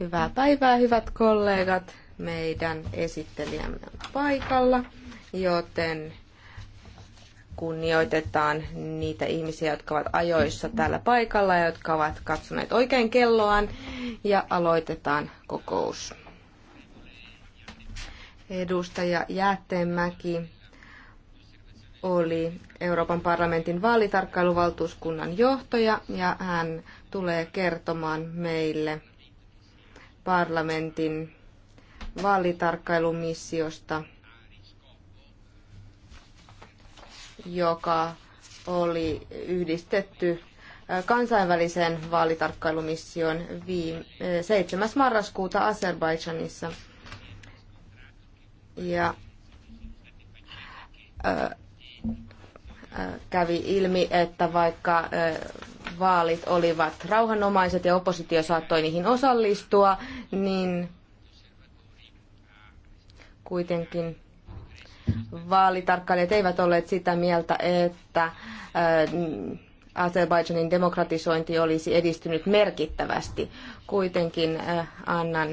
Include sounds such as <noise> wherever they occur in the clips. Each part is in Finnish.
Hyvää päivää, hyvät kollegat. Meidän esittelijämme on paikalla, joten kunnioitetaan niitä ihmisiä, jotka ovat ajoissa täällä paikalla ja jotka ovat katsoneet oikein kelloaan ja aloitetaan kokous. Edustaja Jäätteenmäki oli Euroopan parlamentin vaalitarkkailuvaltuuskunnan johtaja ja hän tulee kertomaan meille parlamentin vaalitarkkailumissiosta, joka oli yhdistetty kansainväliseen vaalitarkkailumissioon 7. marraskuuta Azerbaidžanissa. Ja kävi ilmi, että vaikka vaalit olivat rauhanomaiset ja oppositio saattoi niihin osallistua, niin kuitenkin vaalitarkkailijat eivät olleet sitä mieltä, että Azerbaijanin demokratisointi olisi edistynyt merkittävästi. Kuitenkin annan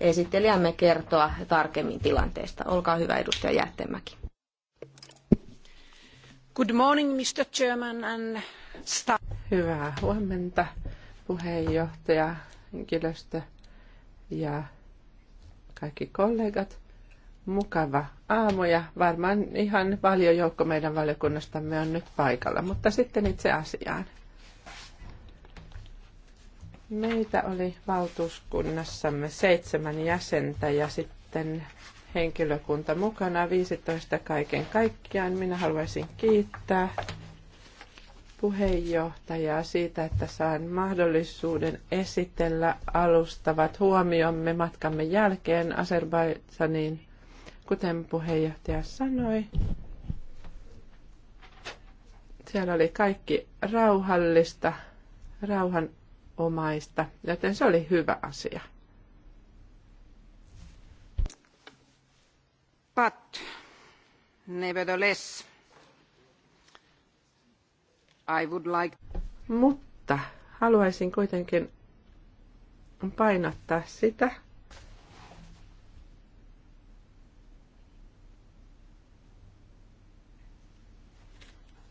esittelijämme kertoa tarkemmin tilanteesta. Olkaa hyvä, edustaja Jättemäki. Hyvää huomenta, puheenjohtaja, henkilöstö ja kaikki kollegat. Mukava aamu ja varmaan ihan paljon joukko meidän valiokunnastamme on nyt paikalla, mutta sitten itse asiaan. Meitä oli valtuuskunnassamme seitsemän jäsentä ja sitten henkilökunta mukana, 15 kaiken kaikkiaan. Minä haluaisin kiittää puheenjohtajaa siitä, että saan mahdollisuuden esitellä alustavat huomiomme matkamme jälkeen Azerbaidsaniin. Kuten puheenjohtaja sanoi, siellä oli kaikki rauhallista, rauhanomaista, joten se oli hyvä asia. nevertheless I would like... Mutta haluaisin kuitenkin painottaa sitä,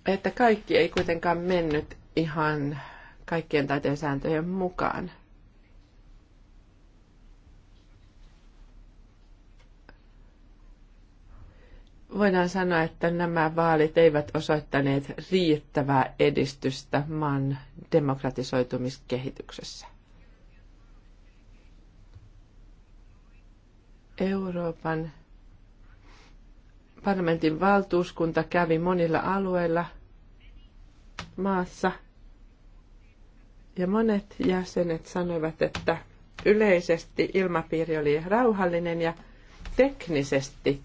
että kaikki ei kuitenkaan mennyt ihan kaikkien taiteen sääntöjen mukaan. voidaan sanoa, että nämä vaalit eivät osoittaneet riittävää edistystä maan demokratisoitumiskehityksessä. Euroopan parlamentin valtuuskunta kävi monilla alueilla maassa ja monet jäsenet sanoivat, että yleisesti ilmapiiri oli rauhallinen ja teknisesti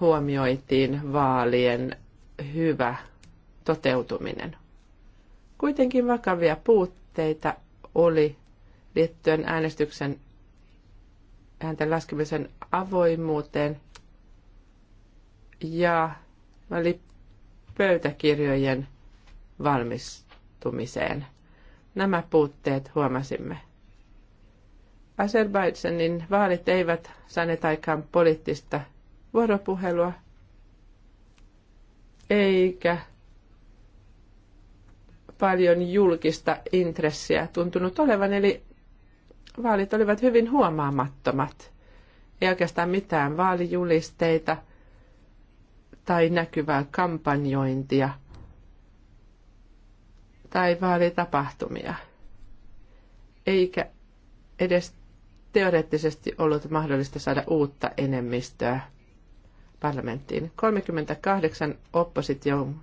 huomioitiin vaalien hyvä toteutuminen. Kuitenkin vakavia puutteita oli liittyen äänestyksen äänten laskemisen avoimuuteen ja oli pöytäkirjojen valmistumiseen. Nämä puutteet huomasimme. Azerbaidsenin vaalit eivät saaneet aikaan poliittista vuoropuhelua, eikä paljon julkista intressiä tuntunut olevan, eli vaalit olivat hyvin huomaamattomat. Ei oikeastaan mitään vaalijulisteita tai näkyvää kampanjointia tai vaalitapahtumia, eikä edes teoreettisesti ollut mahdollista saada uutta enemmistöä parlamenttiin. 38 opposition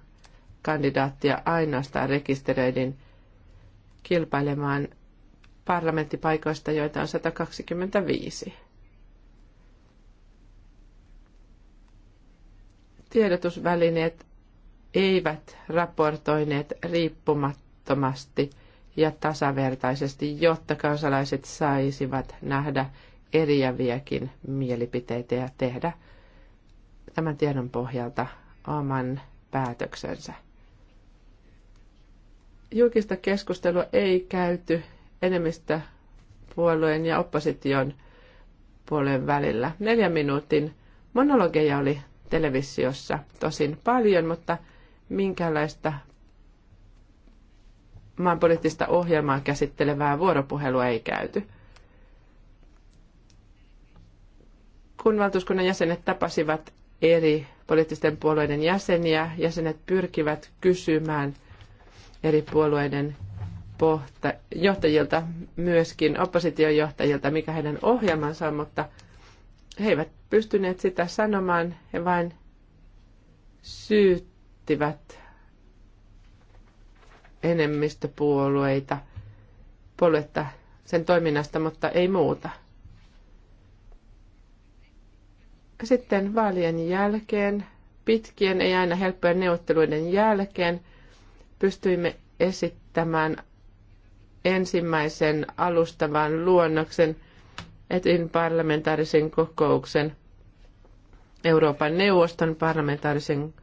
kandidaattia ainoastaan rekisteröidin kilpailemaan parlamenttipaikoista, joita on 125. Tiedotusvälineet eivät raportoineet riippumattomasti ja tasavertaisesti, jotta kansalaiset saisivat nähdä eriäviäkin mielipiteitä ja tehdä tämän tiedon pohjalta oman päätöksensä. Julkista keskustelua ei käyty enemmistö puolueen ja opposition puolen välillä. Neljän minuutin monologeja oli televisiossa tosin paljon, mutta minkälaista maanpoliittista ohjelmaa käsittelevää vuoropuhelua ei käyty. Kun valtuuskunnan jäsenet tapasivat eri poliittisten puolueiden jäseniä. Jäsenet pyrkivät kysymään eri puolueiden pohta, johtajilta, myöskin johtajilta, mikä heidän ohjelmansa on, mutta he eivät pystyneet sitä sanomaan, he vain syyttivät enemmistöpuolueita, puoluetta sen toiminnasta, mutta ei muuta. Sitten vaalien jälkeen, pitkien ei aina helppojen neuvotteluiden jälkeen, pystyimme esittämään ensimmäisen alustavan luonnoksen etin parlamentaarisen kokouksen, Euroopan neuvoston parlamentaarisen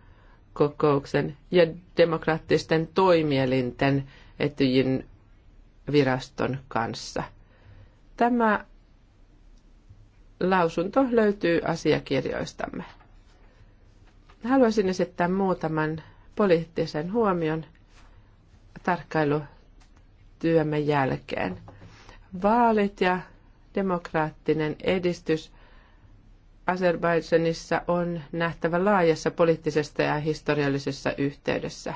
kokouksen ja demokraattisten toimielinten etyjin viraston kanssa. Tämä lausunto löytyy asiakirjoistamme. Haluaisin esittää muutaman poliittisen huomion tarkkailutyömme jälkeen. Vaalit ja demokraattinen edistys Azerbaidžanissa on nähtävä laajassa poliittisessa ja historiallisessa yhteydessä.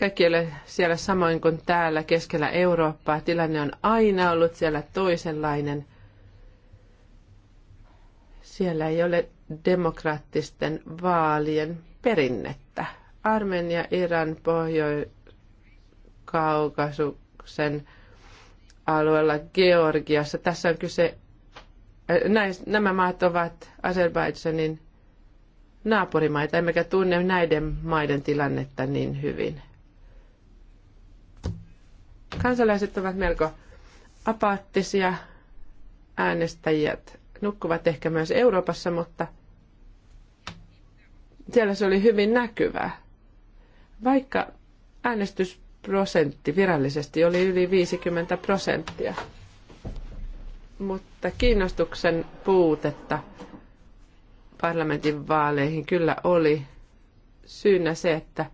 Kaikki ei ole siellä samoin kuin täällä keskellä Eurooppaa. Tilanne on aina ollut siellä toisenlainen – siellä ei ole demokraattisten vaalien perinnettä. Armenia, Iran, Pohjois-Kaukasuksen alueella, Georgiassa. Tässä on kyse, äh, näis, nämä maat ovat Azerbaidsanin naapurimaita, emmekä tunne näiden maiden tilannetta niin hyvin. Kansalaiset ovat melko apaattisia, äänestäjät nukkuvat ehkä myös Euroopassa, mutta siellä se oli hyvin näkyvää. Vaikka äänestysprosentti virallisesti oli yli 50 prosenttia, mutta kiinnostuksen puutetta parlamentin vaaleihin kyllä oli syynä se, että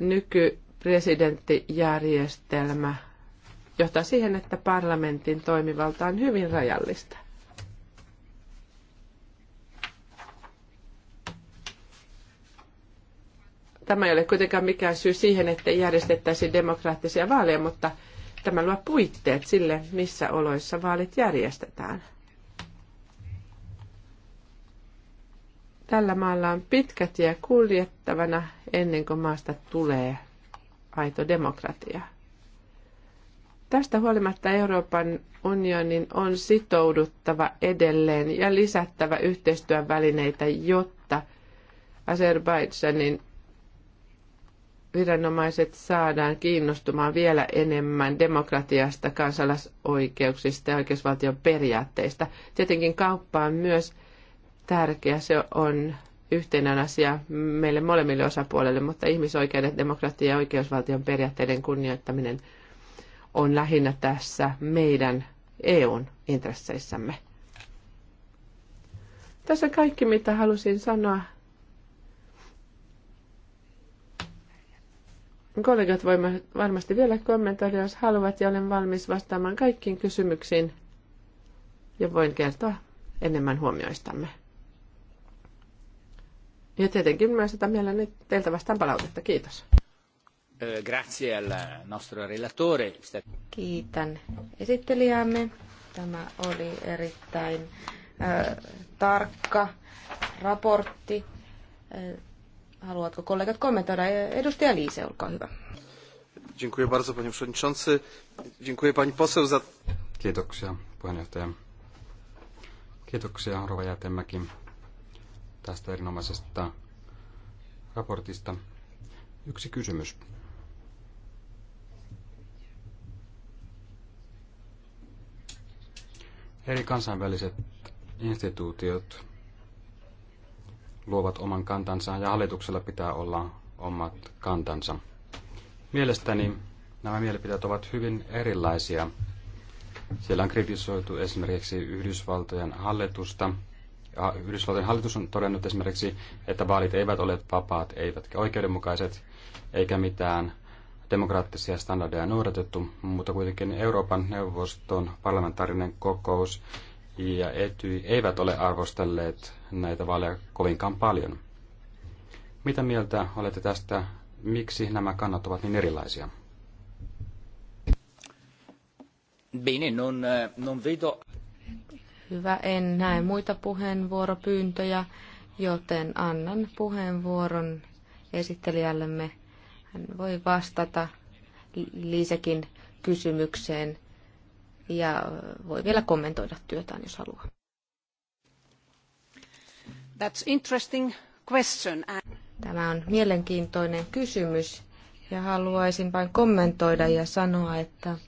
nykypresidenttijärjestelmä – johtaa siihen, että parlamentin toimivalta on hyvin rajallista. Tämä ei ole kuitenkaan mikään syy siihen, että järjestettäisiin demokraattisia vaaleja, mutta tämä luo puitteet sille, missä oloissa vaalit järjestetään. Tällä maalla on pitkä tie kuljettavana ennen kuin maasta tulee aito demokratia. Tästä huolimatta Euroopan unionin on sitouduttava edelleen ja lisättävä yhteistyön välineitä, jotta Azerbaidžanin viranomaiset saadaan kiinnostumaan vielä enemmän demokratiasta, kansalaisoikeuksista ja oikeusvaltion periaatteista. Tietenkin kauppa on myös tärkeä, se on yhteinen asia meille molemmille osapuolille, mutta ihmisoikeudet, demokratia ja oikeusvaltion periaatteiden kunnioittaminen – on lähinnä tässä meidän EUn intresseissämme. Tässä kaikki, mitä halusin sanoa. Kollegat voivat varmasti vielä kommentoida, jos haluavat, ja olen valmis vastaamaan kaikkiin kysymyksiin. Ja voin kertoa enemmän huomioistamme. Ja tietenkin myös sitä mielelläni teiltä vastaan palautetta. Kiitos. Eh, Kiitän esittelijäämme. Tämä oli erittäin äh, tarkka raportti. Eh, haluatko kollegat kommentoida? Edustaja Liise, olkaa hyvä. Dziękuję bardzo, panie przewodniczący. Dziękuję pani poseł za... Kiitoksia, puheenjohtaja. Kiitoksia, Rova Jätemäki, tästä erinomaisesta raportista. Yksi kysymys. Eri kansainväliset instituutiot luovat oman kantansa ja hallituksella pitää olla omat kantansa. Mielestäni nämä mielipiteet ovat hyvin erilaisia. Siellä on kritisoitu esimerkiksi Yhdysvaltojen hallitusta. Ja Yhdysvaltojen hallitus on todennut esimerkiksi, että vaalit eivät ole vapaat, eivätkä oikeudenmukaiset, eikä mitään demokraattisia standardeja noudatettu, mutta kuitenkin Euroopan neuvoston parlamentaarinen kokous ja ety eivät ole arvostelleet näitä vaaleja kovinkaan paljon. Mitä mieltä olette tästä? Miksi nämä kannat ovat niin erilaisia? Bene, non, eh, non vedo. Hyvä, en näe muita puheenvuoropyyntöjä, joten annan puheenvuoron esittelijällemme hän voi vastata Liisekin kysymykseen ja voi vielä kommentoida työtään, jos haluaa. That's interesting question. Tämä on mielenkiintoinen kysymys ja haluaisin vain kommentoida ja sanoa, että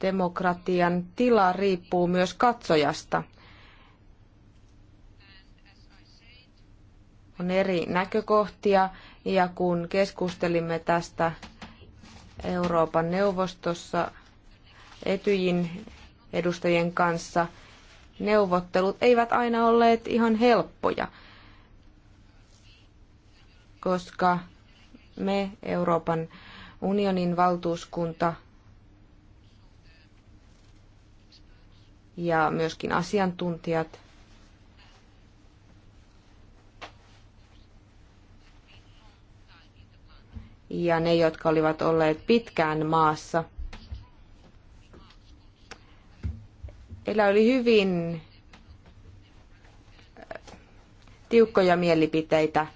demokratian tila riippuu myös katsojasta – on eri näkökohtia ja kun keskustelimme tästä Euroopan neuvostossa Etyjin edustajien kanssa, neuvottelut eivät aina olleet ihan helppoja, koska me Euroopan unionin valtuuskunta ja myöskin asiantuntijat ja ne, jotka olivat olleet pitkään maassa. Heillä oli hyvin äh, tiukkoja mielipiteitä,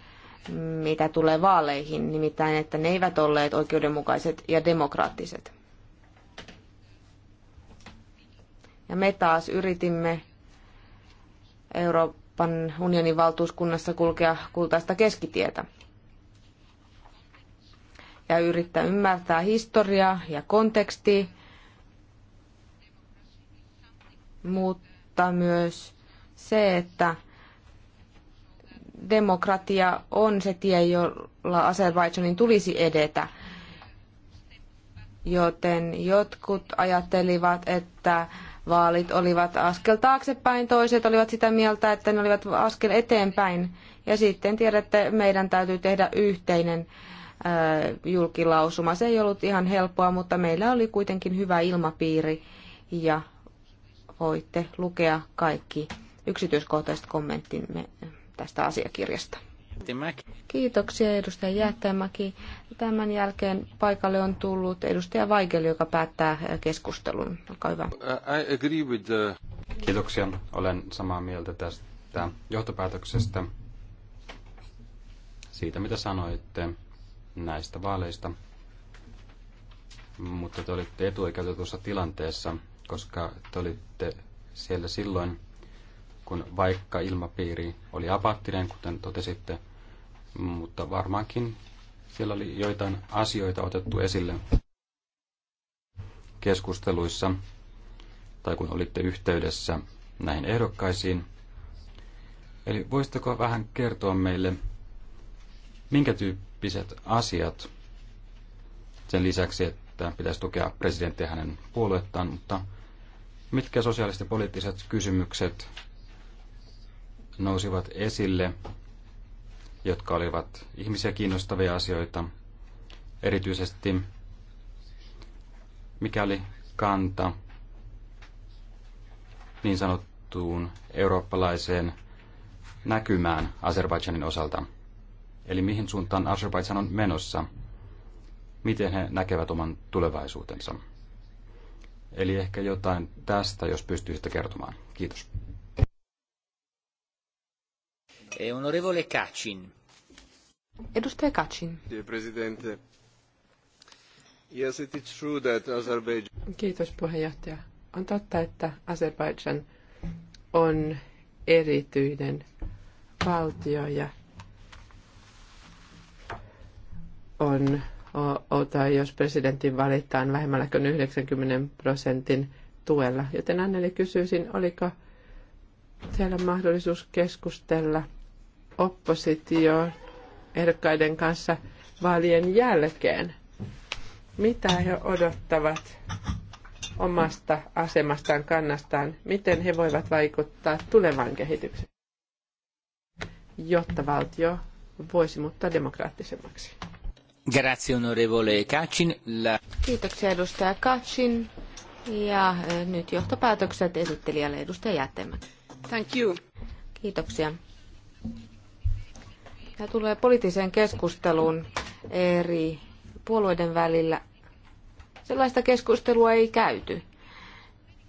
mitä tulee vaaleihin, nimittäin että ne eivät olleet oikeudenmukaiset ja demokraattiset. Ja me taas yritimme Euroopan unionin valtuuskunnassa kulkea kultaista keskitietä ja yrittää ymmärtää historiaa ja kontekstia, mutta myös se, että demokratia on se tie, jolla Azerbaidžanin tulisi edetä. Joten jotkut ajattelivat, että vaalit olivat askel taaksepäin, toiset olivat sitä mieltä, että ne olivat askel eteenpäin. Ja sitten tiedätte, meidän täytyy tehdä yhteinen julkilausuma. Se ei ollut ihan helppoa, mutta meillä oli kuitenkin hyvä ilmapiiri ja voitte lukea kaikki yksityiskohtaiset kommenttimme tästä asiakirjasta. Kiitoksia edustaja Jäättämäki. Tämän jälkeen paikalle on tullut edustaja Vaikeli, joka päättää keskustelun. Olkaa hyvä. I agree with the... Kiitoksia. Olen samaa mieltä tästä johtopäätöksestä. Siitä, mitä sanoitte näistä vaaleista, mutta te olitte etuoikeutetussa tilanteessa, koska te olitte siellä silloin, kun vaikka ilmapiiri oli apaattinen, kuten totesitte, mutta varmaankin siellä oli joitain asioita otettu esille keskusteluissa tai kun olitte yhteydessä näihin ehdokkaisiin. Eli voisitteko vähän kertoa meille, minkä tyyppi tyyppiset asiat sen lisäksi, että pitäisi tukea presidenttiä hänen puoluettaan, mutta mitkä sosiaaliset poliittiset kysymykset nousivat esille, jotka olivat ihmisiä kiinnostavia asioita, erityisesti mikäli kanta niin sanottuun eurooppalaiseen näkymään Azerbaidžanin osalta. Eli mihin suuntaan Azerbaijan on menossa? Miten he näkevät oman tulevaisuutensa? Eli ehkä jotain tästä, jos pystyisitte kertomaan. Kiitos. Eh, onorevole Kacin. Edustaja Kacin. Presidente. Yes, true that Azerbaijan... Kiitos puheenjohtaja. On totta, että Azerbaijan on erityinen valtio ja on tai jos presidentin valitaan vähemmällä kuin 90 prosentin tuella. Joten Anneli kysyisin, oliko teillä mahdollisuus keskustella opposition ehdokkaiden kanssa vaalien jälkeen? Mitä he odottavat omasta asemastaan, kannastaan? Miten he voivat vaikuttaa tulevaan kehitykseen, jotta valtio voisi muuttaa demokraattisemmaksi? Grazie onorevole Kacin. La... Kiitoksia edustaja Kacin. Ja äh, nyt johtopäätökset esittelijälle edustaja Jättemä. Thank you. Kiitoksia. Ja tulee poliittiseen keskusteluun eri puolueiden välillä. Sellaista keskustelua ei käyty.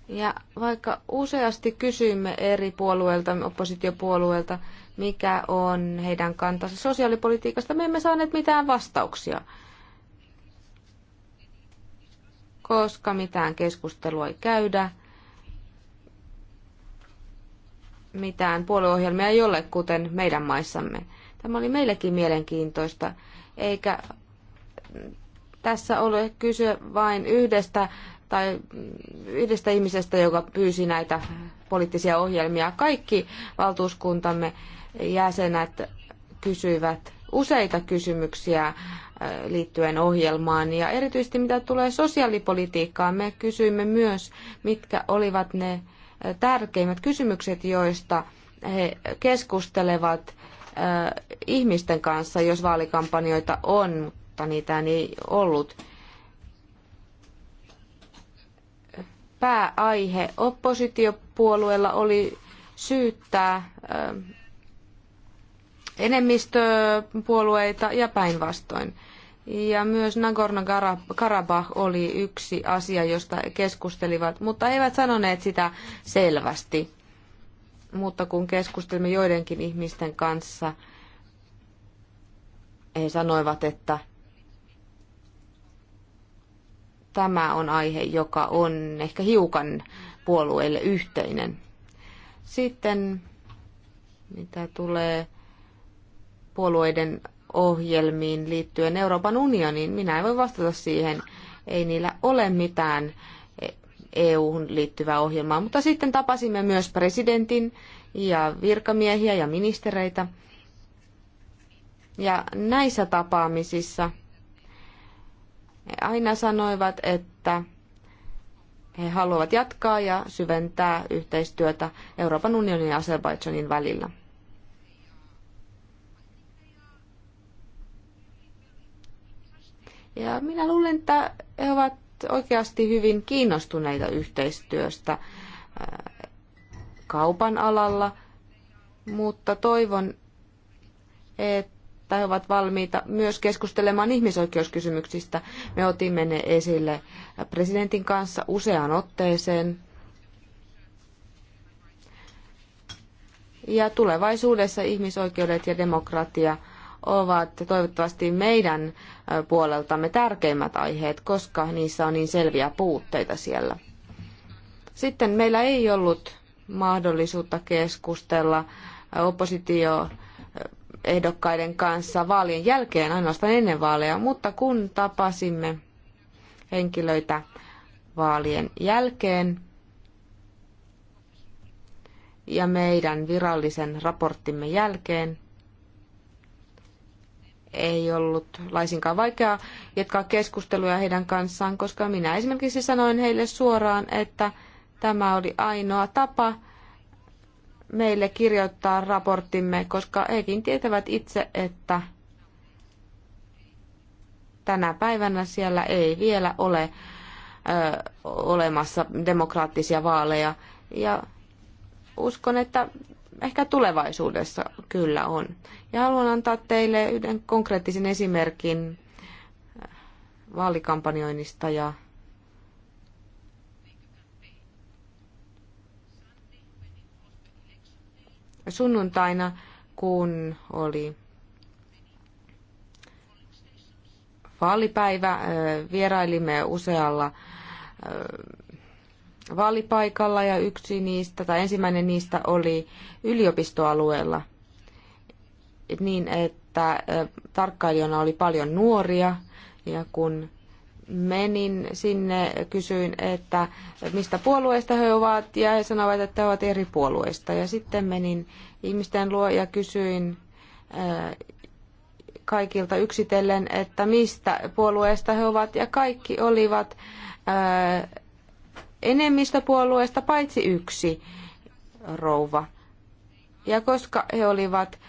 Ja vaikka useasti kysyimme eri puolueilta, oppositiopuolueilta, mikä on heidän kantansa sosiaalipolitiikasta. Me emme saaneet mitään vastauksia, koska mitään keskustelua ei käydä. Mitään puolueohjelmia ei ole, kuten meidän maissamme. Tämä oli meillekin mielenkiintoista, eikä tässä ole kyse vain yhdestä tai yhdestä ihmisestä, joka pyysi näitä poliittisia ohjelmia. Kaikki valtuuskuntamme jäsenet kysyivät useita kysymyksiä äh, liittyen ohjelmaan ja erityisesti mitä tulee sosiaalipolitiikkaan, me kysyimme myös, mitkä olivat ne äh, tärkeimmät kysymykset, joista he keskustelevat äh, ihmisten kanssa, jos vaalikampanjoita on, mutta niitä ei ollut. Pääaihe oppositiopuolueella oli syyttää enemmistöpuolueita ja päinvastoin. Ja myös Nagorno-Karabakh oli yksi asia, josta keskustelivat, mutta eivät sanoneet sitä selvästi. Mutta kun keskustelimme joidenkin ihmisten kanssa, he sanoivat, että tämä on aihe, joka on ehkä hiukan puolueille yhteinen. Sitten mitä tulee puolueiden ohjelmiin liittyen Euroopan unioniin. Minä en voi vastata siihen. Ei niillä ole mitään EU-hun liittyvää ohjelmaa. Mutta sitten tapasimme myös presidentin ja virkamiehiä ja ministereitä. Ja näissä tapaamisissa he aina sanoivat, että he haluavat jatkaa ja syventää yhteistyötä Euroopan unionin ja Azerbaidžanin välillä. Ja minä luulen, että he ovat oikeasti hyvin kiinnostuneita yhteistyöstä äh, kaupan alalla, mutta toivon, että he ovat valmiita myös keskustelemaan ihmisoikeuskysymyksistä. Me otimme ne esille presidentin kanssa useaan otteeseen. Ja tulevaisuudessa ihmisoikeudet ja demokratia – ovat toivottavasti meidän puoleltamme tärkeimmät aiheet, koska niissä on niin selviä puutteita siellä. Sitten meillä ei ollut mahdollisuutta keskustella oppositio ehdokkaiden kanssa vaalien jälkeen, ainoastaan ennen vaaleja, mutta kun tapasimme henkilöitä vaalien jälkeen ja meidän virallisen raporttimme jälkeen, ei ollut laisinkaan vaikeaa jatkaa keskusteluja heidän kanssaan, koska minä esimerkiksi sanoin heille suoraan, että tämä oli ainoa tapa meille kirjoittaa raporttimme, koska hekin tietävät itse, että tänä päivänä siellä ei vielä ole ö, olemassa demokraattisia vaaleja. Ja uskon, että ehkä tulevaisuudessa kyllä on. Ja haluan antaa teille yhden konkreettisen esimerkin äh, vaalikampanjoinnista ja sunnuntaina, kun oli vaalipäivä, äh, vierailimme usealla äh, vaalipaikalla ja yksi niistä, tai ensimmäinen niistä oli yliopistoalueella niin, että tarkkailijana oli paljon nuoria ja kun menin sinne, kysyin, että mistä puolueesta he ovat ja he sanoivat, että he ovat eri puolueista. Ja sitten menin ihmisten luo ja kysyin kaikilta yksitellen, että mistä puolueesta he ovat ja kaikki olivat enemmistöpuolueesta paitsi yksi rouva. Ja koska he olivat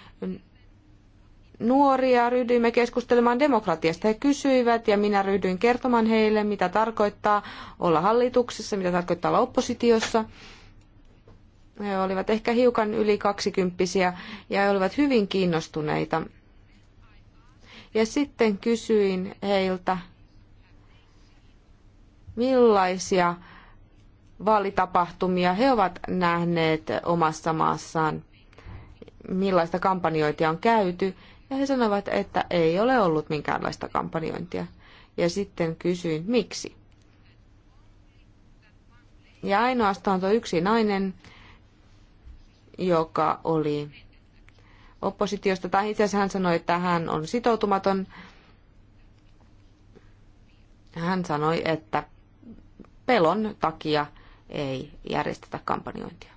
nuoria, ryhdyimme keskustelemaan demokratiasta. He kysyivät ja minä ryhdyin kertomaan heille, mitä tarkoittaa olla hallituksessa, mitä tarkoittaa olla oppositiossa. He olivat ehkä hiukan yli kaksikymppisiä ja he olivat hyvin kiinnostuneita. Ja sitten kysyin heiltä, millaisia vaalitapahtumia he ovat nähneet omassa maassaan, millaista kampanjointia on käyty, ja he sanovat, että ei ole ollut minkäänlaista kampanjointia. Ja sitten kysyin, miksi. Ja ainoastaan tuo yksi nainen, joka oli oppositiosta, tai itse asiassa hän sanoi, että hän on sitoutumaton. Hän sanoi, että pelon takia ei järjestetä kampanjointia.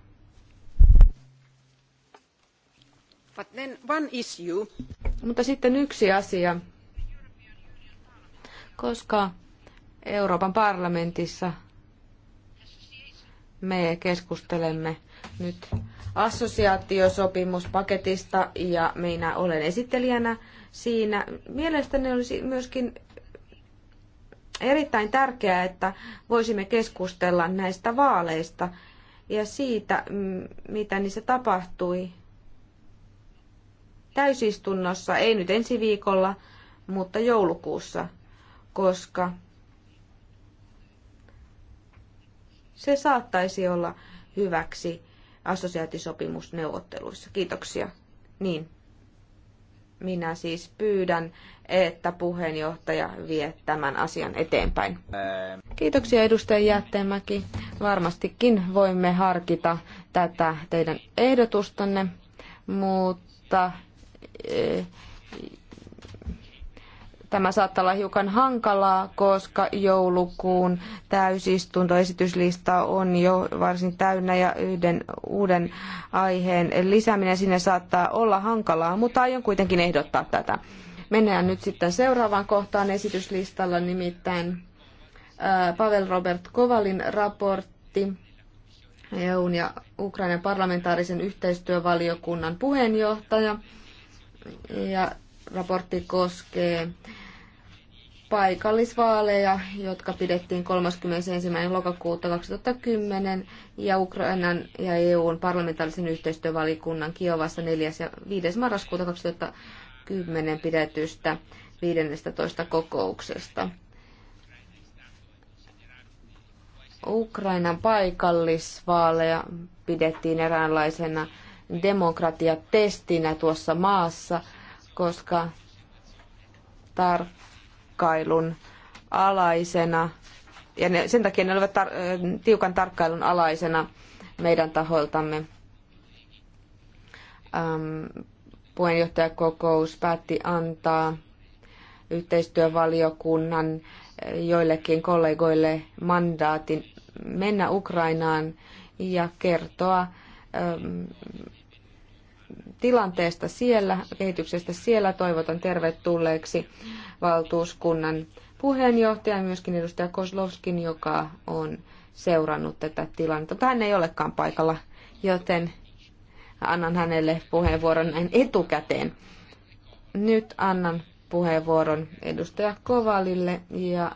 Mutta sitten yksi asia. Koska Euroopan parlamentissa me keskustelemme nyt assosiaatiosopimuspaketista ja minä olen esittelijänä siinä. Mielestäni olisi myöskin erittäin tärkeää, että voisimme keskustella näistä vaaleista ja siitä, mitä niissä tapahtui täysistunnossa, ei nyt ensi viikolla, mutta joulukuussa, koska se saattaisi olla hyväksi assosiaatisopimusneuvotteluissa. Kiitoksia. Niin. Minä siis pyydän, että puheenjohtaja vie tämän asian eteenpäin. Kiitoksia edustaja Jäätteenmäki. Varmastikin voimme harkita tätä teidän ehdotustanne, mutta eh, Tämä saattaa olla hiukan hankalaa, koska joulukuun täysistuntoesityslista on jo varsin täynnä ja yhden uuden aiheen lisääminen sinne saattaa olla hankalaa, mutta aion kuitenkin ehdottaa tätä. Mennään nyt sitten seuraavaan kohtaan esityslistalla, nimittäin Pavel Robert Kovalin raportti EU- ja Ukrainan parlamentaarisen yhteistyövaliokunnan puheenjohtaja. Ja raportti koskee paikallisvaaleja, jotka pidettiin 31. lokakuuta 2010 ja Ukrainan ja EUn parlamentaarisen yhteistyövalikunnan Kiovassa 4. ja 5. marraskuuta 2010 pidetystä 15. kokouksesta. Ukrainan paikallisvaaleja pidettiin eräänlaisena demokratiatestinä tuossa maassa – koska tarkkailun alaisena, ja ne, sen takia ne olivat tar- tiukan tarkkailun alaisena meidän taholtamme. Ähm, puheenjohtajakokous päätti antaa yhteistyövaliokunnan joillekin kollegoille mandaatin mennä Ukrainaan ja kertoa ähm, tilanteesta siellä, kehityksestä siellä. Toivotan tervetulleeksi valtuuskunnan puheenjohtajan, myöskin edustaja Koslovskin, joka on seurannut tätä tilannetta. Hän ei olekaan paikalla, joten annan hänelle puheenvuoron näin etukäteen. Nyt annan puheenvuoron edustaja Kovalille ja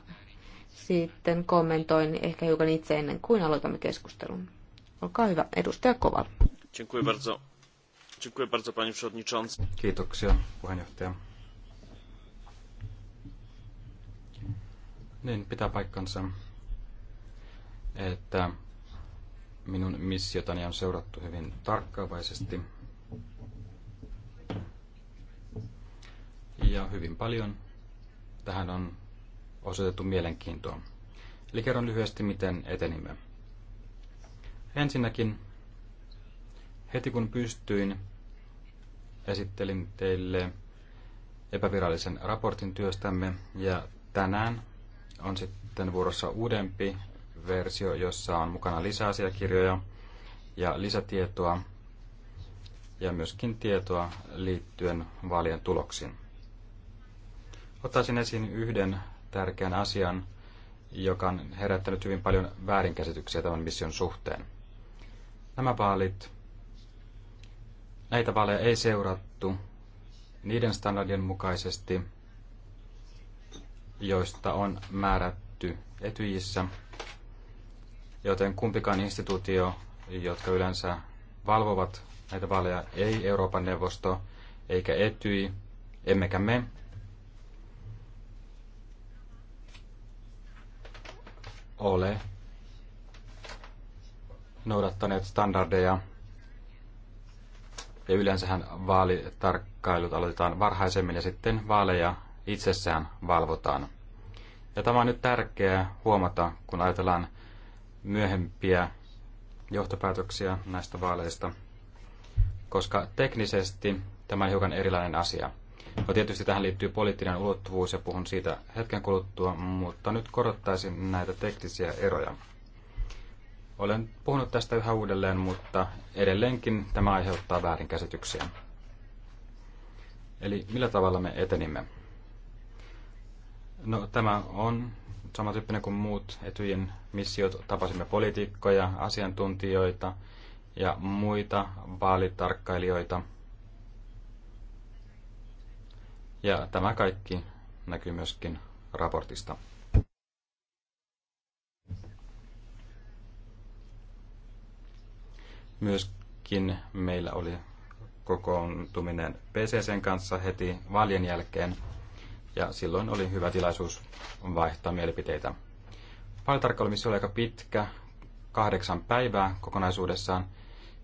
sitten kommentoin ehkä hiukan itse ennen kuin aloitamme keskustelun. Olkaa hyvä, edustaja Koval. Dziękuję bardzo. Dziękuję bardzo, panie przewodniczący. Kiitoksia, puheenjohtaja. Niin, pitää paikkansa, että minun missiotani on seurattu hyvin tarkkaavaisesti. Ja hyvin paljon tähän on osoitettu mielenkiintoa. Eli kerron lyhyesti, miten etenimme. Ensinnäkin, heti kun pystyin, esittelin teille epävirallisen raportin työstämme ja tänään on sitten vuorossa uudempi versio, jossa on mukana lisäasiakirjoja ja lisätietoa ja myöskin tietoa liittyen vaalien tuloksiin. Ottaisin esiin yhden tärkeän asian, joka on herättänyt hyvin paljon väärinkäsityksiä tämän mission suhteen. Nämä vaalit Näitä vaaleja ei seurattu niiden standardien mukaisesti, joista on määrätty Etyjissä, joten kumpikaan instituutio, jotka yleensä valvovat näitä vaaleja, ei Euroopan neuvosto eikä Etyi, emmekä me. ole noudattaneet standardeja, ja yleensähän vaalitarkkailut aloitetaan varhaisemmin ja sitten vaaleja itsessään valvotaan. Ja tämä on nyt tärkeää huomata, kun ajatellaan myöhempiä johtopäätöksiä näistä vaaleista, koska teknisesti tämä on hiukan erilainen asia. No tietysti tähän liittyy poliittinen ulottuvuus ja puhun siitä hetken kuluttua, mutta nyt korottaisin näitä teknisiä eroja. Olen puhunut tästä yhä uudelleen, mutta edelleenkin tämä aiheuttaa väärinkäsityksiä. Eli millä tavalla me etenimme? No tämä on samantyyppinen kuin muut etyjen missiot. Tapasimme poliitikkoja, asiantuntijoita ja muita vaalitarkkailijoita. Ja tämä kaikki näkyy myöskin raportista. Myöskin meillä oli kokoontuminen PCCn kanssa heti vaalien jälkeen, ja silloin oli hyvä tilaisuus vaihtaa mielipiteitä. Vaalitarkkailumissi oli aika pitkä, kahdeksan päivää kokonaisuudessaan,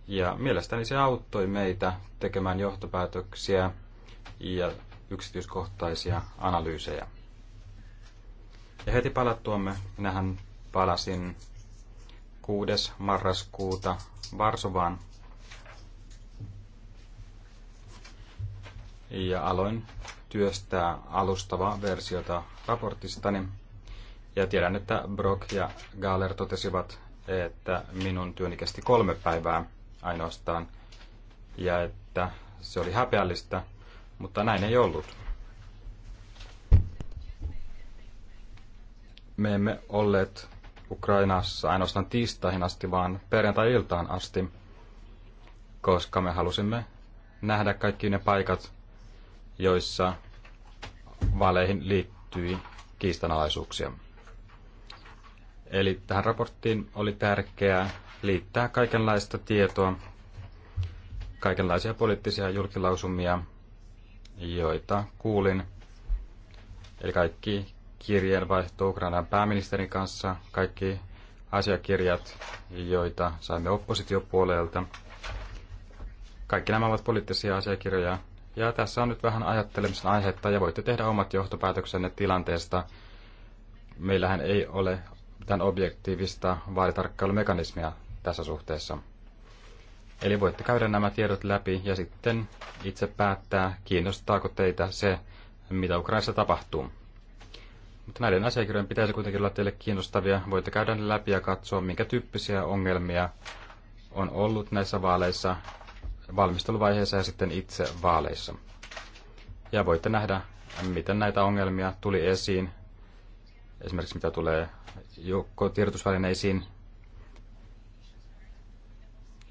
ja mielestäni se auttoi meitä tekemään johtopäätöksiä ja yksityiskohtaisia analyysejä. Ja heti palattuamme, minähän palasin 6. marraskuuta Varsovaan. Ja aloin työstää alustavaa versiota raportistani. Ja tiedän, että Brock ja Gaaler totesivat, että minun työni kesti kolme päivää ainoastaan. Ja että se oli häpeällistä, mutta näin ei ollut. Me emme olleet Ukrainassa ainoastaan tiistaihin asti, vaan perjantai-iltaan asti, koska me halusimme nähdä kaikki ne paikat, joissa vaaleihin liittyi kiistanalaisuuksia. Eli tähän raporttiin oli tärkeää liittää kaikenlaista tietoa, kaikenlaisia poliittisia julkilausumia, joita kuulin. Eli kaikki kirjeenvaihto Ukrainan pääministerin kanssa, kaikki asiakirjat, joita saimme oppositiopuolelta. Kaikki nämä ovat poliittisia asiakirjoja. Ja tässä on nyt vähän ajattelemisen aihetta ja voitte tehdä omat johtopäätöksenne tilanteesta. Meillähän ei ole tämän objektiivista vaalitarkkailumekanismia tässä suhteessa. Eli voitte käydä nämä tiedot läpi ja sitten itse päättää, kiinnostaako teitä se, mitä Ukrainassa tapahtuu. Mutta näiden asiakirjojen pitäisi kuitenkin olla teille kiinnostavia. Voitte käydä ne läpi ja katsoa, minkä tyyppisiä ongelmia on ollut näissä vaaleissa valmisteluvaiheessa ja sitten itse vaaleissa. Ja voitte nähdä, miten näitä ongelmia tuli esiin, esimerkiksi mitä tulee joukkotiedotusvälineisiin.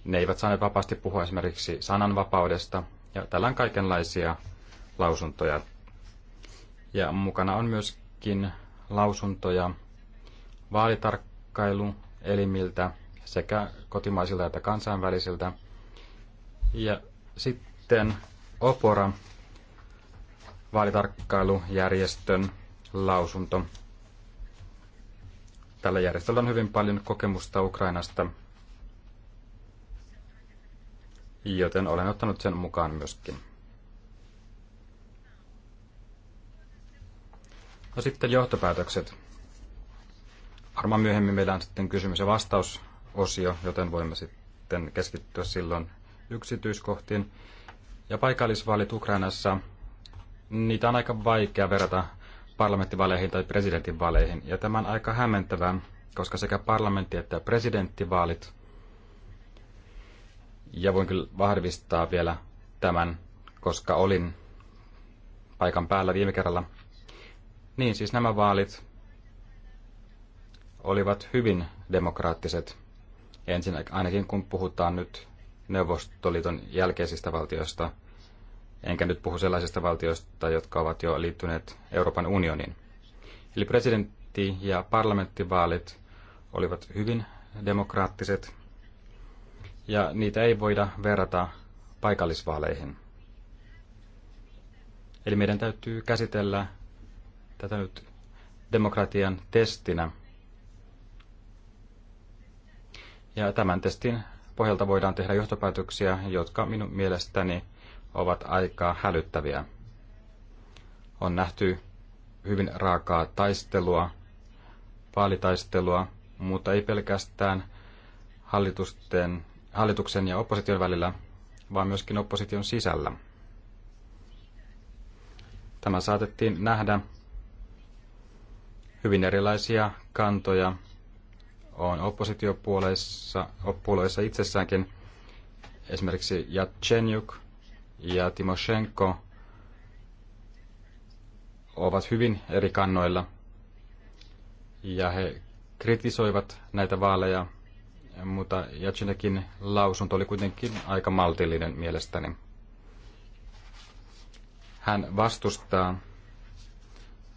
Ne eivät saaneet vapaasti puhua esimerkiksi sananvapaudesta, ja täällä on kaikenlaisia lausuntoja. Ja mukana on myös myöskin lausuntoja vaalitarkkailuelimiltä sekä kotimaisilta että kansainvälisiltä. Ja sitten Opora, vaalitarkkailujärjestön lausunto. Tällä järjestöllä on hyvin paljon kokemusta Ukrainasta, joten olen ottanut sen mukaan myöskin. No sitten johtopäätökset. Varmaan myöhemmin meillä on sitten kysymys- ja vastausosio, joten voimme sitten keskittyä silloin yksityiskohtiin. Ja paikallisvaalit Ukrainassa, niitä on aika vaikea verrata parlamenttivaaleihin tai presidentinvaaleihin. Ja tämä on aika hämmentävää, koska sekä parlamentti- että presidenttivaalit, ja voin kyllä vahvistaa vielä tämän, koska olin paikan päällä viime kerralla, niin siis nämä vaalit olivat hyvin demokraattiset. Ensin ainakin kun puhutaan nyt Neuvostoliiton jälkeisistä valtioista, enkä nyt puhu sellaisista valtioista, jotka ovat jo liittyneet Euroopan unioniin. Eli presidentti- ja parlamenttivaalit olivat hyvin demokraattiset, ja niitä ei voida verrata paikallisvaaleihin. Eli meidän täytyy käsitellä tätä nyt demokratian testinä. Ja tämän testin pohjalta voidaan tehdä johtopäätöksiä, jotka minun mielestäni ovat aika hälyttäviä. On nähty hyvin raakaa taistelua, vaalitaistelua, mutta ei pelkästään hallitusten, hallituksen ja opposition välillä, vaan myöskin opposition sisällä. Tämä saatettiin nähdä Hyvin erilaisia kantoja on oppositiopuoleissa puolueissa itsessäänkin. Esimerkiksi Yatsenyuk ja Timoshenko ovat hyvin eri kannoilla ja he kritisoivat näitä vaaleja, mutta Jatsinekin lausunto oli kuitenkin aika maltillinen mielestäni. Hän vastustaa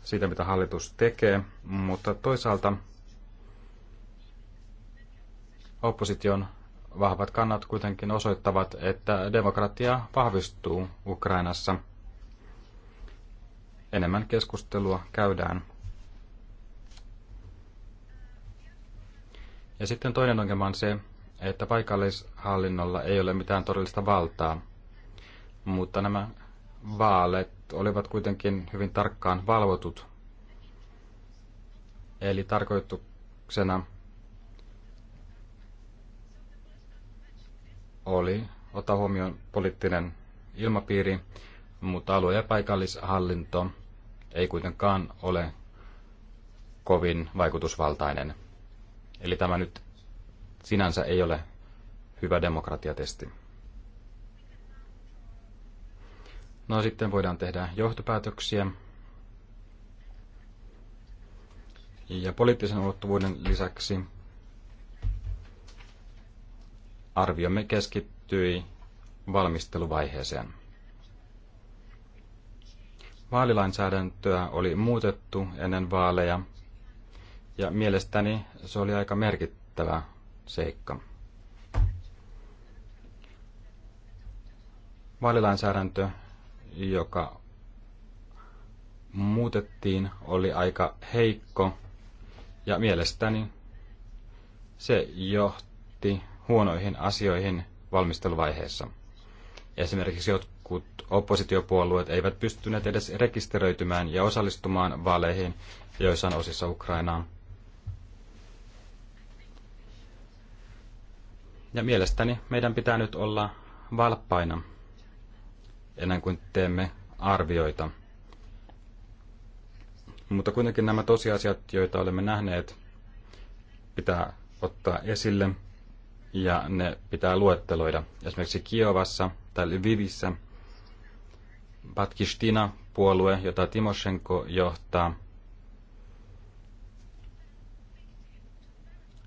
siitä, mitä hallitus tekee, mutta toisaalta opposition vahvat kannat kuitenkin osoittavat, että demokratia vahvistuu Ukrainassa. Enemmän keskustelua käydään. Ja sitten toinen ongelma on se, että paikallishallinnolla ei ole mitään todellista valtaa, mutta nämä vaalit olivat kuitenkin hyvin tarkkaan valvotut. Eli tarkoituksena oli ottaa huomioon poliittinen ilmapiiri, mutta alue- ja paikallishallinto ei kuitenkaan ole kovin vaikutusvaltainen. Eli tämä nyt sinänsä ei ole hyvä demokratiatesti. No sitten voidaan tehdä johtopäätöksiä. Ja poliittisen ulottuvuuden lisäksi arviomme keskittyi valmisteluvaiheeseen. Vaalilainsäädäntöä oli muutettu ennen vaaleja, ja mielestäni se oli aika merkittävä seikka. Vaalilainsäädäntö joka muutettiin, oli aika heikko ja mielestäni se johti huonoihin asioihin valmisteluvaiheessa. Esimerkiksi jotkut oppositiopuolueet eivät pystyneet edes rekisteröitymään ja osallistumaan vaaleihin joissain osissa Ukrainaan. Ja mielestäni meidän pitää nyt olla valppaina ennen kuin teemme arvioita. Mutta kuitenkin nämä tosiasiat, joita olemme nähneet, pitää ottaa esille ja ne pitää luetteloida. Esimerkiksi Kiovassa tai Lvivissä Patkistina puolue, jota Timoshenko johtaa,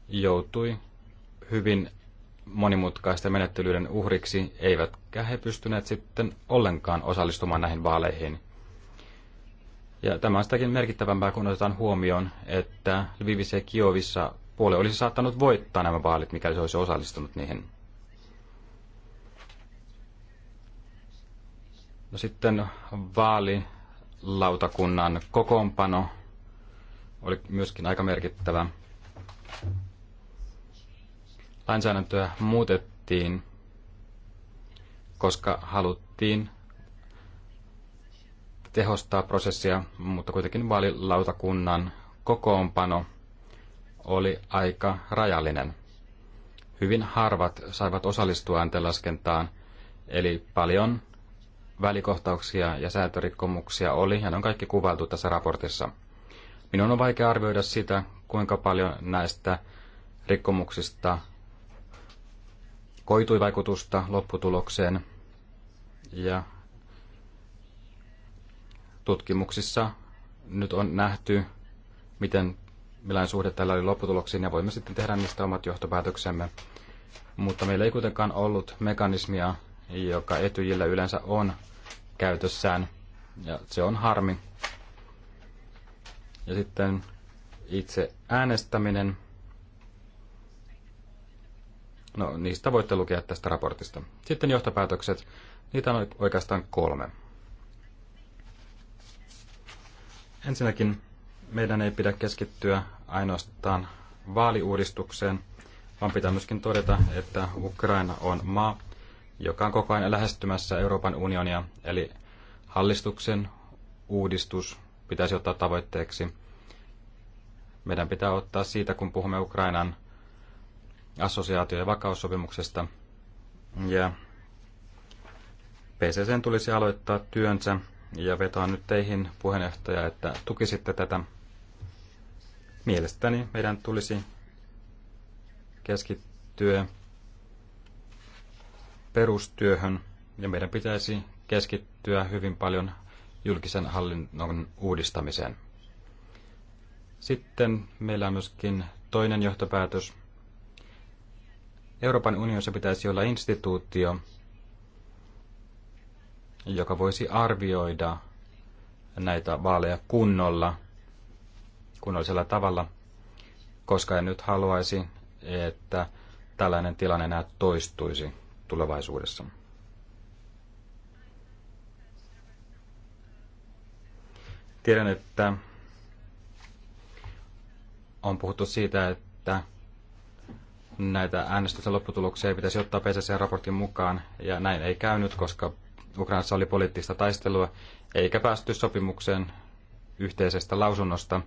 joutui hyvin monimutkaisten menettelyiden uhriksi, eivätkä he pystyneet sitten ollenkaan osallistumaan näihin vaaleihin. Ja tämä on sitäkin merkittävämpää, kun otetaan huomioon, että Lvivissä ja Kiovissa puole olisi saattanut voittaa nämä vaalit, mikäli se olisi osallistunut niihin. No sitten vaalilautakunnan kokoonpano oli myöskin aika merkittävä lainsäädäntöä muutettiin, koska haluttiin tehostaa prosessia, mutta kuitenkin vaalilautakunnan kokoonpano oli aika rajallinen. Hyvin harvat saivat osallistua antelaskentaan, eli paljon välikohtauksia ja sääntörikkomuksia oli, ja ne on kaikki kuvailtu tässä raportissa. Minun on vaikea arvioida sitä, kuinka paljon näistä rikkomuksista koitui vaikutusta lopputulokseen. Ja tutkimuksissa nyt on nähty, miten, millainen suhde tällä oli lopputuloksiin, ja voimme sitten tehdä niistä omat johtopäätöksemme. Mutta meillä ei kuitenkaan ollut mekanismia, joka etyjillä yleensä on käytössään, ja se on harmi. Ja sitten itse äänestäminen. No, niistä voitte lukea tästä raportista. Sitten johtopäätökset. Niitä on oikeastaan kolme. Ensinnäkin meidän ei pidä keskittyä ainoastaan vaaliuudistukseen, vaan pitää myöskin todeta, että Ukraina on maa, joka on koko ajan lähestymässä Euroopan unionia, eli hallistuksen uudistus pitäisi ottaa tavoitteeksi. Meidän pitää ottaa siitä, kun puhumme Ukrainan assosiaatio- ja vakaussopimuksesta. Ja PCCn tulisi aloittaa työnsä ja vetoan nyt teihin puheenjohtaja, että tukisitte tätä. Mielestäni meidän tulisi keskittyä perustyöhön ja meidän pitäisi keskittyä hyvin paljon julkisen hallinnon uudistamiseen. Sitten meillä on myöskin toinen johtopäätös, Euroopan unionissa pitäisi olla instituutio, joka voisi arvioida näitä vaaleja kunnolla, kunnollisella tavalla, koska en nyt haluaisi, että tällainen tilanne enää toistuisi tulevaisuudessa. Tiedän, että on puhuttu siitä, että näitä äänestysten lopputuloksia ei pitäisi ottaa PCC-raportin mukaan, ja näin ei käynyt, koska Ukrainassa oli poliittista taistelua, eikä päästy sopimukseen yhteisestä lausunnosta.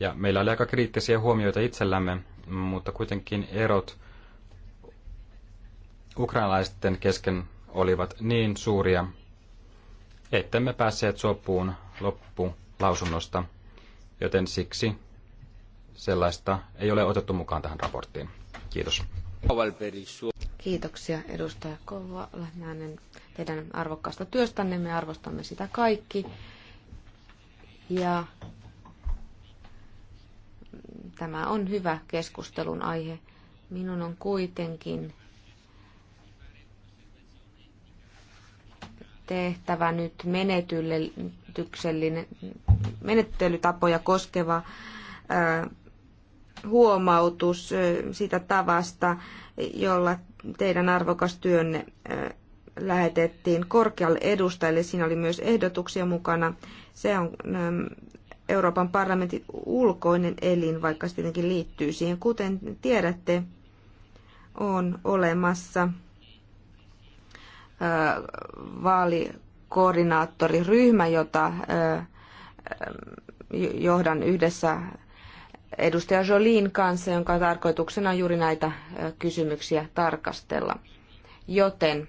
Ja meillä oli aika kriittisiä huomioita itsellämme, mutta kuitenkin erot ukrainalaisten kesken olivat niin suuria, ettemme päässeet sopuun loppulausunnosta, joten siksi sellaista ei ole otettu mukaan tähän raporttiin. Kiitos. Kiitoksia edustaja Kovalahmäinen teidän arvokkaasta työstänne. Me arvostamme sitä kaikki. Ja tämä on hyvä keskustelun aihe. Minun on kuitenkin tehtävä nyt menettelytapoja koskeva ää, huomautus siitä tavasta, jolla teidän arvokas työnne lähetettiin korkealle edustajalle. Siinä oli myös ehdotuksia mukana. Se on Euroopan parlamentin ulkoinen elin, vaikka se tietenkin liittyy siihen. Kuten tiedätte, on olemassa vaalikoordinaattoriryhmä, jota johdan yhdessä edustaja Jolin kanssa, jonka tarkoituksena on juuri näitä kysymyksiä tarkastella. Joten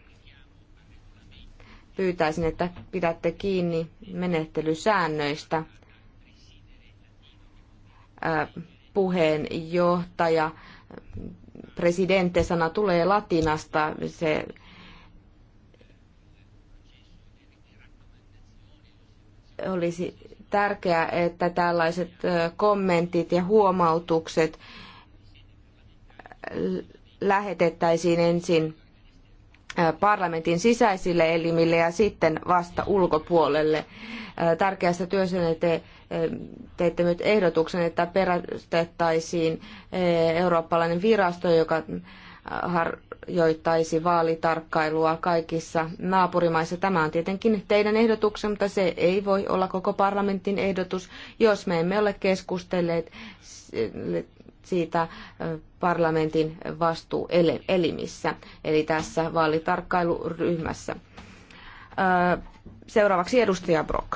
pyytäisin, että pidätte kiinni menettelysäännöistä. Puheenjohtaja, presidente-sana tulee latinasta. Se olisi tärkeää, että tällaiset kommentit ja huomautukset lähetettäisiin ensin parlamentin sisäisille elimille ja sitten vasta ulkopuolelle. Tärkeästä työssä te teitte nyt ehdotuksen, että perustettaisiin eurooppalainen virasto, joka harjoittaisi vaalitarkkailua kaikissa naapurimaissa. Tämä on tietenkin teidän ehdotuksen, mutta se ei voi olla koko parlamentin ehdotus, jos me emme ole keskustelleet siitä parlamentin vastuuelimissä, eli tässä vaalitarkkailuryhmässä. Seuraavaksi edustaja Brock.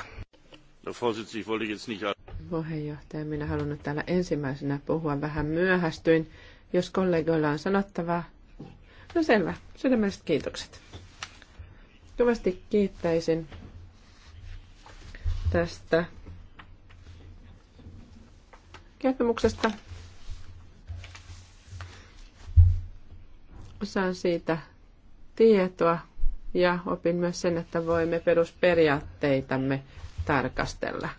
Puheenjohtaja, minä haluan täällä ensimmäisenä puhua vähän myöhästyin jos kollegoilla on sanottavaa. No selvä, sydämelliset kiitokset. Kovasti kiittäisin tästä kertomuksesta. Saan siitä tietoa ja opin myös sen, että voimme perusperiaatteitamme tarkastella.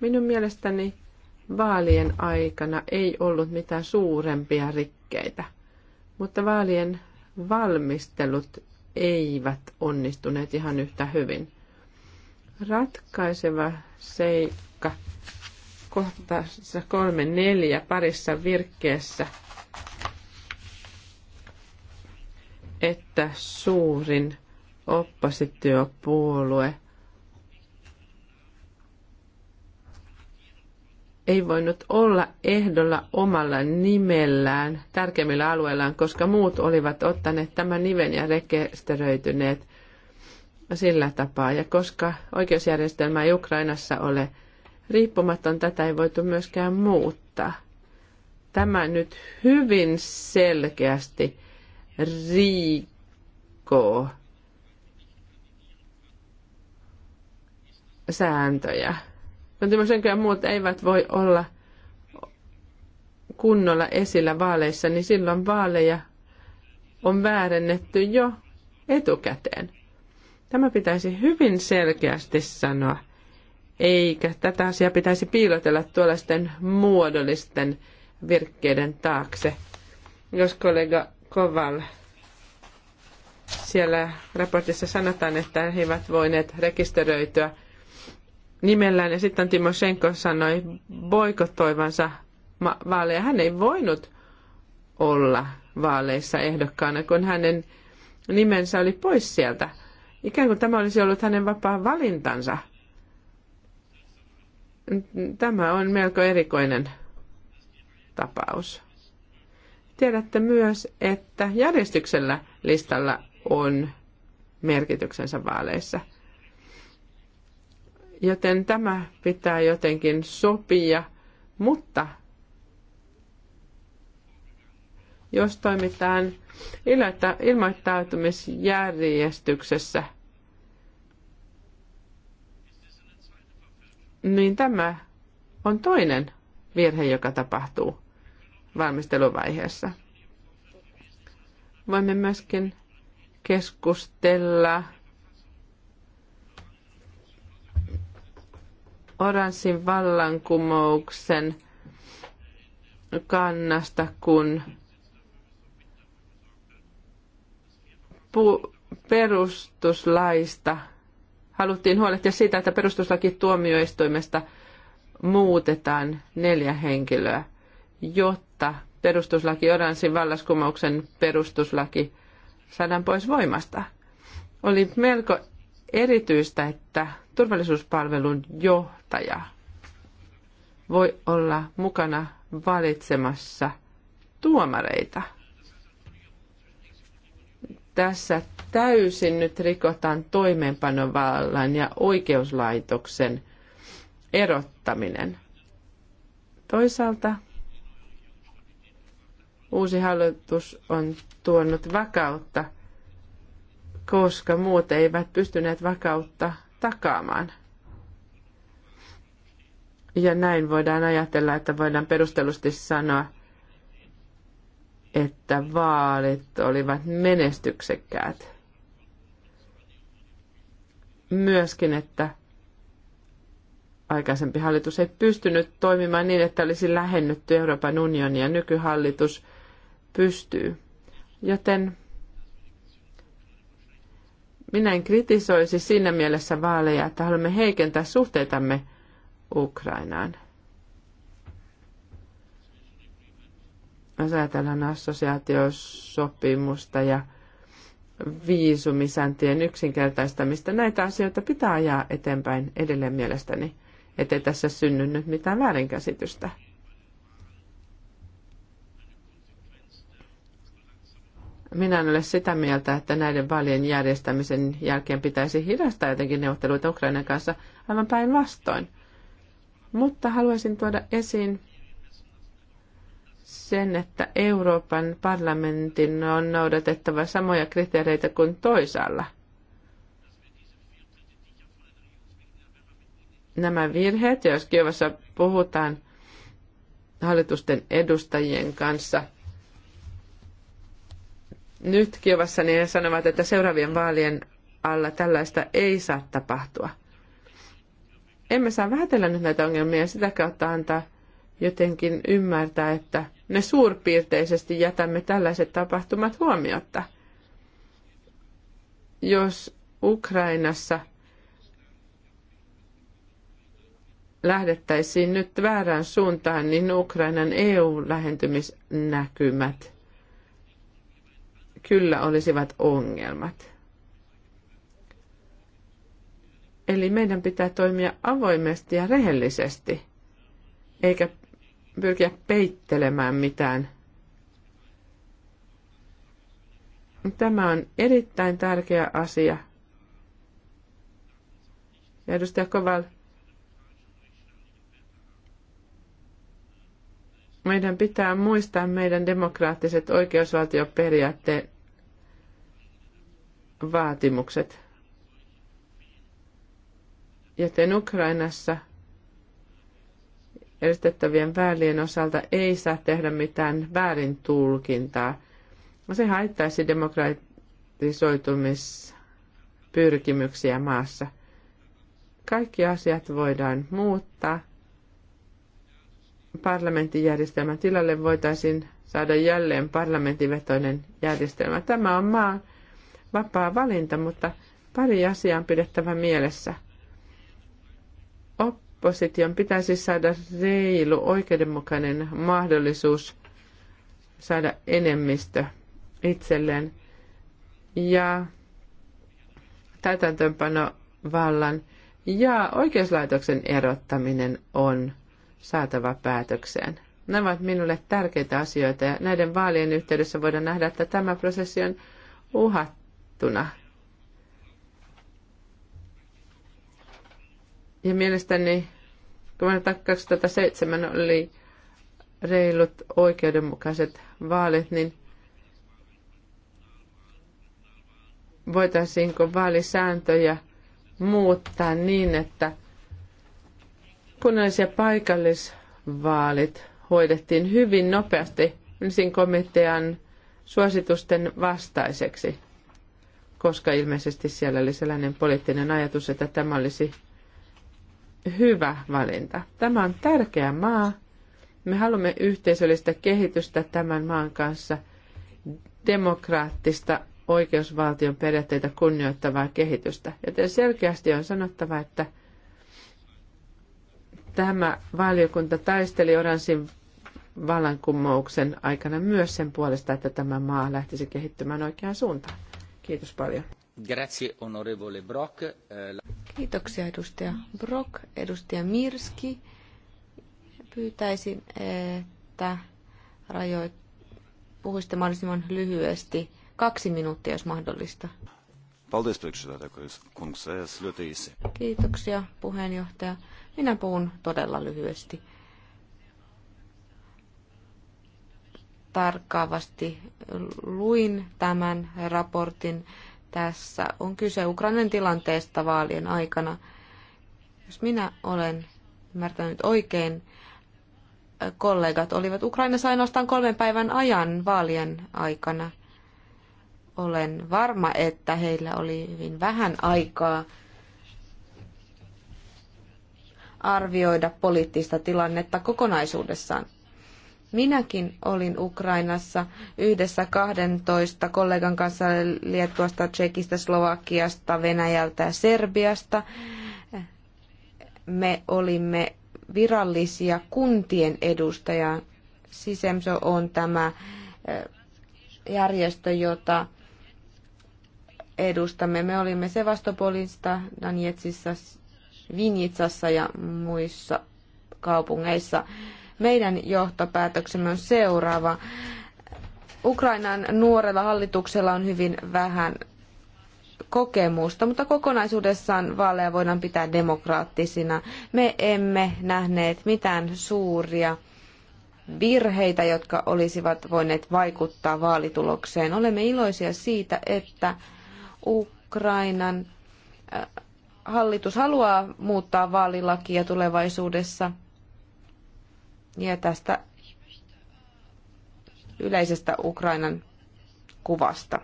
Minun mielestäni vaalien aikana ei ollut mitään suurempia rikkeitä, mutta vaalien valmistelut eivät onnistuneet ihan yhtä hyvin. Ratkaiseva seikka kohtaisessa kolme neljä parissa virkkeessä, että suurin oppositiopuolue – ei voinut olla ehdolla omalla nimellään tärkeimmillä alueillaan, koska muut olivat ottaneet tämän nimen ja rekisteröityneet sillä tapaa. Ja koska oikeusjärjestelmä ei Ukrainassa ole riippumaton, tätä ei voitu myöskään muuttaa. Tämä nyt hyvin selkeästi riikoo sääntöjä. No Timosenko muut eivät voi olla kunnolla esillä vaaleissa, niin silloin vaaleja on väärennetty jo etukäteen. Tämä pitäisi hyvin selkeästi sanoa, eikä tätä asiaa pitäisi piilotella tuollaisten muodollisten virkkeiden taakse. Jos kollega Koval siellä raportissa sanotaan, että he eivät voineet rekisteröityä – nimellään ja sitten Timoshenko sanoi boikotoivansa vaaleja. Hän ei voinut olla vaaleissa ehdokkaana, kun hänen nimensä oli pois sieltä. Ikään kuin tämä olisi ollut hänen vapaa valintansa. Tämä on melko erikoinen tapaus. Tiedätte myös, että järjestyksellä listalla on merkityksensä vaaleissa – Joten tämä pitää jotenkin sopia, mutta jos toimitaan ilmoittautumisjärjestyksessä, niin tämä on toinen virhe, joka tapahtuu valmisteluvaiheessa. Voimme myöskin keskustella oranssin vallankumouksen kannasta, kun perustuslaista haluttiin huolehtia siitä, että perustuslaki tuomioistuimesta muutetaan neljä henkilöä, jotta perustuslaki oranssin vallaskumouksen perustuslaki saadaan pois voimasta. Oli melko erityistä, että turvallisuuspalvelun johtaja voi olla mukana valitsemassa tuomareita. Tässä täysin nyt rikotaan toimeenpanovallan ja oikeuslaitoksen erottaminen. Toisaalta uusi hallitus on tuonut vakautta – koska muut eivät pystyneet vakautta takaamaan. Ja näin voidaan ajatella, että voidaan perustellusti sanoa, että vaalit olivat menestyksekkäät. Myöskin, että aikaisempi hallitus ei pystynyt toimimaan niin, että olisi lähennytty Euroopan unionia. Nykyhallitus pystyy. Joten minä en kritisoisi siinä mielessä vaaleja, että haluamme heikentää suhteitamme Ukrainaan. Jos ajatellaan assosiaatiosopimusta ja viisumisäntien yksinkertaistamista, näitä asioita pitää ajaa eteenpäin edelleen mielestäni, ettei tässä synny nyt mitään väärinkäsitystä. Minä en ole sitä mieltä, että näiden vaalien järjestämisen jälkeen pitäisi hidastaa jotenkin neuvotteluita Ukrainan kanssa aivan päinvastoin. Mutta haluaisin tuoda esiin sen, että Euroopan parlamentin on noudatettava samoja kriteereitä kuin toisaalla. Nämä virheet, jos Kiovassa puhutaan hallitusten edustajien kanssa – nyt Kiovassa, niin he sanovat, että seuraavien vaalien alla tällaista ei saa tapahtua. Emme saa vähätellä nyt näitä ongelmia ja sitä kautta antaa jotenkin ymmärtää, että me suurpiirteisesti jätämme tällaiset tapahtumat huomiotta. Jos Ukrainassa lähdettäisiin nyt väärään suuntaan, niin Ukrainan EU-lähentymisnäkymät – kyllä olisivat ongelmat. Eli meidän pitää toimia avoimesti ja rehellisesti, eikä pyrkiä peittelemään mitään. Tämä on erittäin tärkeä asia. Ja edustaja Koval, meidän pitää muistaa meidän demokraattiset oikeusvaltioperiaatteet vaatimukset. Joten Ukrainassa edistettävien väärien osalta ei saa tehdä mitään väärin tulkintaa. Se haittaisi demokratisoitumispyrkimyksiä maassa. Kaikki asiat voidaan muuttaa. Parlamenttijärjestelmän tilalle voitaisiin saada jälleen parlamenttivetoinen järjestelmä. Tämä on maan vapaa valinta, mutta pari asiaa on pidettävä mielessä. Opposition pitäisi saada reilu oikeudenmukainen mahdollisuus saada enemmistö itselleen ja vallan ja oikeuslaitoksen erottaminen on saatava päätökseen. Nämä ovat minulle tärkeitä asioita ja näiden vaalien yhteydessä voidaan nähdä, että tämä prosessi on uhattu kirjoitettuna. Ja mielestäni vuonna 2007 oli reilut oikeudenmukaiset vaalit, niin voitaisiinko vaalisääntöjä muuttaa niin, että kunnallis- ja paikallisvaalit hoidettiin hyvin nopeasti ensin komitean suositusten vastaiseksi koska ilmeisesti siellä oli sellainen poliittinen ajatus, että tämä olisi hyvä valinta. Tämä on tärkeä maa. Me haluamme yhteisöllistä kehitystä tämän maan kanssa, demokraattista oikeusvaltion periaatteita kunnioittavaa kehitystä. Joten selkeästi on sanottava, että tämä valiokunta taisteli oranssin vallankumouksen aikana myös sen puolesta, että tämä maa lähtisi kehittymään oikeaan suuntaan. Kiitos paljon. Grazie, onorevole Brock. Eh, Kiitoksia, edustaja Brock. Edustaja Mirski, pyytäisin, että rajoit, puhuisitte mahdollisimman lyhyesti. Kaksi minuuttia, jos mahdollista. Paldies, Kiitoksia, puheenjohtaja. Minä puhun todella lyhyesti. tarkkaavasti luin tämän raportin. Tässä on kyse Ukrainan tilanteesta vaalien aikana. Jos minä olen ymmärtänyt oikein, kollegat olivat Ukrainassa ainoastaan kolmen päivän ajan vaalien aikana. Olen varma, että heillä oli hyvin vähän aikaa arvioida poliittista tilannetta kokonaisuudessaan. Minäkin olin Ukrainassa yhdessä 12 kollegan kanssa Liettuasta, Tsekistä, Slovakiasta, Venäjältä ja Serbiasta. Me olimme virallisia kuntien edustajia. Sisemso on tämä eh, järjestö, jota edustamme. Me olimme Sevastopolista, Danjetsissa, Vinitsassa ja muissa kaupungeissa. Meidän johtopäätöksemme on seuraava. Ukrainan nuorella hallituksella on hyvin vähän kokemusta, mutta kokonaisuudessaan vaaleja voidaan pitää demokraattisina. Me emme nähneet mitään suuria virheitä, jotka olisivat voineet vaikuttaa vaalitulokseen. Olemme iloisia siitä, että Ukrainan äh, hallitus haluaa muuttaa vaalilakia tulevaisuudessa – ja tästä yleisestä Ukrainan kuvasta.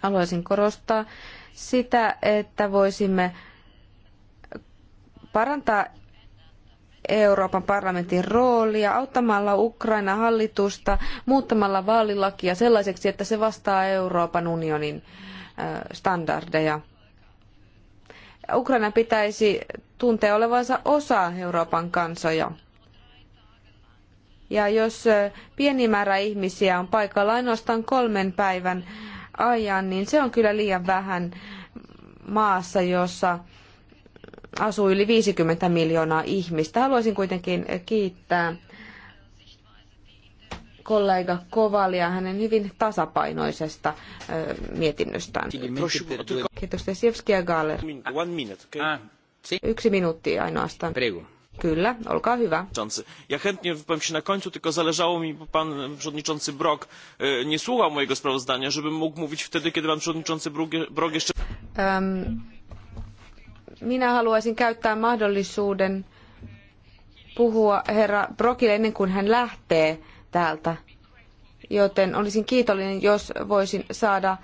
Haluaisin korostaa sitä, että voisimme parantaa Euroopan parlamentin roolia auttamalla Ukraina hallitusta muuttamalla vaalilakia sellaiseksi, että se vastaa Euroopan unionin standardeja. Ukraina pitäisi tuntea olevansa osa Euroopan kansoja ja jos pieni määrä ihmisiä on paikalla ainoastaan kolmen päivän ajan, niin se on kyllä liian vähän maassa, jossa asuu yli 50 miljoonaa ihmistä. Haluaisin kuitenkin kiittää kollega Kovalia hänen hyvin tasapainoisesta ö, mietinnöstään. Kiitos Galler. Yksi minuutti ainoastaan. Prego. Kyllä, olkaa hyvä. Ja chętnie wypowiem się na końcu, tylko zależało mi, bo pan przewodniczący Brok e, nie słuchał mojego sprawozdania, żebym mógł mówić wtedy, kiedy pan przewodniczący Brok jeszcze... minä haluaisin käyttää mahdollisuuden puhua herra Brokille ennen kuin hän lähtee täältä. Joten olisin kiitollinen, jos voisin saada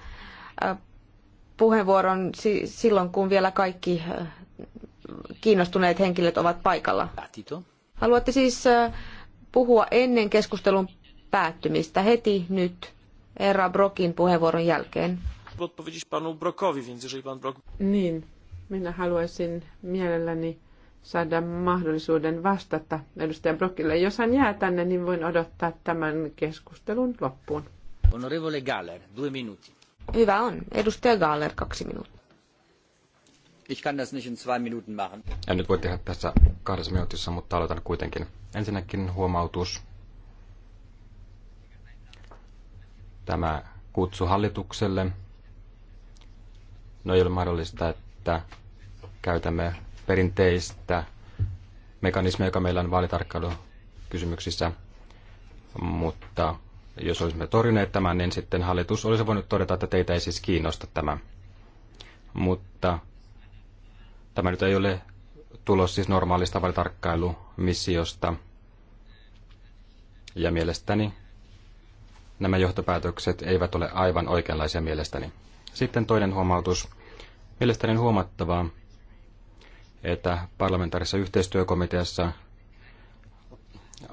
äh, puheenvuoron silloin, kun vielä kaikki äh, kiinnostuneet henkilöt ovat paikalla. Haluatte siis äh, puhua ennen keskustelun päättymistä heti nyt Era Brokin puheenvuoron jälkeen. Niin, minä haluaisin mielelläni saada mahdollisuuden vastata edustaja Brokille. Jos hän jää tänne, niin voin odottaa tämän keskustelun loppuun. Honorevole Galler, due minuutti. Hyvä on. Edustaja Galler, kaksi minuuttia. Ich kann das nicht in zwei Minuten machen. En nyt voi tehdä tässä kahdessa minuutissa, mutta aloitan kuitenkin. Ensinnäkin huomautus. Tämä kutsu hallitukselle. No ei ole mahdollista, että käytämme perinteistä mekanismia, joka meillä on vaalitarkkailukysymyksissä. Mutta jos olisimme torjuneet tämän, niin sitten hallitus olisi voinut todeta, että teitä ei siis kiinnosta tämä. Mutta Tämä nyt ei ole tulos siis normaalista vaalitarkkailumissiosta. Ja mielestäni nämä johtopäätökset eivät ole aivan oikeanlaisia mielestäni. Sitten toinen huomautus. Mielestäni on huomattavaa, että parlamentaarisessa yhteistyökomiteassa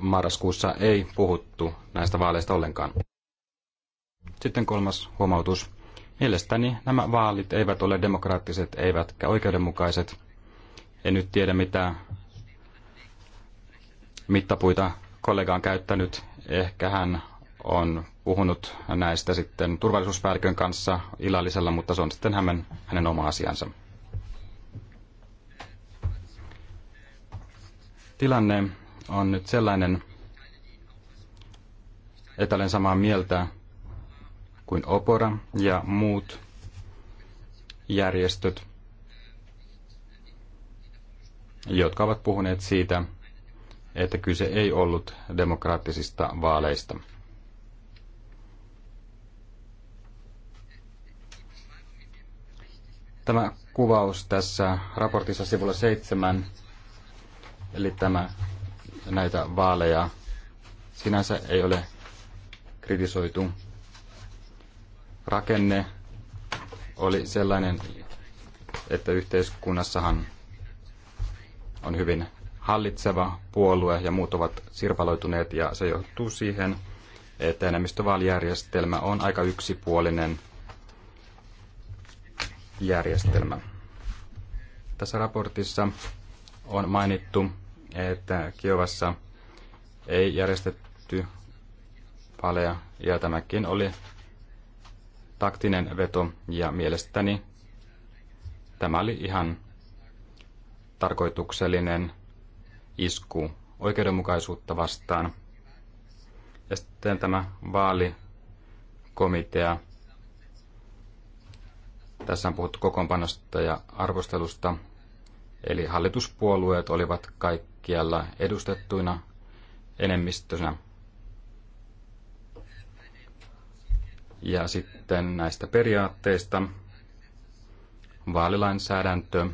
marraskuussa ei puhuttu näistä vaaleista ollenkaan. Sitten kolmas huomautus. Mielestäni nämä vaalit eivät ole demokraattiset eivätkä oikeudenmukaiset. En nyt tiedä, mitä mittapuita kollega on käyttänyt. Ehkä hän on puhunut näistä sitten turvallisuuspäällikön kanssa illallisella, mutta se on sitten hänen, hänen oma asiansa. Tilanne on nyt sellainen, että olen samaa mieltä kuin Opora ja muut järjestöt, jotka ovat puhuneet siitä, että kyse ei ollut demokraattisista vaaleista. Tämä kuvaus tässä raportissa sivulla 7, eli tämä, näitä vaaleja sinänsä ei ole kritisoitu rakenne oli sellainen, että yhteiskunnassahan on hyvin hallitseva puolue ja muut ovat sirpaloituneet ja se johtuu siihen, että enemmistövaalijärjestelmä on aika yksipuolinen järjestelmä. Tässä raportissa on mainittu, että Kiovassa ei järjestetty paleja ja tämäkin oli taktinen veto ja mielestäni tämä oli ihan tarkoituksellinen isku oikeudenmukaisuutta vastaan. Ja sitten tämä vaalikomitea. Tässä on puhuttu kokoonpanosta ja arvostelusta. Eli hallituspuolueet olivat kaikkialla edustettuina enemmistönä Ja sitten näistä periaatteista vaalilainsäädäntö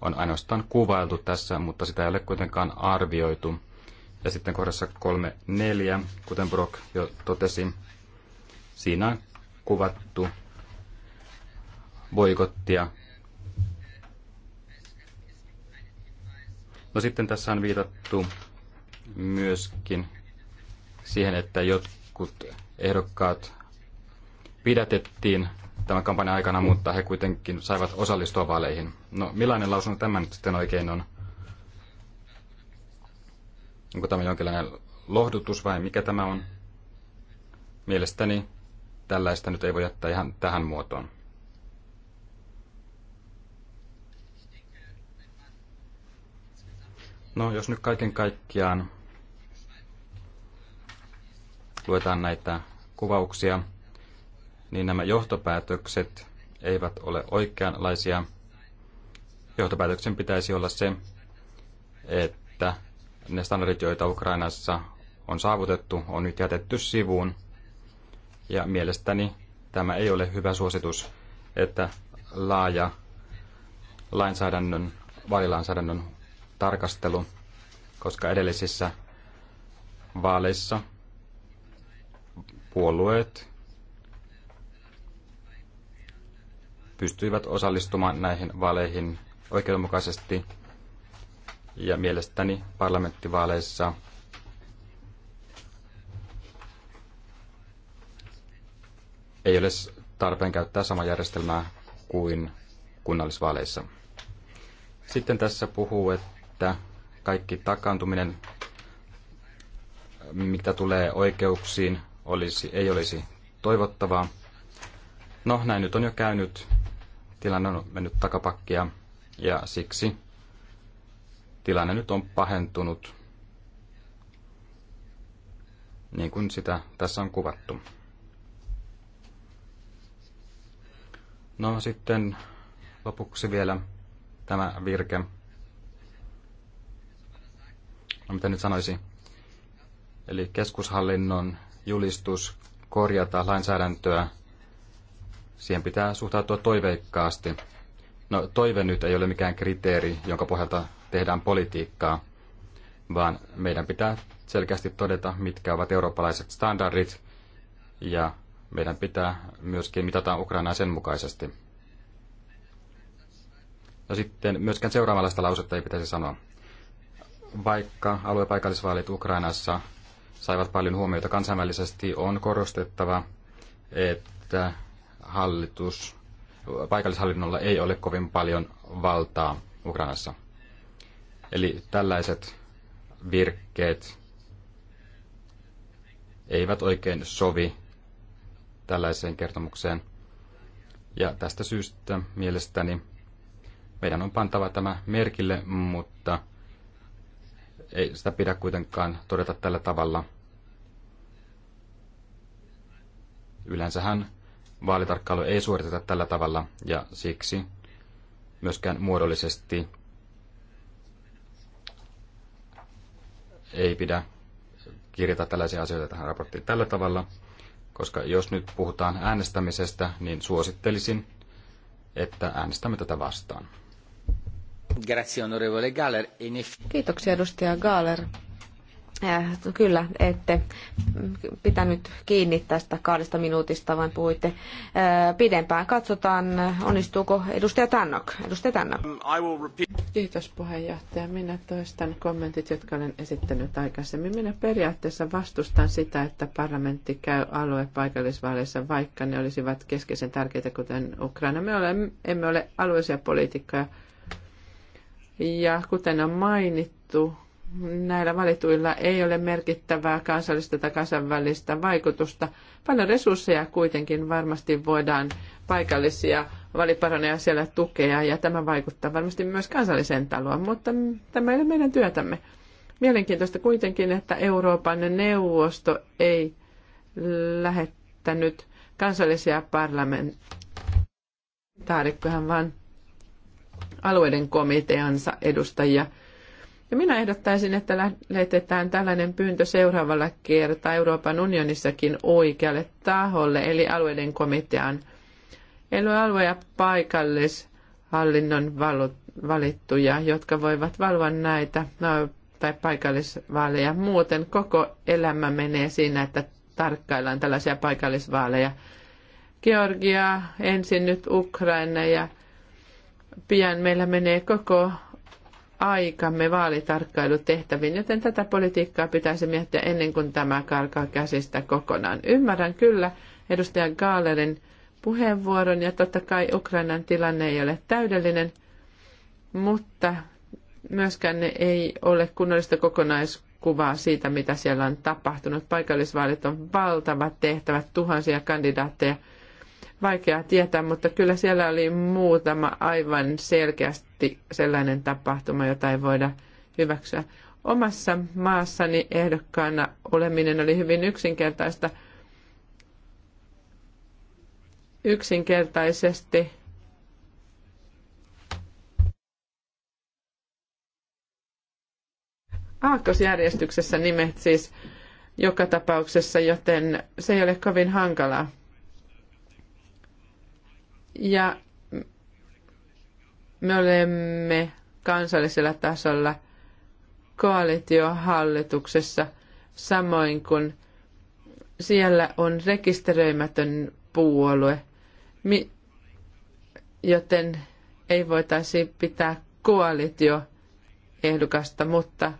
on ainoastaan kuvailtu tässä, mutta sitä ei ole kuitenkaan arvioitu. Ja sitten kohdassa 3.4, kuten Brock jo totesi, siinä on kuvattu boikottia. No sitten tässä on viitattu myöskin siihen, että jotkut ehdokkaat pidätettiin tämän kampanjan aikana, mutta he kuitenkin saivat osallistua vaaleihin. No millainen lausunto tämä nyt sitten oikein on? Onko tämä jonkinlainen lohdutus vai mikä tämä on? Mielestäni tällaista nyt ei voi jättää ihan tähän muotoon. No, jos nyt kaiken kaikkiaan luetaan näitä kuvauksia, niin nämä johtopäätökset eivät ole oikeanlaisia. Johtopäätöksen pitäisi olla se, että ne standardit, joita Ukrainassa on saavutettu, on nyt jätetty sivuun. Ja mielestäni tämä ei ole hyvä suositus, että laaja lainsäädännön, vaalilainsäädännön tarkastelu, koska edellisissä vaaleissa puolueet pystyivät osallistumaan näihin vaaleihin oikeudenmukaisesti. Ja mielestäni parlamenttivaaleissa ei ole tarpeen käyttää samaa järjestelmää kuin kunnallisvaaleissa. Sitten tässä puhuu, että kaikki takaantuminen, mitä tulee oikeuksiin, olisi, ei olisi toivottavaa. No, näin nyt on jo käynyt tilanne on mennyt takapakkia ja siksi tilanne nyt on pahentunut, niin kuin sitä tässä on kuvattu. No sitten lopuksi vielä tämä virke. No mitä nyt sanoisi? Eli keskushallinnon julistus korjata lainsäädäntöä siihen pitää suhtautua toiveikkaasti. No toive nyt ei ole mikään kriteeri, jonka pohjalta tehdään politiikkaa, vaan meidän pitää selkeästi todeta, mitkä ovat eurooppalaiset standardit, ja meidän pitää myöskin mitata Ukrainaa sen mukaisesti. No sitten myöskään seuraavanlaista lausetta ei pitäisi sanoa. Vaikka aluepaikallisvaalit Ukrainassa saivat paljon huomiota kansainvälisesti, on korostettava, että hallitus, paikallishallinnolla ei ole kovin paljon valtaa Ukrainassa. Eli tällaiset virkkeet eivät oikein sovi tällaiseen kertomukseen. Ja tästä syystä mielestäni meidän on pantava tämä merkille, mutta ei sitä pidä kuitenkaan todeta tällä tavalla. Yleensähän vaalitarkkailu ei suoriteta tällä tavalla ja siksi myöskään muodollisesti ei pidä kirjata tällaisia asioita tähän raporttiin tällä tavalla, koska jos nyt puhutaan äänestämisestä, niin suosittelisin, että äänestämme tätä vastaan. Kiitoksia edustaja Gaaler. Äh, kyllä, ette pitänyt kiinni tästä kahdesta minuutista, vaan puhuitte äh, pidempään. Katsotaan, onnistuuko edustaja Tannok. Edustaja Tannok. Um, Kiitos puheenjohtaja. Minä toistan kommentit, jotka olen esittänyt aikaisemmin. Minä periaatteessa vastustan sitä, että parlamentti käy alue paikallisvaaleissa, vaikka ne olisivat keskeisen tärkeitä, kuten Ukraina. Me olemme, emme ole alueisia poliitikkoja. Ja kuten on mainittu, näillä valituilla ei ole merkittävää kansallista tai kansainvälistä vaikutusta. Paljon resursseja kuitenkin varmasti voidaan paikallisia valiparaneja siellä tukea ja tämä vaikuttaa varmasti myös kansalliseen taloon, mutta tämä ei ole meidän työtämme. Mielenkiintoista kuitenkin, että Euroopan neuvosto ei lähettänyt kansallisia parlamentaarikkoja, vaan alueiden komiteansa edustajia – ja minä ehdottaisin, että lähetetään tällainen pyyntö seuraavalla kertaa Euroopan unionissakin oikealle taholle, eli alueiden komitean. Eli alue- ja paikallishallinnon valittuja, jotka voivat valvoa näitä no, tai paikallisvaaleja. Muuten koko elämä menee siinä, että tarkkaillaan tällaisia paikallisvaaleja. Georgia, ensin nyt Ukraina ja pian meillä menee koko aikamme vaalitarkkailutehtäviin, joten tätä politiikkaa pitäisi miettiä ennen kuin tämä karkaa käsistä kokonaan. Ymmärrän kyllä edustaja Gaalerin puheenvuoron ja totta kai Ukrainan tilanne ei ole täydellinen, mutta myöskään ne ei ole kunnollista kokonaiskuvaa siitä, mitä siellä on tapahtunut. Paikallisvaalit on valtavat tehtävät, tuhansia kandidaatteja – vaikea tietää, mutta kyllä siellä oli muutama aivan selkeästi sellainen tapahtuma, jota ei voida hyväksyä. Omassa maassani ehdokkaana oleminen oli hyvin yksinkertaista. Yksinkertaisesti aakkosjärjestyksessä nimet siis joka tapauksessa, joten se ei ole kovin hankalaa ja me olemme kansallisella tasolla koalitiohallituksessa samoin kuin siellä on rekisteröimätön puolue, mi, joten ei voitaisi pitää koalitioehdokasta, mutta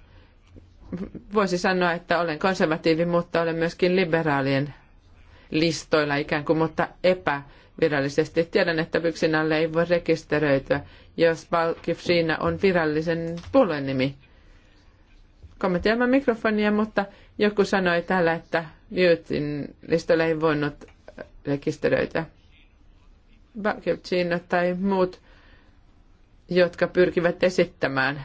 voisi sanoa, että olen konservatiivi, mutta olen myöskin liberaalien listoilla ikään kuin, mutta epä virallisesti. Tiedän, että Byksinalle ei voi rekisteröityä, jos Balkifshina on virallisen puolueen nimi. Kommentti ilman mikrofonia, mutta joku sanoi täällä, että Newtin listalle ei voinut rekisteröityä. Balkifshina tai muut, jotka pyrkivät esittämään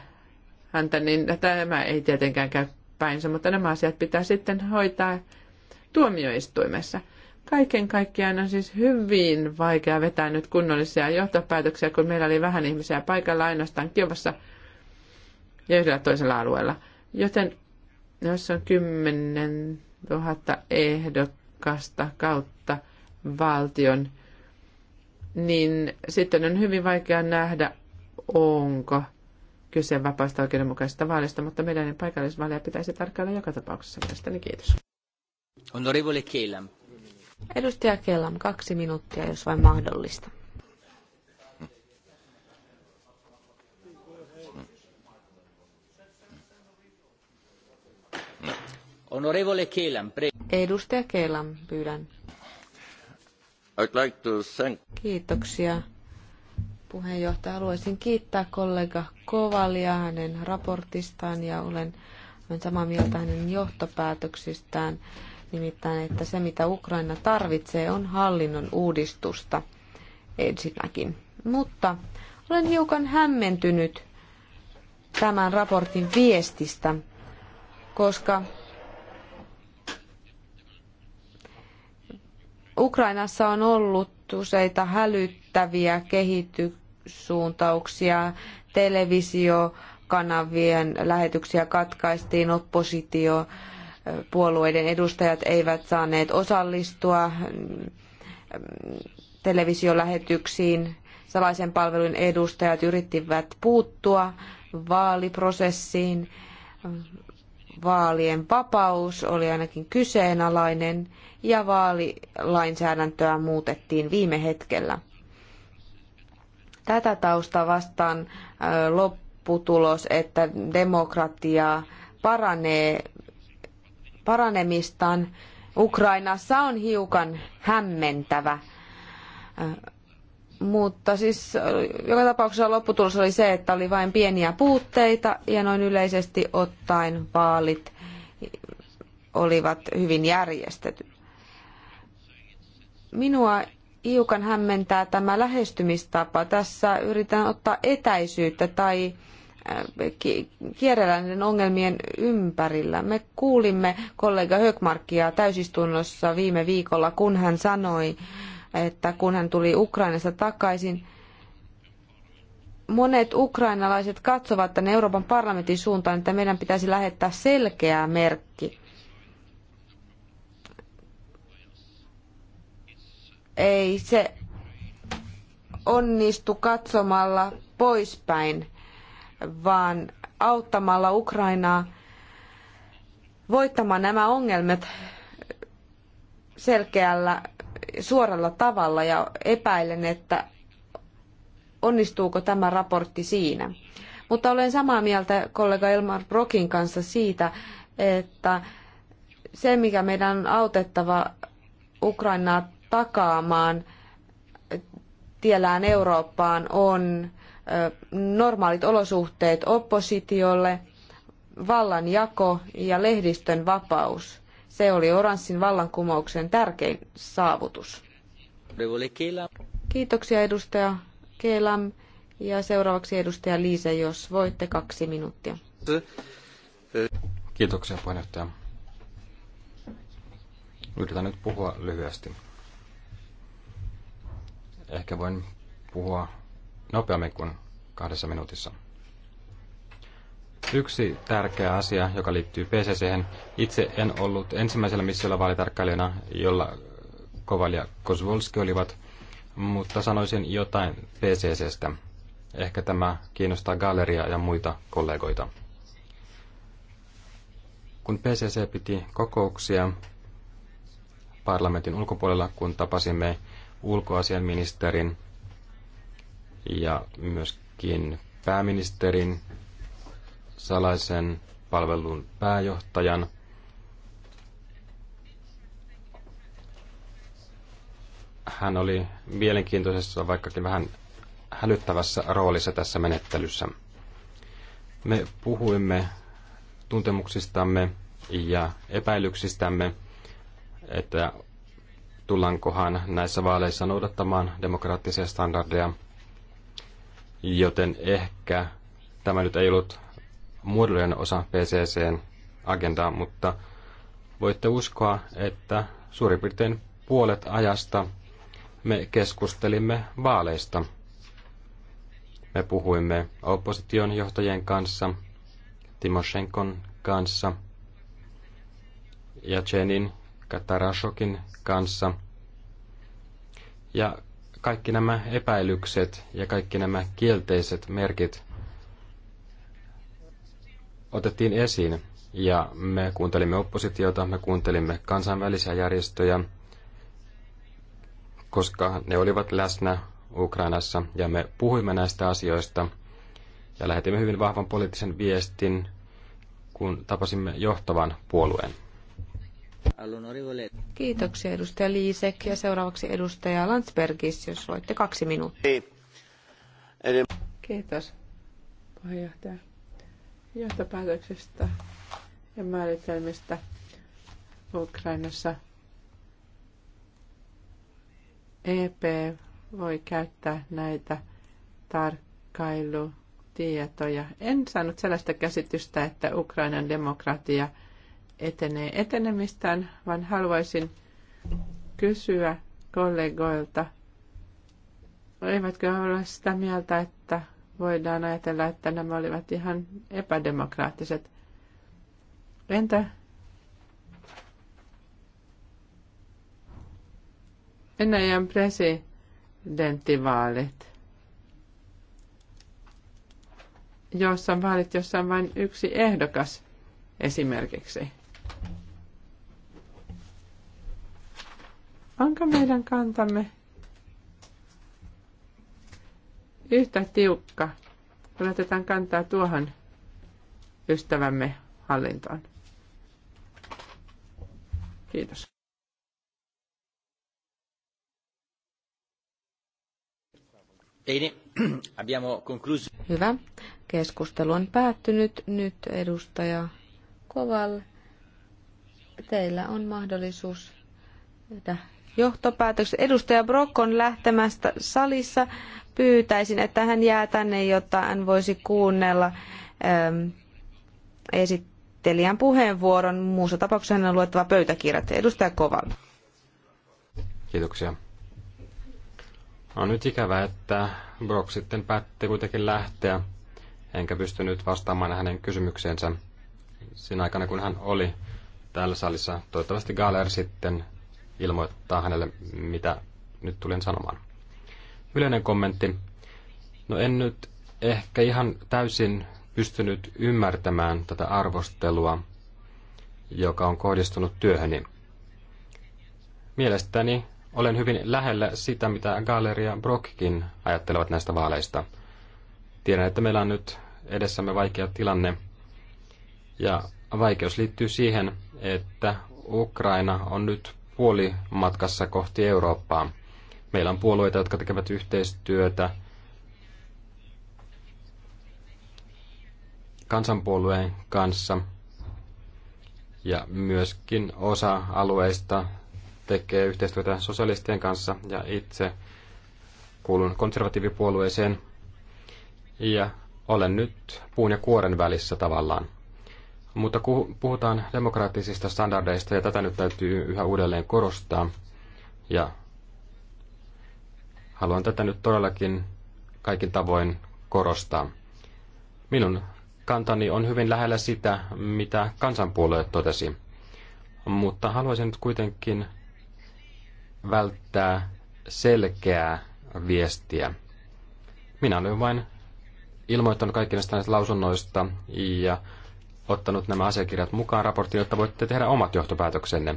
häntä, niin tämä ei tietenkään käy päinsä, mutta nämä asiat pitää sitten hoitaa tuomioistuimessa. Kaiken kaikkiaan on siis hyvin vaikea vetää nyt kunnollisia johtopäätöksiä, kun meillä oli vähän ihmisiä paikalla ainoastaan Kiovassa ja yhdellä toisella alueella. Joten jos on 10 000 ehdokasta kautta valtion, niin sitten on hyvin vaikea nähdä, onko kyse vapaasta oikeudenmukaisesta vaalista, mutta meidän paikallisvaaleja pitäisi tarkkailla joka tapauksessa mielestäni. Kiitos. Edustaja Kellam, kaksi minuuttia, jos vain mahdollista. Honorevole Kelam, Edustaja Kellam, pyydän. I'd like to thank... Kiitoksia. Puheenjohtaja, haluaisin kiittää kollega Kovalia hänen raportistaan ja olen, olen samaa mieltä hänen johtopäätöksistään. Nimittäin, että se mitä Ukraina tarvitsee on hallinnon uudistusta ensinnäkin. Mutta olen hiukan hämmentynyt tämän raportin viestistä, koska Ukrainassa on ollut useita hälyttäviä kehityssuuntauksia. Televisiokanavien lähetyksiä katkaistiin, oppositio puolueiden edustajat eivät saaneet osallistua televisiolähetyksiin. Salaisen palvelun edustajat yrittivät puuttua vaaliprosessiin. Vaalien vapaus oli ainakin kyseenalainen ja vaalilainsäädäntöä muutettiin viime hetkellä. Tätä tausta vastaan lopputulos, että demokratia paranee paranemistaan Ukrainassa on hiukan hämmentävä. Äh, mutta siis äh, joka tapauksessa lopputulos oli se, että oli vain pieniä puutteita ja noin yleisesti ottaen vaalit olivat hyvin järjestetyt. Minua hiukan hämmentää tämä lähestymistapa. Tässä yritetään ottaa etäisyyttä tai kierrellä näiden ongelmien ympärillä. Me kuulimme kollega Högmarkia täysistunnossa viime viikolla, kun hän sanoi, että kun hän tuli Ukrainasta takaisin, monet ukrainalaiset katsovat tänne Euroopan parlamentin suuntaan, että meidän pitäisi lähettää selkeä merkki. Ei se onnistu katsomalla poispäin vaan auttamalla Ukrainaa voittamaan nämä ongelmat selkeällä, suoralla tavalla ja epäilen, että onnistuuko tämä raportti siinä. Mutta olen samaa mieltä kollega Elmar Brokin kanssa siitä, että se, mikä meidän on autettava Ukrainaa takaamaan tiellään Eurooppaan, on normaalit olosuhteet oppositiolle, vallanjako ja lehdistön vapaus. Se oli oranssin vallankumouksen tärkein saavutus. Kiitoksia edustaja Kelam ja seuraavaksi edustaja Liise, jos voitte kaksi minuuttia. Kiitoksia puheenjohtaja. Yritän nyt puhua lyhyesti. Ehkä voin puhua nopeammin kuin kahdessa minuutissa. Yksi tärkeä asia, joka liittyy PCC. Itse en ollut ensimmäisellä missiolla vaalitarkkailijana, jolla Koval ja Kosvolski olivat, mutta sanoisin jotain PCCstä. Ehkä tämä kiinnostaa galleria ja muita kollegoita. Kun PCC piti kokouksia parlamentin ulkopuolella, kun tapasimme ulkoasianministerin ja myöskin pääministerin salaisen palvelun pääjohtajan. Hän oli mielenkiintoisessa, vaikkakin vähän hälyttävässä roolissa tässä menettelyssä. Me puhuimme tuntemuksistamme ja epäilyksistämme, että tullankohan näissä vaaleissa noudattamaan demokraattisia standardeja – joten ehkä tämä nyt ei ollut muodollinen osa PCCn agendaa, mutta voitte uskoa, että suurin piirtein puolet ajasta me keskustelimme vaaleista. Me puhuimme opposition johtajien kanssa, Timoshenkon kanssa ja Chenin Katarashokin kanssa. Ja kaikki nämä epäilykset ja kaikki nämä kielteiset merkit otettiin esiin. Ja me kuuntelimme oppositiota, me kuuntelimme kansainvälisiä järjestöjä, koska ne olivat läsnä Ukrainassa ja me puhuimme näistä asioista ja lähetimme hyvin vahvan poliittisen viestin, kun tapasimme johtavan puolueen. Kiitoksia edustaja Liisek ja seuraavaksi edustaja Landsbergis, jos voitte kaksi minuuttia. Kiitos puheenjohtaja johtopäätöksistä ja määritelmistä Ukrainassa. EP voi käyttää näitä tarkkailutietoja. En saanut sellaista käsitystä, että Ukrainan demokratia – etenee etenemistään, vaan haluaisin kysyä kollegoilta, eivätkö he ole sitä mieltä, että voidaan ajatella, että nämä olivat ihan epädemokraattiset. Entä Venäjän presidenttivaalit, jossa on vaalit, jossa on vain yksi ehdokas esimerkiksi. Onko meidän kantamme yhtä tiukka, kun otetaan kantaa tuohon ystävämme hallintoon? Kiitos. <clears throat> Hyvä. Keskustelu on päättynyt. Nyt edustaja Koval teillä on mahdollisuus tehdä johtopäätöksiä. Edustaja Brock on lähtemästä salissa. Pyytäisin, että hän jää tänne, jotta hän voisi kuunnella ähm, esittelijän puheenvuoron. Muussa tapauksessa hän on luettava pöytäkirjat. Edustaja Koval. Kiitoksia. On nyt ikävää, että Brock sitten päätti kuitenkin lähteä, enkä pystynyt vastaamaan hänen kysymykseensä siinä aikana, kun hän oli täällä salissa. Toivottavasti Gaaler sitten ilmoittaa hänelle, mitä nyt tulin sanomaan. Yleinen kommentti. No en nyt ehkä ihan täysin pystynyt ymmärtämään tätä arvostelua, joka on kohdistunut työhöni. Mielestäni olen hyvin lähellä sitä, mitä Galleria Brockkin ajattelevat näistä vaaleista. Tiedän, että meillä on nyt edessämme vaikea tilanne, ja vaikeus liittyy siihen, että Ukraina on nyt puolimatkassa kohti Eurooppaa. Meillä on puolueita, jotka tekevät yhteistyötä kansanpuolueen kanssa ja myöskin osa alueista tekee yhteistyötä sosialistien kanssa ja itse kuulun konservatiivipuolueeseen ja olen nyt puun ja kuoren välissä tavallaan. Mutta puhutaan demokraattisista standardeista ja tätä nyt täytyy yhä uudelleen korostaa. Ja haluan tätä nyt todellakin kaikin tavoin korostaa. Minun kantani on hyvin lähellä sitä, mitä kansanpuolue totesi. Mutta haluaisin nyt kuitenkin välttää selkeää viestiä. Minä olen vain ilmoittanut kaikista näistä lausunnoista ja ottanut nämä asiakirjat mukaan raporttiin, jotta voitte tehdä omat johtopäätöksenne.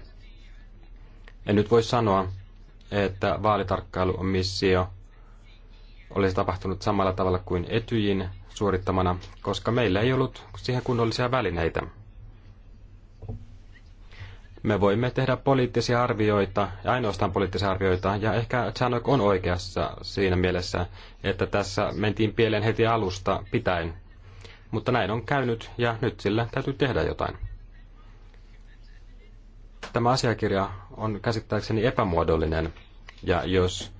En nyt voi sanoa, että vaalitarkkailumissio olisi tapahtunut samalla tavalla kuin Etyjin suorittamana, koska meillä ei ollut siihen kunnollisia välineitä. Me voimme tehdä poliittisia arvioita, ja ainoastaan poliittisia arvioita, ja ehkä Chanok on oikeassa siinä mielessä, että tässä mentiin pieleen heti alusta pitäen, mutta näin on käynyt ja nyt sillä täytyy tehdä jotain. Tämä asiakirja on käsittääkseni epämuodollinen ja jos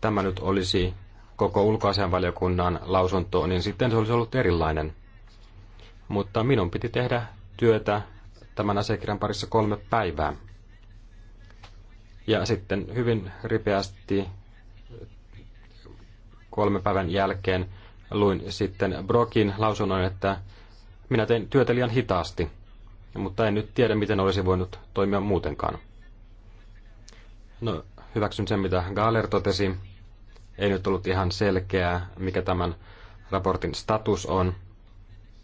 tämä nyt olisi koko ulkoasianvaliokunnan lausunto, niin sitten se olisi ollut erilainen. Mutta minun piti tehdä työtä tämän asiakirjan parissa kolme päivää. Ja sitten hyvin ripeästi kolmen päivän jälkeen luin sitten Brokin lausunnon, että minä tein työtä liian hitaasti, mutta en nyt tiedä, miten olisi voinut toimia muutenkaan. No, hyväksyn sen, mitä Gaaler totesi. Ei nyt ollut ihan selkeää, mikä tämän raportin status on.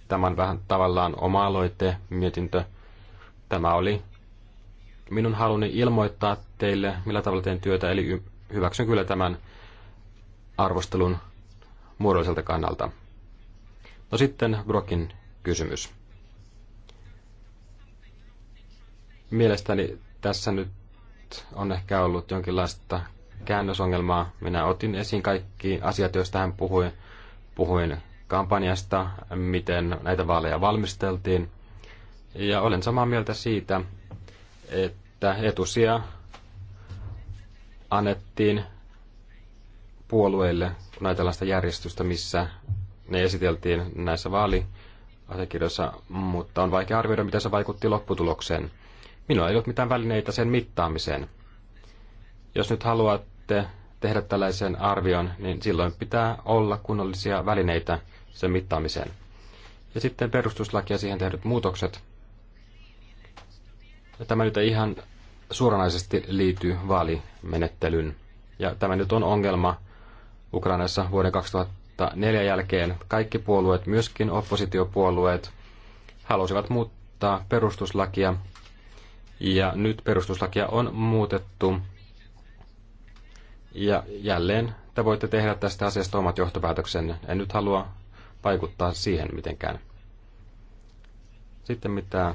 Tämä on vähän tavallaan oma aloite, mietintö. Tämä oli minun haluni ilmoittaa teille, millä tavalla teen työtä, eli hyväksyn kyllä tämän arvostelun muodolliselta kannalta. No sitten Brokin kysymys. Mielestäni tässä nyt on ehkä ollut jonkinlaista käännösongelmaa. Minä otin esiin kaikki asiat, joista hän puhui. Puhuin kampanjasta, miten näitä vaaleja valmisteltiin. Ja olen samaa mieltä siitä, että etusia annettiin puolueille, kun ajatellaan sitä järjestystä, missä ne esiteltiin näissä vaaliasekirjoissa, mutta on vaikea arvioida, miten se vaikutti lopputulokseen. Minulla ei ollut mitään välineitä sen mittaamiseen. Jos nyt haluatte tehdä tällaisen arvion, niin silloin pitää olla kunnollisia välineitä sen mittaamiseen. Ja sitten perustuslaki ja siihen tehdyt muutokset. Tämä nyt ei ihan suoranaisesti liity vaalimenettelyyn. Ja tämä nyt on ongelma Ukrainassa vuoden 2004 jälkeen kaikki puolueet, myöskin oppositiopuolueet, halusivat muuttaa perustuslakia. Ja nyt perustuslakia on muutettu. Ja jälleen te voitte tehdä tästä asiasta omat johtopäätöksenne. En nyt halua vaikuttaa siihen mitenkään. Sitten mitä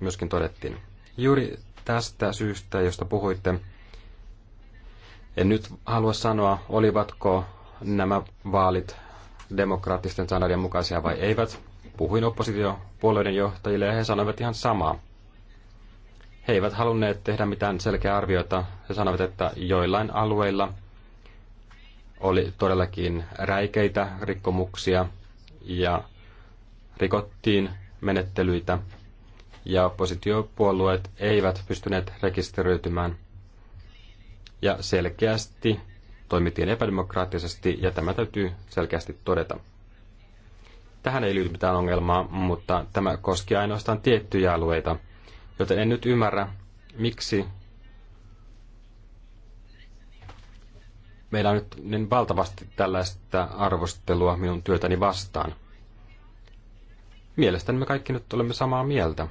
myöskin todettiin. Juuri tästä syystä, josta puhuitte, en nyt halua sanoa, olivatko nämä vaalit demokraattisten sanarien mukaisia vai eivät. Puhuin oppositiopuolueiden johtajille ja he sanoivat ihan samaa. He eivät halunneet tehdä mitään selkeää arviota. He sanoivat, että joillain alueilla oli todellakin räikeitä rikkomuksia ja rikottiin menettelyitä ja oppositiopuolueet eivät pystyneet rekisteröitymään – ja selkeästi toimittiin epädemokraattisesti ja tämä täytyy selkeästi todeta. Tähän ei liity mitään ongelmaa, mutta tämä koski ainoastaan tiettyjä alueita, joten en nyt ymmärrä, miksi meillä on nyt niin valtavasti tällaista arvostelua minun työtäni vastaan. Mielestäni me kaikki nyt olemme samaa mieltä,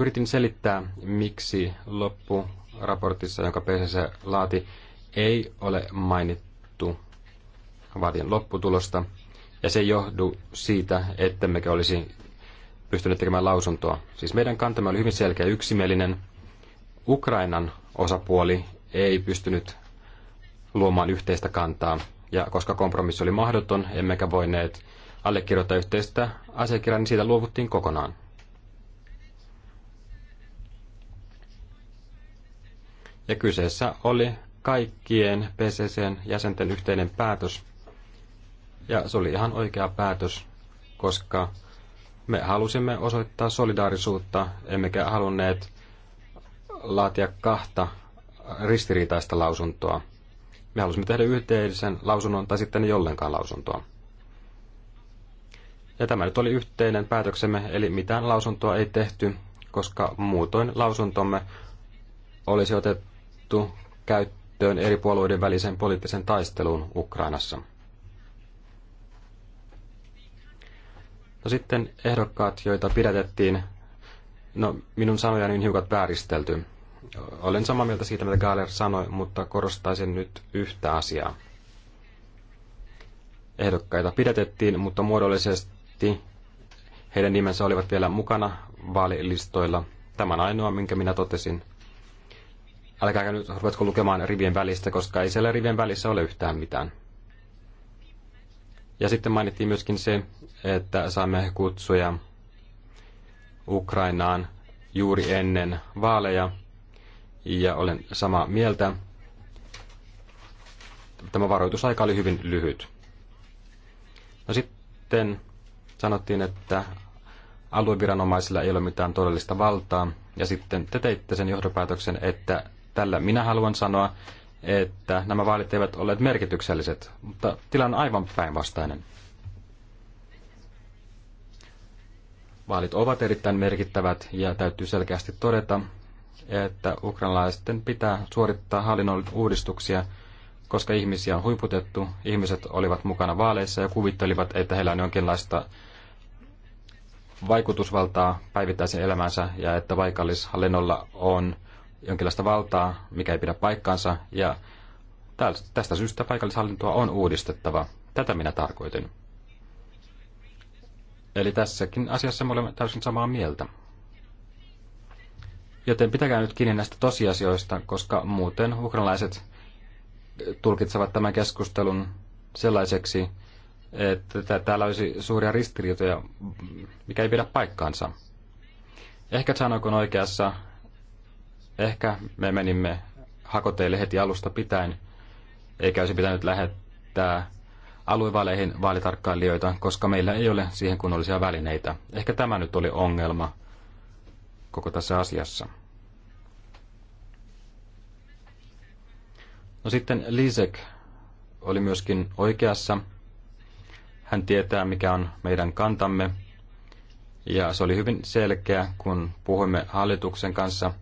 Yritin selittää, miksi loppuraportissa, jonka PCC laati, ei ole mainittu vaatien lopputulosta, ja se johdu siitä, ettemmekö olisi pystyneet tekemään lausuntoa. Siis meidän kantamme oli hyvin selkeä ja yksimielinen. Ukrainan osapuoli ei pystynyt luomaan yhteistä kantaa, ja koska kompromissi oli mahdoton, emmekä voineet allekirjoittaa yhteistä asiakirjaa, niin siitä luovuttiin kokonaan. Ja kyseessä oli kaikkien PCCn jäsenten yhteinen päätös. Ja se oli ihan oikea päätös, koska me halusimme osoittaa solidaarisuutta, emmekä halunneet laatia kahta ristiriitaista lausuntoa. Me halusimme tehdä yhteisen lausunnon tai sitten jollenkaan lausuntoa. Ja tämä nyt oli yhteinen päätöksemme, eli mitään lausuntoa ei tehty, koska muutoin lausuntomme olisi otettu otettu käyttöön eri puolueiden välisen poliittisen taisteluun Ukrainassa. No sitten ehdokkaat, joita pidätettiin, no minun sanojani on hiukan vääristelty. Olen samaa mieltä siitä, mitä Gaaler sanoi, mutta korostaisin nyt yhtä asiaa. Ehdokkaita pidätettiin, mutta muodollisesti heidän nimensä olivat vielä mukana vaalilistoilla. Tämä on ainoa, minkä minä totesin Älkääkä nyt ruvetko lukemaan rivien välistä, koska ei siellä rivien välissä ole yhtään mitään. Ja sitten mainittiin myöskin se, että saamme kutsuja Ukrainaan juuri ennen vaaleja. Ja olen samaa mieltä. Tämä varoitusaika oli hyvin lyhyt. No sitten sanottiin, että alueviranomaisilla ei ole mitään todellista valtaa. Ja sitten te teitte sen johtopäätöksen, että Tällä minä haluan sanoa, että nämä vaalit eivät olleet merkitykselliset, mutta tilanne on aivan päinvastainen. Vaalit ovat erittäin merkittävät ja täytyy selkeästi todeta, että ukrainalaisten pitää suorittaa hallinnon uudistuksia, koska ihmisiä on huiputettu, ihmiset olivat mukana vaaleissa ja kuvittelivat, että heillä on jonkinlaista vaikutusvaltaa päivittäisen elämänsä ja että paikallishallinnolla on jonkinlaista valtaa, mikä ei pidä paikkaansa, ja tästä syystä paikallishallintoa on uudistettava. Tätä minä tarkoitin. Eli tässäkin asiassa me olemme täysin samaa mieltä. Joten pitäkää nyt kiinni näistä tosiasioista, koska muuten ukrainalaiset tulkitsevat tämän keskustelun sellaiseksi, että täällä olisi suuria ristiriitoja, mikä ei pidä paikkaansa. Ehkä sanoikon oikeassa Ehkä me menimme hakoteille heti alusta pitäen, eikä olisi pitänyt lähettää aluevaaleihin vaalitarkkailijoita, koska meillä ei ole siihen kunnollisia välineitä. Ehkä tämä nyt oli ongelma koko tässä asiassa. No sitten Lisek oli myöskin oikeassa. Hän tietää, mikä on meidän kantamme. Ja se oli hyvin selkeä, kun puhuimme hallituksen kanssa –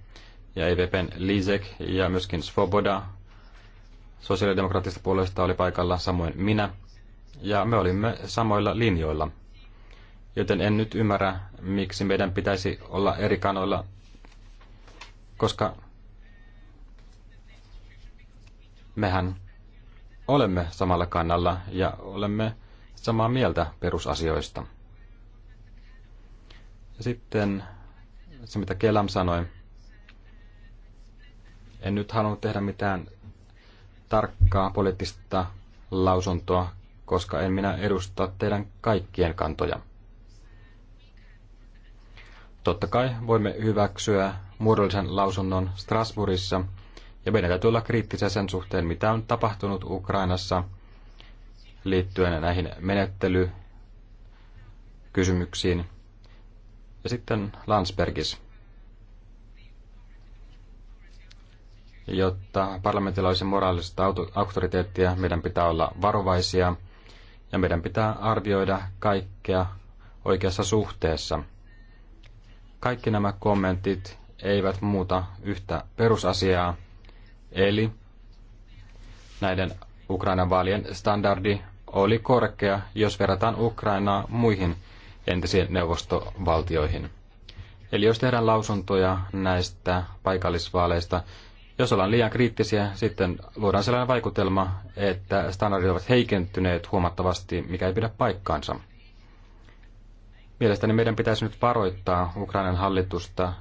ja EVPn Lisek ja myöskin Svoboda Sosiaalidemokraattista puolesta oli paikalla, samoin minä. Ja me olimme samoilla linjoilla. Joten en nyt ymmärrä, miksi meidän pitäisi olla eri kanoilla, koska mehän olemme samalla kannalla ja olemme samaa mieltä perusasioista. Ja sitten se, mitä Kelam sanoi. En nyt halunnut tehdä mitään tarkkaa poliittista lausuntoa, koska en minä edusta teidän kaikkien kantoja. Totta kai voimme hyväksyä muodollisen lausunnon Strasbourgissa, ja meidän täytyy olla kriittisiä sen suhteen, mitä on tapahtunut Ukrainassa liittyen näihin menettelykysymyksiin. Ja sitten Landsbergis. Jotta parlamentilla olisi moraalista auktoriteettia, meidän pitää olla varovaisia ja meidän pitää arvioida kaikkea oikeassa suhteessa. Kaikki nämä kommentit eivät muuta yhtä perusasiaa, eli näiden Ukrainan vaalien standardi oli korkea, jos verrataan Ukrainaa muihin entisiin neuvostovaltioihin. Eli jos tehdään lausuntoja näistä paikallisvaaleista, jos ollaan liian kriittisiä, sitten luodaan sellainen vaikutelma, että standardit ovat heikentyneet huomattavasti, mikä ei pidä paikkaansa. Mielestäni meidän pitäisi nyt varoittaa Ukrainan hallitusta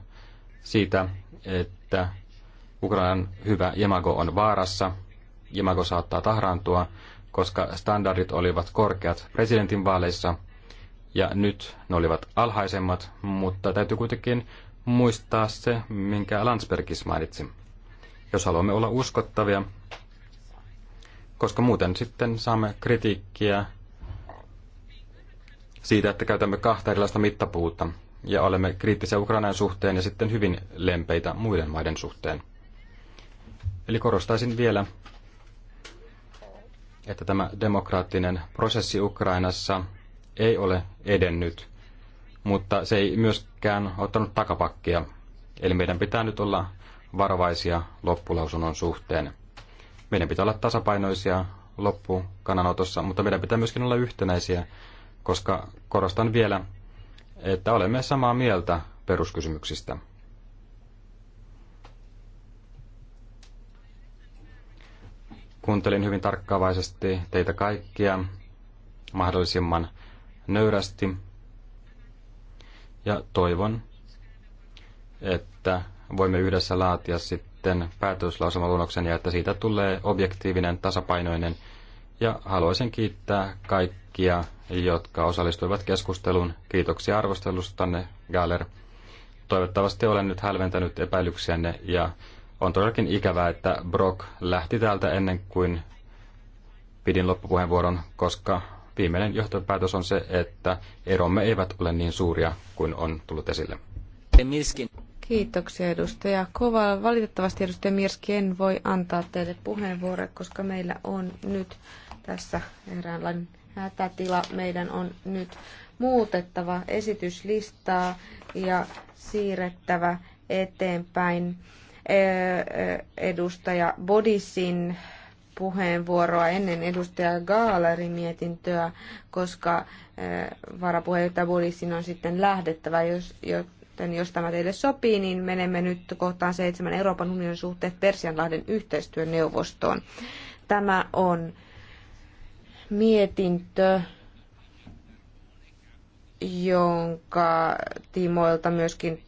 siitä, että Ukrainan hyvä jemago on vaarassa. Jemago saattaa tahraantua, koska standardit olivat korkeat presidentinvaaleissa ja nyt ne olivat alhaisemmat, mutta täytyy kuitenkin muistaa se, minkä Landsbergis mainitsi jos haluamme olla uskottavia, koska muuten sitten saamme kritiikkiä siitä, että käytämme kahta erilaista mittapuuta ja olemme kriittisiä Ukrainan suhteen ja sitten hyvin lempeitä muiden maiden suhteen. Eli korostaisin vielä, että tämä demokraattinen prosessi Ukrainassa ei ole edennyt, mutta se ei myöskään ottanut takapakkia. Eli meidän pitää nyt olla varovaisia loppulausunnon suhteen. Meidän pitää olla tasapainoisia loppukananotossa, mutta meidän pitää myöskin olla yhtenäisiä, koska korostan vielä, että olemme samaa mieltä peruskysymyksistä. Kuuntelin hyvin tarkkaavaisesti teitä kaikkia mahdollisimman nöyrästi ja toivon, että voimme yhdessä laatia sitten päätöslausumaluonnoksen ja että siitä tulee objektiivinen, tasapainoinen. Ja haluaisin kiittää kaikkia, jotka osallistuivat keskusteluun. Kiitoksia arvostelustanne, Galler. Toivottavasti olen nyt hälventänyt epäilyksiänne ja on todellakin ikävää, että Brock lähti täältä ennen kuin pidin loppupuheenvuoron, koska viimeinen johtopäätös on se, että eromme eivät ole niin suuria kuin on tullut esille. Miskin. Kiitoksia edustaja Koval. Valitettavasti edustaja Mirski en voi antaa teille puheenvuoroa, koska meillä on nyt tässä eräänlainen hätätila. Meidän on nyt muutettava esityslistaa ja siirrettävä eteenpäin eh, eh, edustaja Bodisin puheenvuoroa ennen edustaja Gaalerin mietintöä, koska eh, varapuheenjohtaja Bodisin on sitten lähdettävä, jos, jos Joten jos tämä teille sopii, niin menemme nyt kohtaan seitsemän Euroopan unionin suhteet Persianlahden yhteistyöneuvostoon. Tämä on mietintö, jonka tiimoilta myöskin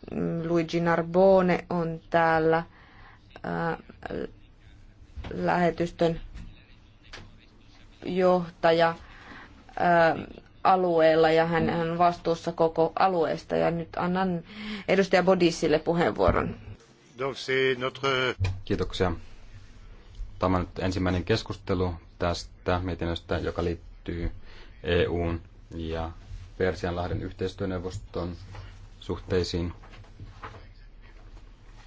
Luigi Narbone on täällä äh, lähetystön johtaja. Äh, alueella ja hän, on vastuussa koko alueesta. Ja nyt annan edustaja Bodisille puheenvuoron. Kiitoksia. Tämä on nyt ensimmäinen keskustelu tästä mietinnöstä, joka liittyy EUn ja Persianlahden yhteistyöneuvoston suhteisiin.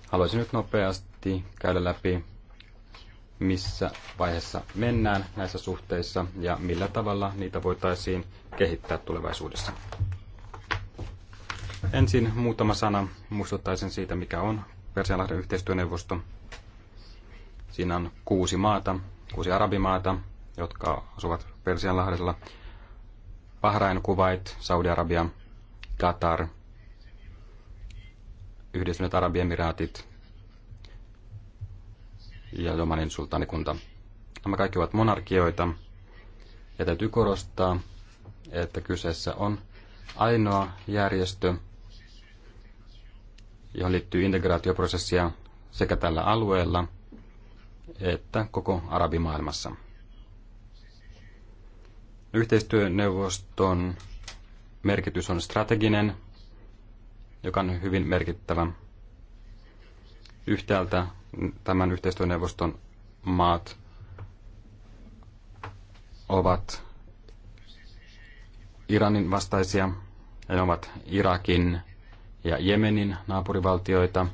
Haluaisin nyt nopeasti käydä läpi missä vaiheessa mennään näissä suhteissa ja millä tavalla niitä voitaisiin kehittää tulevaisuudessa. Ensin muutama sana muistuttaisin siitä, mikä on Persianlahden yhteistyöneuvosto. Siinä on kuusi maata, kuusi arabimaata, jotka asuvat Persianlahdella. Bahrain, Kuwait, Saudi-Arabia, Qatar, Yhdistyneet Arabiemiraatit, ja Jomanin sultanikunta. Nämä kaikki ovat monarkioita, ja täytyy korostaa, että kyseessä on ainoa järjestö, johon liittyy integraatioprosessia sekä tällä alueella että koko arabimaailmassa. Yhteistyöneuvoston merkitys on strateginen, joka on hyvin merkittävä. Yhtäältä tämän yhteistyöneuvoston maat ovat Iranin vastaisia, ja ne ovat Irakin ja Jemenin naapurivaltioita,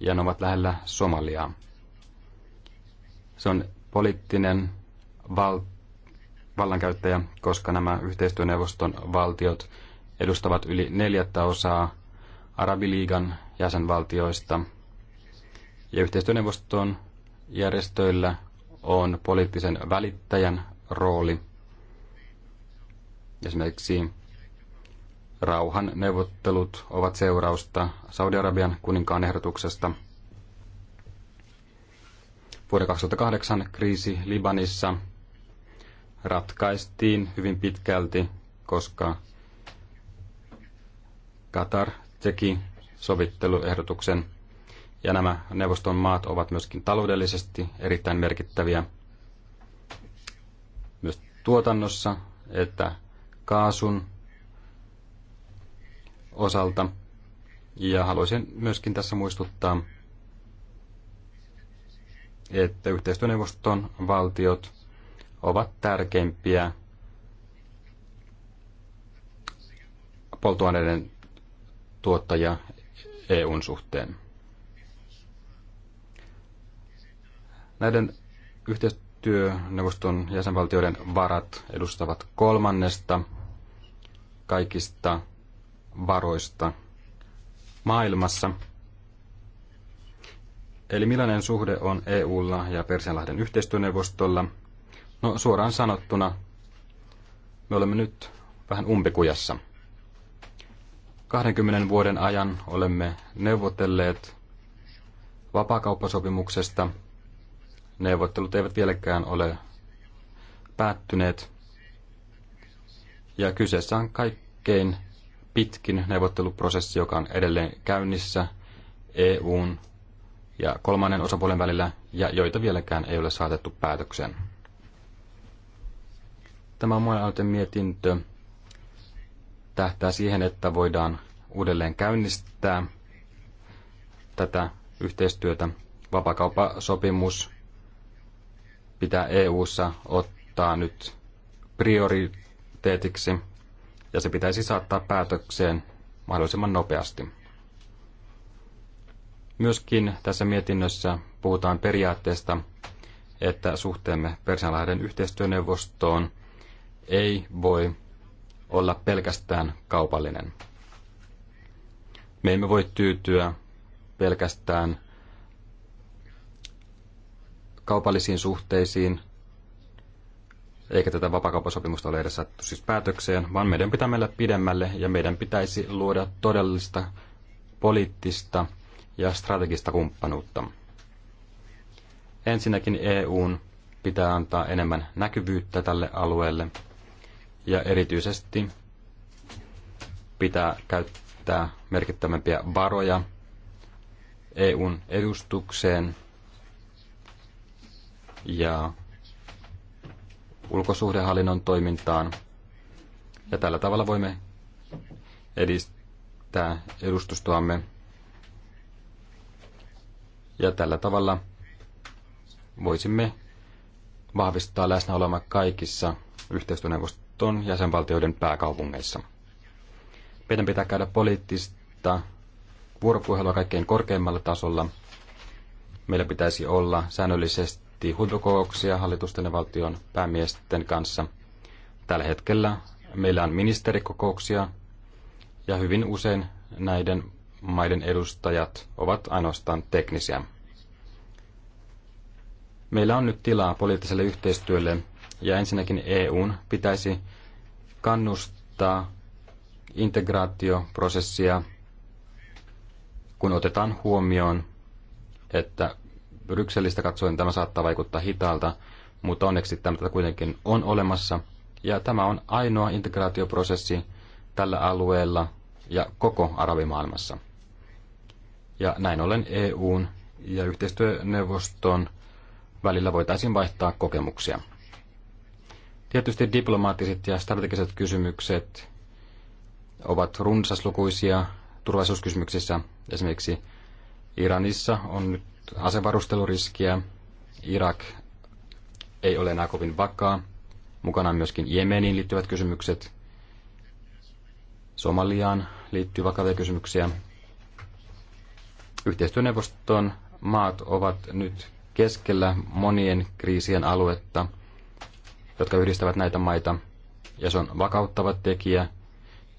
ja ne ovat lähellä Somaliaa. Se on poliittinen val- vallankäyttäjä, koska nämä yhteistyöneuvoston valtiot edustavat yli neljättä osaa Arabiliigan jäsenvaltioista – ja yhteistyöneuvoston järjestöillä on poliittisen välittäjän rooli. Esimerkiksi rauhan neuvottelut ovat seurausta Saudi-Arabian kuninkaan ehdotuksesta. Vuoden 2008 kriisi Libanissa ratkaistiin hyvin pitkälti, koska Qatar teki sovitteluehdotuksen – ja nämä neuvoston maat ovat myöskin taloudellisesti erittäin merkittäviä myös tuotannossa, että kaasun osalta. Ja haluaisin myöskin tässä muistuttaa, että yhteistyöneuvoston valtiot ovat tärkeimpiä polttoaineiden tuottajia EUn suhteen. Näiden yhteistyöneuvoston jäsenvaltioiden varat edustavat kolmannesta kaikista varoista maailmassa. Eli millainen suhde on EUlla ja Persianlahden yhteistyöneuvostolla? No suoraan sanottuna, me olemme nyt vähän umpikujassa. 20 vuoden ajan olemme neuvotelleet vapaakauppasopimuksesta – Neuvottelut eivät vieläkään ole päättyneet. Ja kyseessä on kaikkein pitkin neuvotteluprosessi, joka on edelleen käynnissä EUn ja kolmannen osapuolen välillä, ja joita vieläkään ei ole saatettu päätökseen. Tämä monialainen mietintö tähtää siihen, että voidaan uudelleen käynnistää tätä yhteistyötä. Vapakauppasopimus pitää EU:ssa ottaa nyt prioriteetiksi ja se pitäisi saattaa päätökseen mahdollisimman nopeasti. Myöskin tässä mietinnössä puhutaan periaatteesta, että suhteemme Persianlahden yhteistyöneuvostoon ei voi olla pelkästään kaupallinen. Me emme voi tyytyä pelkästään kaupallisiin suhteisiin, eikä tätä vapakauppasopimusta ole edes saattu siis päätökseen, vaan meidän pitää mennä pidemmälle ja meidän pitäisi luoda todellista poliittista ja strategista kumppanuutta. Ensinnäkin EUn pitää antaa enemmän näkyvyyttä tälle alueelle ja erityisesti pitää käyttää merkittävämpiä varoja EUn edustukseen – ja ulkosuhdehallinnon toimintaan. Ja tällä tavalla voimme edistää edustustoamme. Ja tällä tavalla voisimme vahvistaa läsnäolomme kaikissa yhteistyöneuvoston jäsenvaltioiden pääkaupungeissa. Meidän pitää käydä poliittista vuoropuhelua kaikkein korkeimmalla tasolla. Meillä pitäisi olla säännöllisesti pidettiin huippukokouksia hallitusten ja valtion päämiesten kanssa. Tällä hetkellä meillä on ministerikokouksia ja hyvin usein näiden maiden edustajat ovat ainoastaan teknisiä. Meillä on nyt tilaa poliittiselle yhteistyölle ja ensinnäkin EUn pitäisi kannustaa integraatioprosessia, kun otetaan huomioon, että Brysselistä katsoen tämä saattaa vaikuttaa hitaalta, mutta onneksi tämä kuitenkin on olemassa. Ja tämä on ainoa integraatioprosessi tällä alueella ja koko arabimaailmassa. Ja näin ollen EUn ja yhteistyöneuvoston välillä voitaisiin vaihtaa kokemuksia. Tietysti diplomaattiset ja strategiset kysymykset ovat runsaslukuisia turvallisuuskysymyksissä. Esimerkiksi Iranissa on nyt asevarusteluriskiä. Irak ei ole enää kovin vakaa. Mukana on myöskin Jemeniin liittyvät kysymykset. Somaliaan liittyy vakavia kysymyksiä. Yhteistyöneuvoston maat ovat nyt keskellä monien kriisien aluetta, jotka yhdistävät näitä maita, ja se on vakauttava tekijä,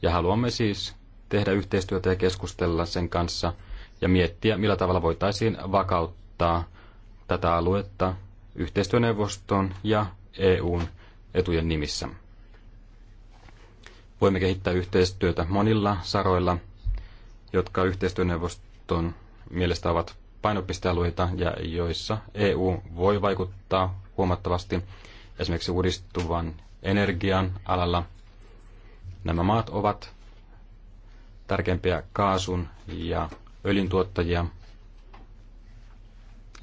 ja haluamme siis tehdä yhteistyötä ja keskustella sen kanssa – ja miettiä, millä tavalla voitaisiin vakauttaa tätä aluetta yhteistyöneuvoston ja EUn etujen nimissä. Voimme kehittää yhteistyötä monilla saroilla, jotka yhteistyöneuvoston mielestä ovat painopistealueita ja joissa EU voi vaikuttaa huomattavasti esimerkiksi uudistuvan energian alalla. Nämä maat ovat tärkeimpiä kaasun ja öljyntuottajia.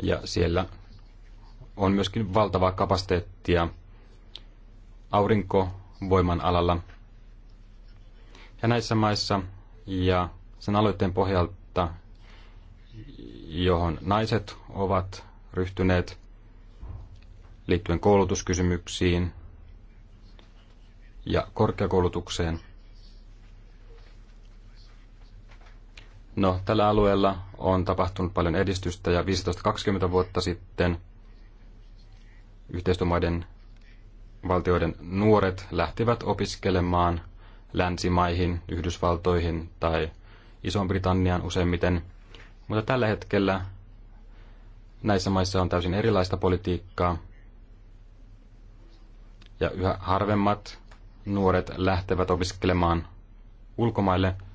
Ja siellä on myöskin valtavaa kapasiteettia aurinkovoiman alalla. Ja näissä maissa ja sen aloitteen pohjalta, johon naiset ovat ryhtyneet liittyen koulutuskysymyksiin ja korkeakoulutukseen, No, tällä alueella on tapahtunut paljon edistystä ja 15-20 vuotta sitten yhteistyömaiden valtioiden nuoret lähtivät opiskelemaan länsimaihin, Yhdysvaltoihin tai Iso-Britanniaan useimmiten. Mutta tällä hetkellä näissä maissa on täysin erilaista politiikkaa ja yhä harvemmat nuoret lähtevät opiskelemaan ulkomaille –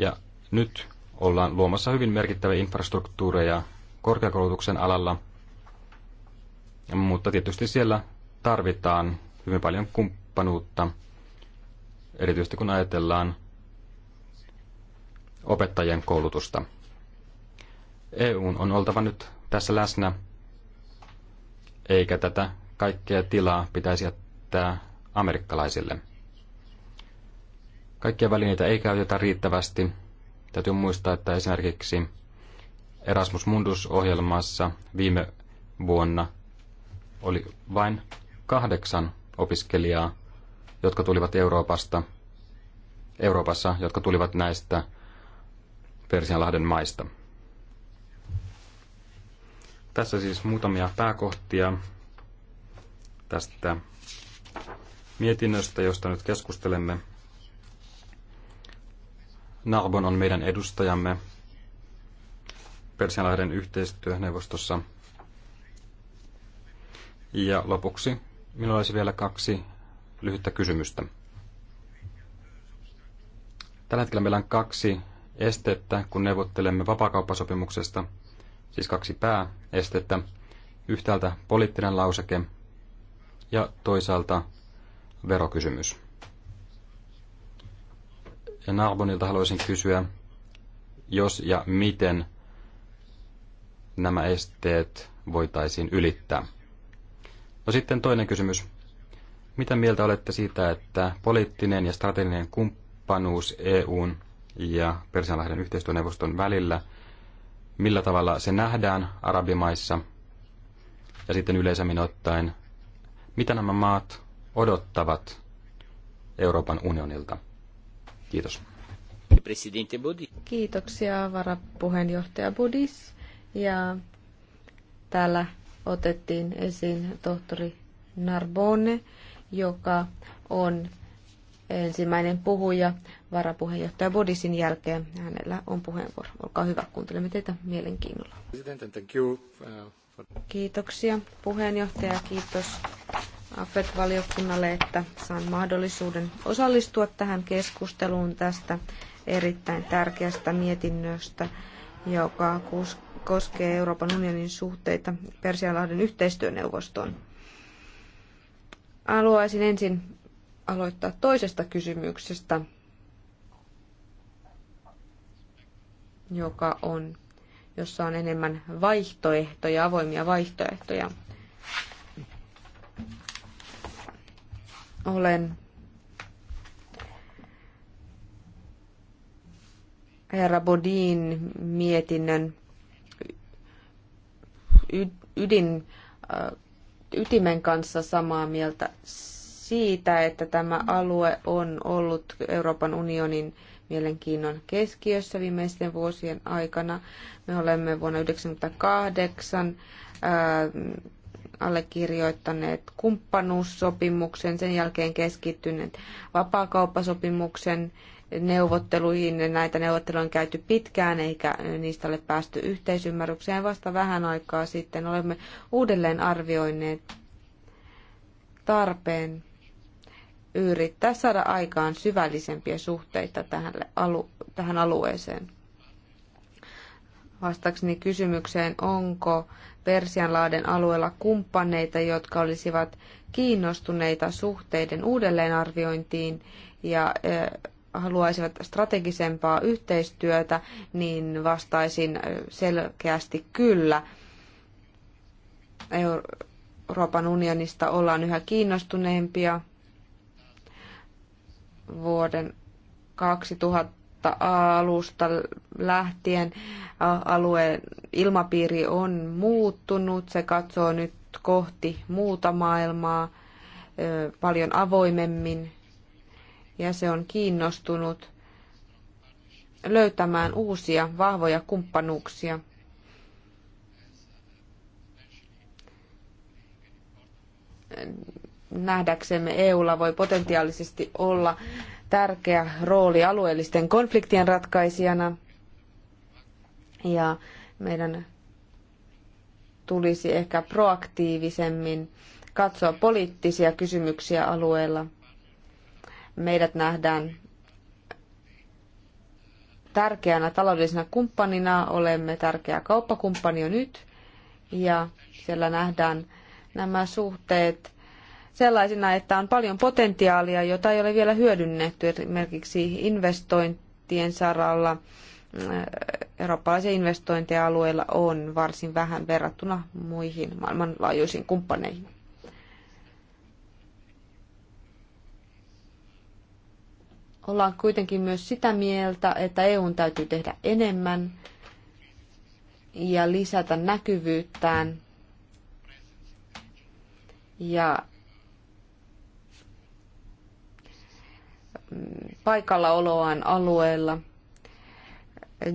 ja nyt ollaan luomassa hyvin merkittäviä infrastruktuureja korkeakoulutuksen alalla, mutta tietysti siellä tarvitaan hyvin paljon kumppanuutta, erityisesti kun ajatellaan opettajien koulutusta. EU on oltava nyt tässä läsnä, eikä tätä kaikkea tilaa pitäisi jättää amerikkalaisille. Kaikkia välineitä ei käytetä riittävästi. Täytyy muistaa, että esimerkiksi Erasmus Mundus-ohjelmassa viime vuonna oli vain kahdeksan opiskelijaa, jotka tulivat Euroopasta, Euroopassa, jotka tulivat näistä Persianlahden maista. Tässä siis muutamia pääkohtia tästä mietinnöstä, josta nyt keskustelemme. Narbon on meidän edustajamme Persianlahden yhteistyöneuvostossa. Ja lopuksi minulla olisi vielä kaksi lyhyttä kysymystä. Tällä hetkellä meillä on kaksi estettä, kun neuvottelemme vapakauppasopimuksesta, siis kaksi pääestettä. Yhtäältä poliittinen lauseke ja toisaalta verokysymys ja Narbonilta haluaisin kysyä, jos ja miten nämä esteet voitaisiin ylittää. No sitten toinen kysymys. Mitä mieltä olette siitä, että poliittinen ja strateginen kumppanuus EUn ja Persianlahden yhteistyöneuvoston välillä, millä tavalla se nähdään arabimaissa ja sitten yleisemmin ottaen, mitä nämä maat odottavat Euroopan unionilta? Kiitos. Kiitoksia varapuheenjohtaja Budis. Ja täällä otettiin esiin tohtori Narbonne, joka on ensimmäinen puhuja varapuheenjohtaja Bodisin jälkeen. Hänellä on puheenvuoro. Olkaa hyvä, kuuntelemme teitä mielenkiinnolla. Uh, Kiitoksia puheenjohtaja, kiitos AFET-valiokunnalle, että saan mahdollisuuden osallistua tähän keskusteluun tästä erittäin tärkeästä mietinnöstä, joka koskee Euroopan unionin suhteita Persianlahden yhteistyöneuvostoon. Haluaisin ensin aloittaa toisesta kysymyksestä, joka on, jossa on enemmän vaihtoehtoja, avoimia vaihtoehtoja – Olen herra Bodin mietinnön ydin, äh, ytimen kanssa samaa mieltä siitä, että tämä alue on ollut Euroopan unionin mielenkiinnon keskiössä viimeisten vuosien aikana. Me olemme vuonna 1998 allekirjoittaneet kumppanuussopimuksen, sen jälkeen keskittyneet vapaakauppasopimuksen neuvotteluihin. Näitä neuvotteluja on käyty pitkään eikä niistä ole päästy yhteisymmärrykseen. Vasta vähän aikaa sitten olemme uudelleen arvioineet tarpeen yrittää saada aikaan syvällisempiä suhteita tähän, alu- tähän alueeseen. Vastaakseni kysymykseen, onko Persianlaaden alueella kumppaneita, jotka olisivat kiinnostuneita suhteiden uudelleenarviointiin ja eh, haluaisivat strategisempaa yhteistyötä, niin vastaisin eh, selkeästi kyllä. Euroopan unionista ollaan yhä kiinnostuneempia. Vuoden 2000 alusta lähtien alueen ilmapiiri on muuttunut. Se katsoo nyt kohti muuta maailmaa paljon avoimemmin ja se on kiinnostunut löytämään uusia vahvoja kumppanuuksia. Nähdäksemme EUlla voi potentiaalisesti olla tärkeä rooli alueellisten konfliktien ratkaisijana. Ja meidän tulisi ehkä proaktiivisemmin katsoa poliittisia kysymyksiä alueella. Meidät nähdään tärkeänä taloudellisena kumppanina, olemme tärkeä kauppakumppani jo nyt ja siellä nähdään nämä suhteet sellaisina, että on paljon potentiaalia, jota ei ole vielä hyödynnetty esimerkiksi investointien saralla. Äh, eurooppalaisia investointeja alueella on varsin vähän verrattuna muihin maailmanlaajuisiin kumppaneihin. Ollaan kuitenkin myös sitä mieltä, että EUn täytyy tehdä enemmän ja lisätä näkyvyyttään ja paikallaoloaan alueella.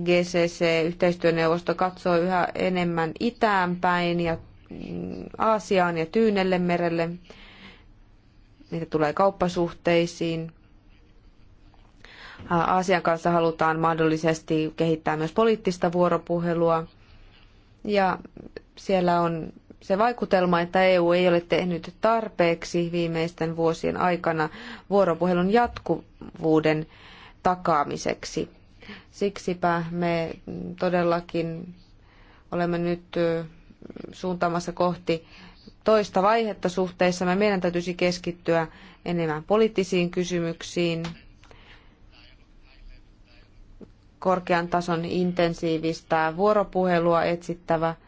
GCC-yhteistyöneuvosto katsoo yhä enemmän itään päin ja mm, Aasiaan ja Tyynelle merelle. Niitä tulee kauppasuhteisiin. Aasian kanssa halutaan mahdollisesti kehittää myös poliittista vuoropuhelua. Ja siellä on se vaikutelma, että EU ei ole tehnyt tarpeeksi viimeisten vuosien aikana vuoropuhelun jatkuvuuden takaamiseksi. Siksipä me todellakin olemme nyt suuntaamassa kohti toista vaihetta suhteissa. Meidän täytyisi keskittyä enemmän poliittisiin kysymyksiin, korkean tason intensiivistä vuoropuhelua etsittävä –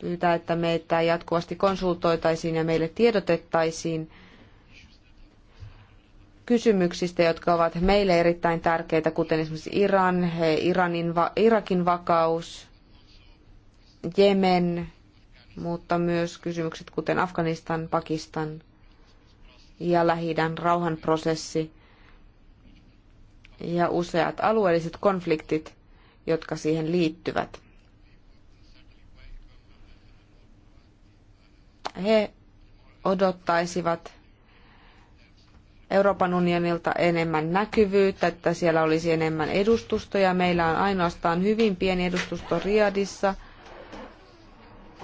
pyytää, että meitä jatkuvasti konsultoitaisiin ja meille tiedotettaisiin kysymyksistä, jotka ovat meille erittäin tärkeitä, kuten esimerkiksi Iran, Iranin, Irakin vakaus, Jemen, mutta myös kysymykset kuten Afganistan, Pakistan ja Lähi-idän rauhanprosessi ja useat alueelliset konfliktit, jotka siihen liittyvät. he odottaisivat Euroopan unionilta enemmän näkyvyyttä, että siellä olisi enemmän edustustoja. Meillä on ainoastaan hyvin pieni edustusto Riadissa,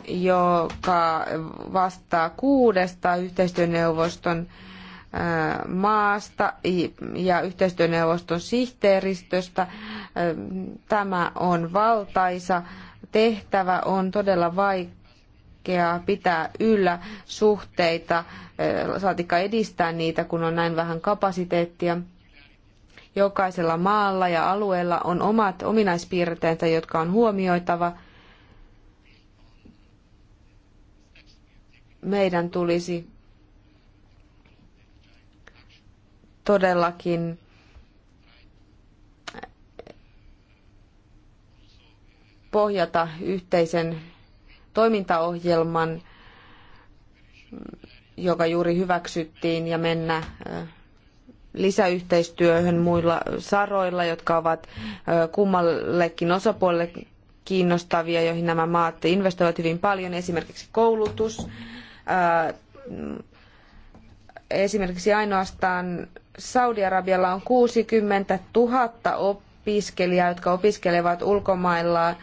joka vastaa kuudesta yhteistyöneuvoston äh, maasta ja yhteistyöneuvoston sihteeristöstä. Äh, tämä on valtaisa tehtävä, on todella vaikea vaikeaa pitää yllä suhteita, saatikka edistää niitä, kun on näin vähän kapasiteettia. Jokaisella maalla ja alueella on omat ominaispiirteensä, jotka on huomioitava. Meidän tulisi todellakin pohjata yhteisen toimintaohjelman, joka juuri hyväksyttiin, ja mennä lisäyhteistyöhön muilla saroilla, jotka ovat kummallekin osapuolelle kiinnostavia, joihin nämä maat investoivat hyvin paljon, esimerkiksi koulutus. Esimerkiksi ainoastaan Saudi-Arabialla on 60 000 opiskelijaa, jotka opiskelevat ulkomailla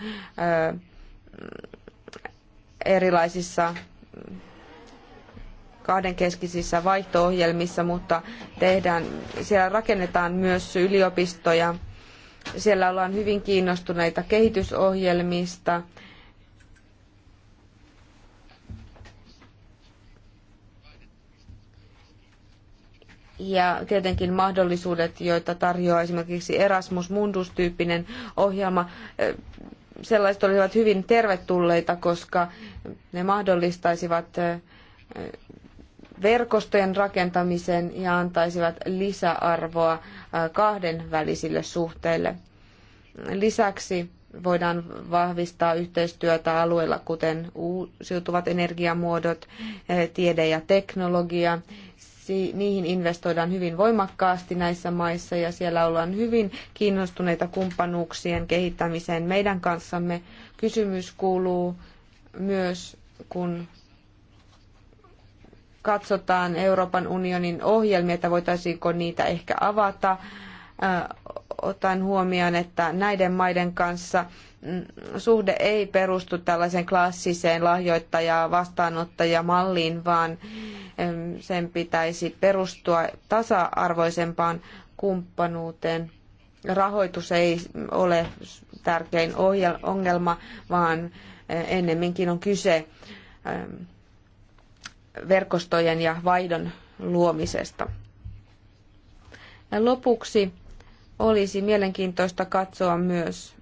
erilaisissa mm, kahdenkeskisissä vaihto-ohjelmissa, mutta tehdään, siellä rakennetaan myös yliopistoja. Siellä ollaan hyvin kiinnostuneita kehitysohjelmista. Ja tietenkin mahdollisuudet, joita tarjoaa esimerkiksi Erasmus Mundus-tyyppinen ohjelma, eh, sellaiset olisivat hyvin tervetulleita, koska ne mahdollistaisivat verkostojen rakentamisen ja antaisivat lisäarvoa kahdenvälisille suhteille. Lisäksi voidaan vahvistaa yhteistyötä alueilla, kuten uusiutuvat energiamuodot, tiede ja teknologia, niihin investoidaan hyvin voimakkaasti näissä maissa ja siellä ollaan hyvin kiinnostuneita kumppanuuksien kehittämiseen meidän kanssamme. Kysymys kuuluu myös, kun katsotaan Euroopan unionin ohjelmia, että voitaisiinko niitä ehkä avata, otan huomioon, että näiden maiden kanssa suhde ei perustu tällaiseen klassiseen lahjoittaja-vastaanottaja-malliin vaan sen pitäisi perustua tasa-arvoisempaan kumppanuuteen. Rahoitus ei ole tärkein ongelma, vaan e, ennemminkin on kyse verkostojen ja vaihdon luomisesta. Ja lopuksi olisi mielenkiintoista katsoa myös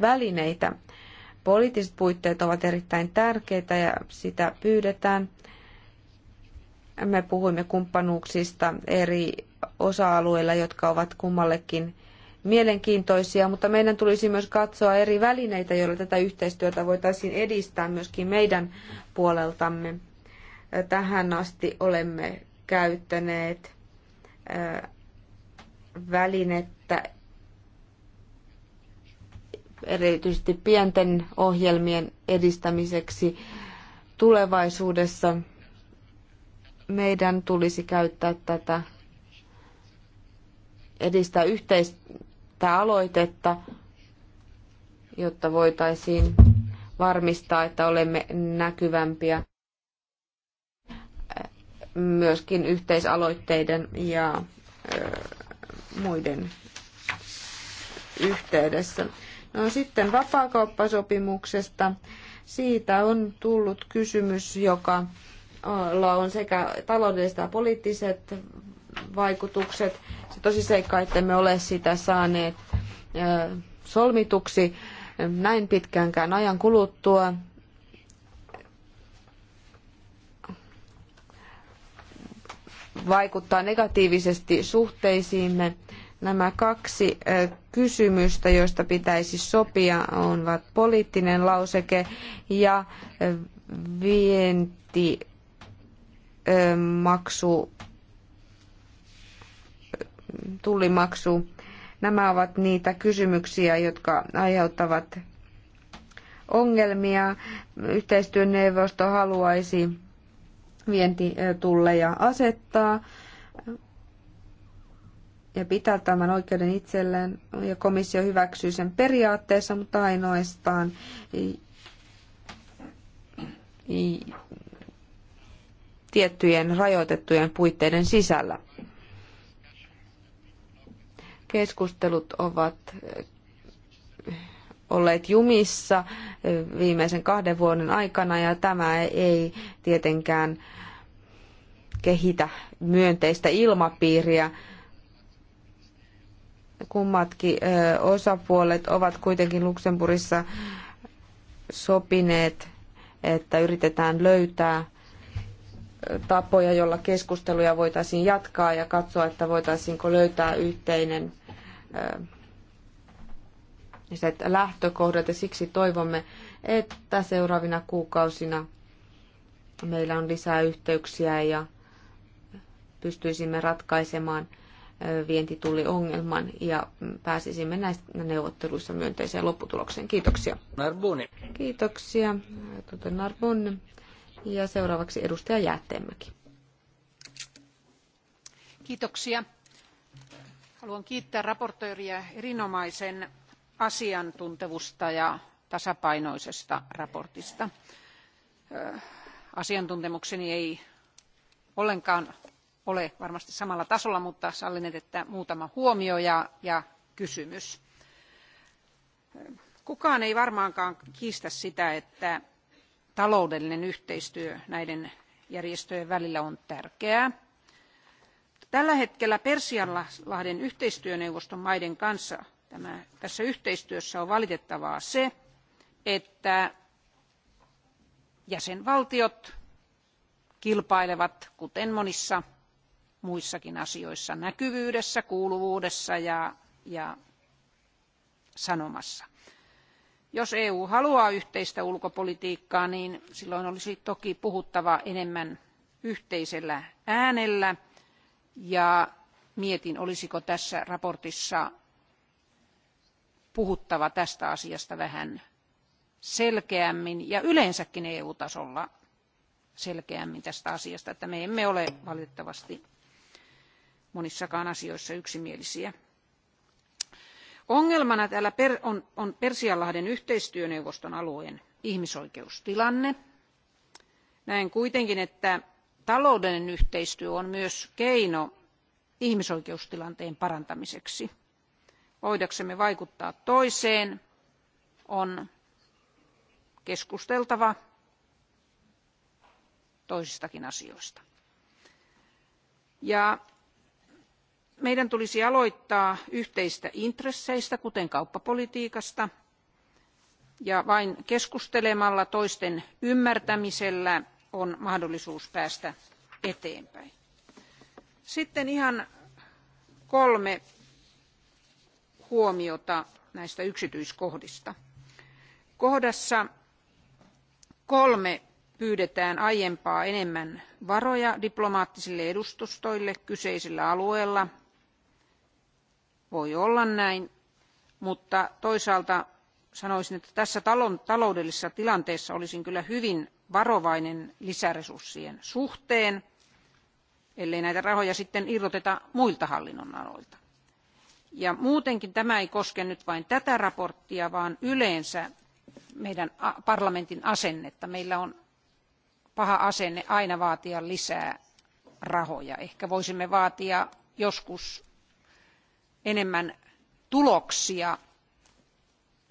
välineitä. Poliittiset puitteet ovat erittäin tärkeitä ja sitä pyydetään. Me puhuimme kumppanuuksista eri osa-alueilla, jotka ovat kummallekin mielenkiintoisia, mutta meidän tulisi myös katsoa eri välineitä, joilla tätä yhteistyötä voitaisiin edistää myöskin meidän puoleltamme. Tähän asti olemme käyttäneet välinettä, erityisesti pienten ohjelmien edistämiseksi tulevaisuudessa meidän tulisi käyttää tätä edistää yhteistä aloitetta, jotta voitaisiin varmistaa, että olemme näkyvämpiä myöskin yhteisaloitteiden ja muiden yhteydessä. No, sitten vapaakauppasopimuksesta. Siitä on tullut kysymys, joka on sekä taloudelliset ja poliittiset vaikutukset. Se tosiseikka, että me ole sitä saaneet solmituksi näin pitkäänkään ajan kuluttua. Vaikuttaa negatiivisesti suhteisiimme Nämä kaksi kysymystä, joista pitäisi sopia, ovat poliittinen lauseke ja vientimaksu, tullimaksu. Nämä ovat niitä kysymyksiä, jotka aiheuttavat ongelmia. Yhteistyöneuvosto haluaisi vientitulleja asettaa, ja pitää tämän oikeuden itselleen ja komissio hyväksyy sen periaatteessa, mutta ainoastaan tiettyjen rajoitettujen puitteiden sisällä. Keskustelut ovat eh, olleet jumissa eh, viimeisen kahden vuoden aikana ja tämä ei tietenkään kehitä myönteistä ilmapiiriä kummatkin osapuolet ovat kuitenkin Luxemburgissa sopineet, että yritetään löytää tapoja, joilla keskusteluja voitaisiin jatkaa ja katsoa, että voitaisiinko löytää yhteinen lähtökohdat ja siksi toivomme, että seuraavina kuukausina meillä on lisää yhteyksiä ja pystyisimme ratkaisemaan vientituliongelman ja pääsisimme näistä neuvotteluissa myönteiseen lopputulokseen. Kiitoksia. Narbonne. Kiitoksia, Tuto Narbonne. Ja seuraavaksi edustaja Jäätteenmäki. Kiitoksia. Haluan kiittää raportööriä erinomaisen asiantuntevusta ja tasapainoisesta raportista. Asiantuntemukseni ei ollenkaan ole varmasti samalla tasolla, mutta sallin, että muutama huomio ja, ja kysymys. Kukaan ei varmaankaan kiistä sitä, että taloudellinen yhteistyö näiden järjestöjen välillä on tärkeää. Tällä hetkellä Persianlahden yhteistyöneuvoston maiden kanssa tämä, tässä yhteistyössä on valitettavaa se, että jäsenvaltiot kilpailevat, kuten monissa muissakin asioissa, näkyvyydessä, kuuluvuudessa ja, ja sanomassa. Jos EU haluaa yhteistä ulkopolitiikkaa, niin silloin olisi toki puhuttava enemmän yhteisellä äänellä ja mietin, olisiko tässä raportissa puhuttava tästä asiasta vähän selkeämmin ja yleensäkin EU-tasolla selkeämmin tästä asiasta, että me emme ole valitettavasti monissakaan asioissa yksimielisiä. Ongelmana täällä on Persianlahden yhteistyöneuvoston alueen ihmisoikeustilanne. Näen kuitenkin, että taloudellinen yhteistyö on myös keino ihmisoikeustilanteen parantamiseksi. Voidaksemme vaikuttaa toiseen on keskusteltava toisistakin asioista. Ja meidän tulisi aloittaa yhteisistä intresseistä kuten kauppapolitiikasta ja vain keskustelemalla toisten ymmärtämisellä on mahdollisuus päästä eteenpäin. sitten ihan kolme huomiota näistä yksityiskohdista. kohdassa kolme pyydetään aiempaa enemmän varoja diplomaattisille edustustoille kyseisillä alueilla voi olla näin mutta toisaalta sanoisin että tässä taloudellisessa tilanteessa olisin kyllä hyvin varovainen lisäresurssien suhteen ellei näitä rahoja sitten irroteta muilta hallinnonaloilta. Ja muutenkin tämä ei koske nyt vain tätä mietintöä vaan yleensä meidän parlamentin asennetta. meillä on paha asenne aina vaatia lisää rahoja. ehkä voisimme vaatia joskus enemmän tuloksia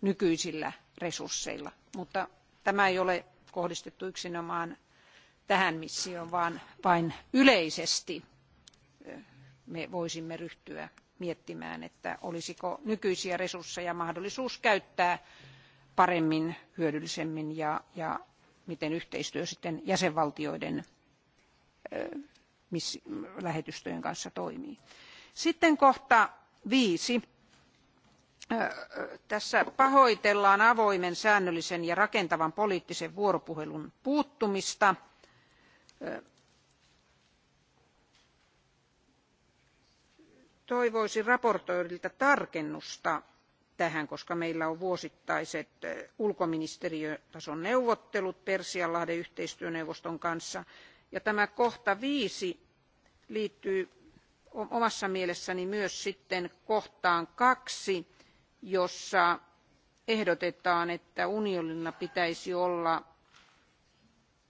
nykyisillä resursseilla mutta tämä ei ole kohdistettu yksinomaan tähän missioon vaan vain yleisesti me voisimme ryhtyä miettimään että olisiko nykyisiä resursseja mahdollisuus käyttää paremmin hyödyllisemmin ja, ja miten yhteistyö sitten jäsenvaltioiden ö, miss, lähetystöjen kanssa toimii. Sitten kohta viisi tässä pahoitellaan avoimen säännöllisen ja rakentavan poliittisen vuoropuhelun puuttumista. toivoisin esittelijältä tarkennusta tähän koska meillä on vuosittaiset ulkoministeriötason neuvottelut persianlahden yhteistyöneuvoston kanssa ja tämä kohta viisi liittyy omassa mielessäni myös sitten kohtaan kaksi jossa ehdotetaan että unionilla pitäisi olla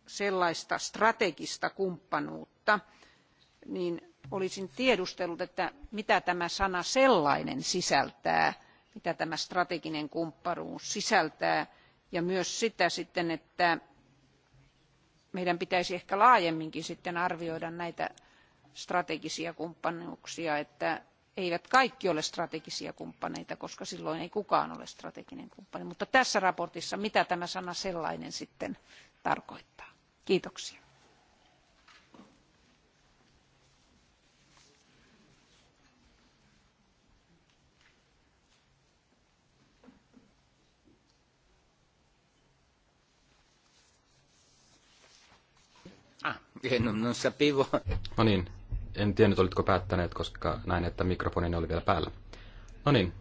sellaista strategista kumppanuutta niin olisin tiedustellut että mitä tämä sana sellainen sisältää mitä tämä strateginen kumppanuus sisältää ja myös sitä sitten että meidän pitäisi ehkä laajemminkin sitten arvioida näitä strategisia kumppanuuksia, että eivät kaikki ole strategisia kumppaneita, koska silloin ei kukaan ole strateginen kumppani. Mutta tässä raportissa, mitä tämä sana sellainen sitten tarkoittaa? Kiitoksia. Ah, eh, non, non sapevo. No niin, en tiennyt, olitko päättäneet, koska näin, että mikrofonin oli vielä päällä. No niin.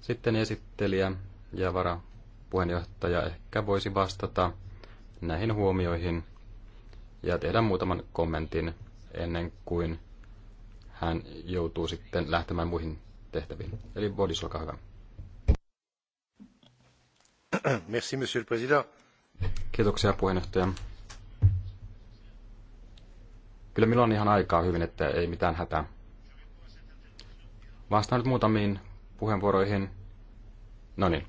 Sitten esittelijä ja varapuheenjohtaja ehkä voisi vastata näihin huomioihin ja tehdä muutaman kommentin ennen kuin hän joutuu sitten lähtemään muihin tehtäviin. Eli Bodis, olkaa hyvä. Merci, monsieur le président. Kiitoksia puheenjohtaja. Kyllä minulla on ihan aikaa hyvin, että ei mitään hätää. Vastaan nyt muutamiin puheenvuoroihin. No niin.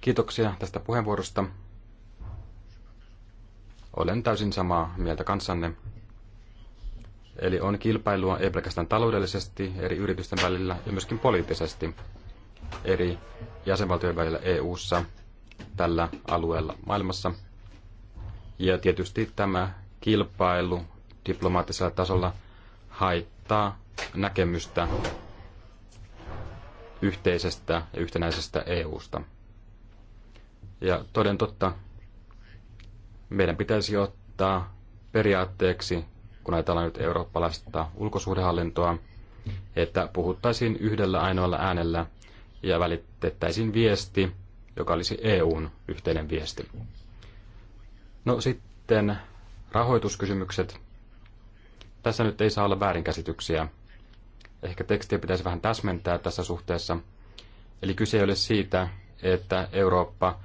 Kiitoksia tästä puheenvuorosta. Olen täysin samaa mieltä kanssanne. Eli on kilpailua ei pelkästään taloudellisesti eri yritysten välillä ja myöskin poliittisesti eri jäsenvaltioiden välillä EU:ssa tällä alueella maailmassa. Ja tietysti tämä kilpailu diplomaattisella tasolla haittaa näkemystä yhteisestä ja yhtenäisestä EU-sta. Ja toden totta, meidän pitäisi ottaa periaatteeksi, kun ajatellaan nyt eurooppalaista ulkosuhdehallintoa, että puhuttaisiin yhdellä ainoalla äänellä ja välitettäisiin viesti, joka olisi EUn yhteinen viesti. No sitten Rahoituskysymykset. Tässä nyt ei saa olla väärinkäsityksiä. Ehkä tekstiä pitäisi vähän täsmentää tässä suhteessa. Eli kyse ei ole siitä, että Eurooppa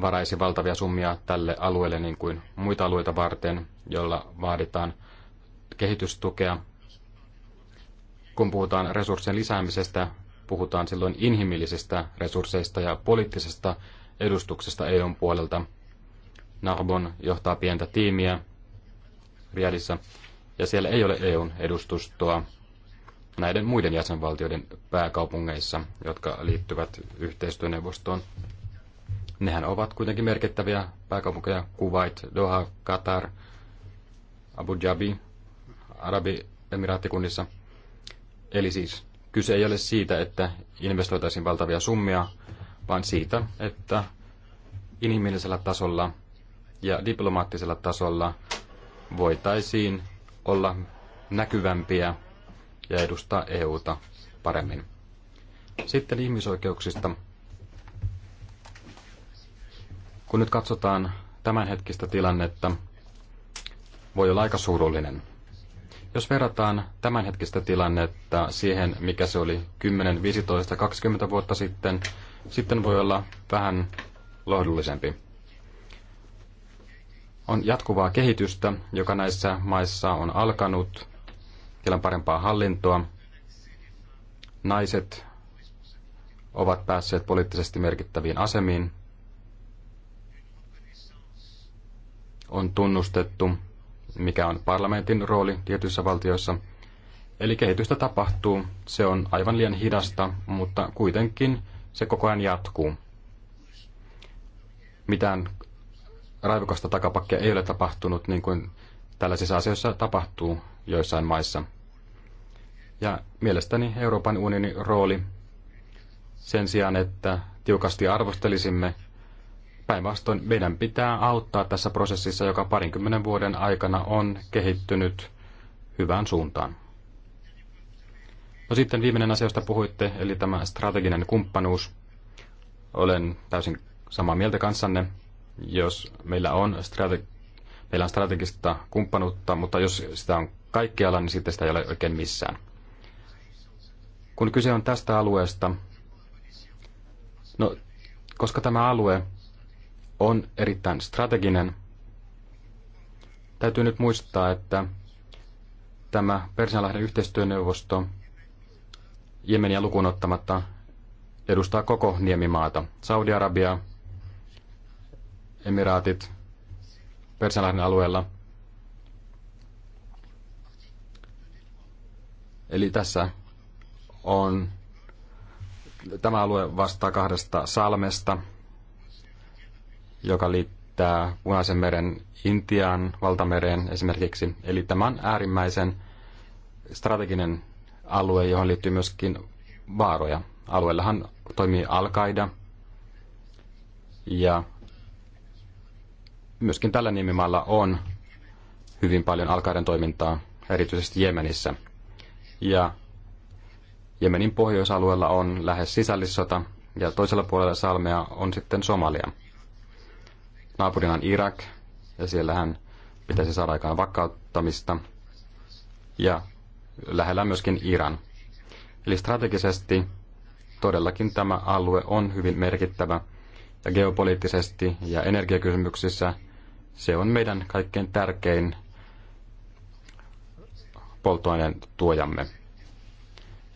varaisi valtavia summia tälle alueelle niin kuin muita alueita varten, jolla vaaditaan kehitystukea. Kun puhutaan resurssien lisäämisestä, puhutaan silloin inhimillisistä resursseista ja poliittisesta edustuksesta EUn puolelta – Narbon johtaa pientä tiimiä Riadissa, ja siellä ei ole EUn edustustoa näiden muiden jäsenvaltioiden pääkaupungeissa, jotka liittyvät yhteistyöneuvostoon. Nehän ovat kuitenkin merkittäviä pääkaupunkeja, Kuwait, Doha, Qatar, Abu Dhabi, Arabi-emiraattikunnissa. Eli siis kyse ei ole siitä, että investoitaisiin valtavia summia, vaan siitä, että inhimillisellä tasolla ja diplomaattisella tasolla voitaisiin olla näkyvämpiä ja edustaa EUta paremmin. Sitten ihmisoikeuksista. Kun nyt katsotaan tämänhetkistä tilannetta, voi olla aika surullinen. Jos verrataan tämänhetkistä tilannetta siihen, mikä se oli 10, 15, 20 vuotta sitten, sitten voi olla vähän lohdullisempi on jatkuvaa kehitystä, joka näissä maissa on alkanut. Siellä on parempaa hallintoa. Naiset ovat päässeet poliittisesti merkittäviin asemiin. On tunnustettu, mikä on parlamentin rooli tietyissä valtioissa. Eli kehitystä tapahtuu. Se on aivan liian hidasta, mutta kuitenkin se koko ajan jatkuu. Mitään raivokasta takapakkia ei ole tapahtunut niin kuin tällaisissa asioissa tapahtuu joissain maissa. Ja mielestäni Euroopan unionin rooli sen sijaan, että tiukasti arvostelisimme, päinvastoin meidän pitää auttaa tässä prosessissa, joka parinkymmenen vuoden aikana on kehittynyt hyvään suuntaan. No sitten viimeinen asia, josta puhuitte, eli tämä strateginen kumppanuus. Olen täysin samaa mieltä kanssanne jos meillä on, strate- meillä on strategista kumppanuutta, mutta jos sitä on kaikkialla, niin sitten sitä ei ole oikein missään. Kun kyse on tästä alueesta, no, koska tämä alue on erittäin strateginen, täytyy nyt muistaa, että tämä Persianlahden yhteistyöneuvosto Jemeniä lukuun ottamatta edustaa koko Niemimaata, Saudi-Arabiaa, emiraatit Persianlahden alueella. Eli tässä on tämä alue vastaa kahdesta salmesta, joka liittää Punaisen meren Intian valtamereen esimerkiksi. Eli tämä on äärimmäisen strateginen alue, johon liittyy myöskin vaaroja. Alueellahan toimii al ja myöskin tällä nimimaalla on hyvin paljon alkaiden toimintaa, erityisesti Jemenissä. Ja Jemenin pohjoisalueella on lähes sisällissota, ja toisella puolella salmea on sitten Somalia. Naapurina on Irak, ja siellähän pitäisi saada aikaan vakauttamista, ja lähellä myöskin Iran. Eli strategisesti todellakin tämä alue on hyvin merkittävä, ja geopoliittisesti ja energiakysymyksissä – se on meidän kaikkein tärkein polttoaineen tuojamme.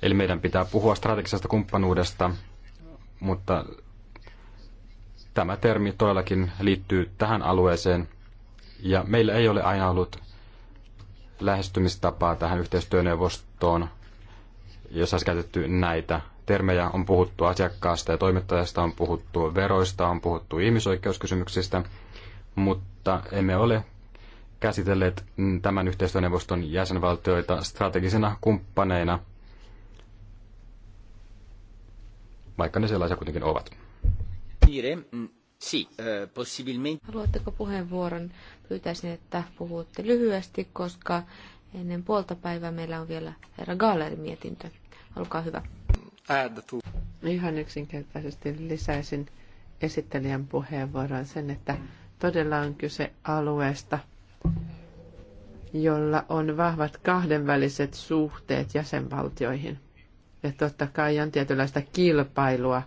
Eli meidän pitää puhua strategisesta kumppanuudesta, mutta tämä termi todellakin liittyy tähän alueeseen. Ja meillä ei ole aina ollut lähestymistapaa tähän yhteistyöneuvostoon, jossa olisi käytetty näitä termejä. On puhuttu asiakkaasta ja toimittajasta, on puhuttu veroista, on puhuttu ihmisoikeuskysymyksistä – mutta emme ole käsitelleet tämän yhteistyöneuvoston jäsenvaltioita strategisena kumppaneina, vaikka ne sellaisia kuitenkin ovat. Mm, eh, Haluatteko puheenvuoron? Pyytäisin, että puhutte lyhyesti, koska ennen puolta päivää meillä on vielä herra Gallerin mietintö. Olkaa hyvä. Ihan yksinkertaisesti lisäisin esittelijän puheenvuoron sen, että mm todella on kyse alueesta, jolla on vahvat kahdenväliset suhteet jäsenvaltioihin. Ja totta kai on tietynlaista kilpailua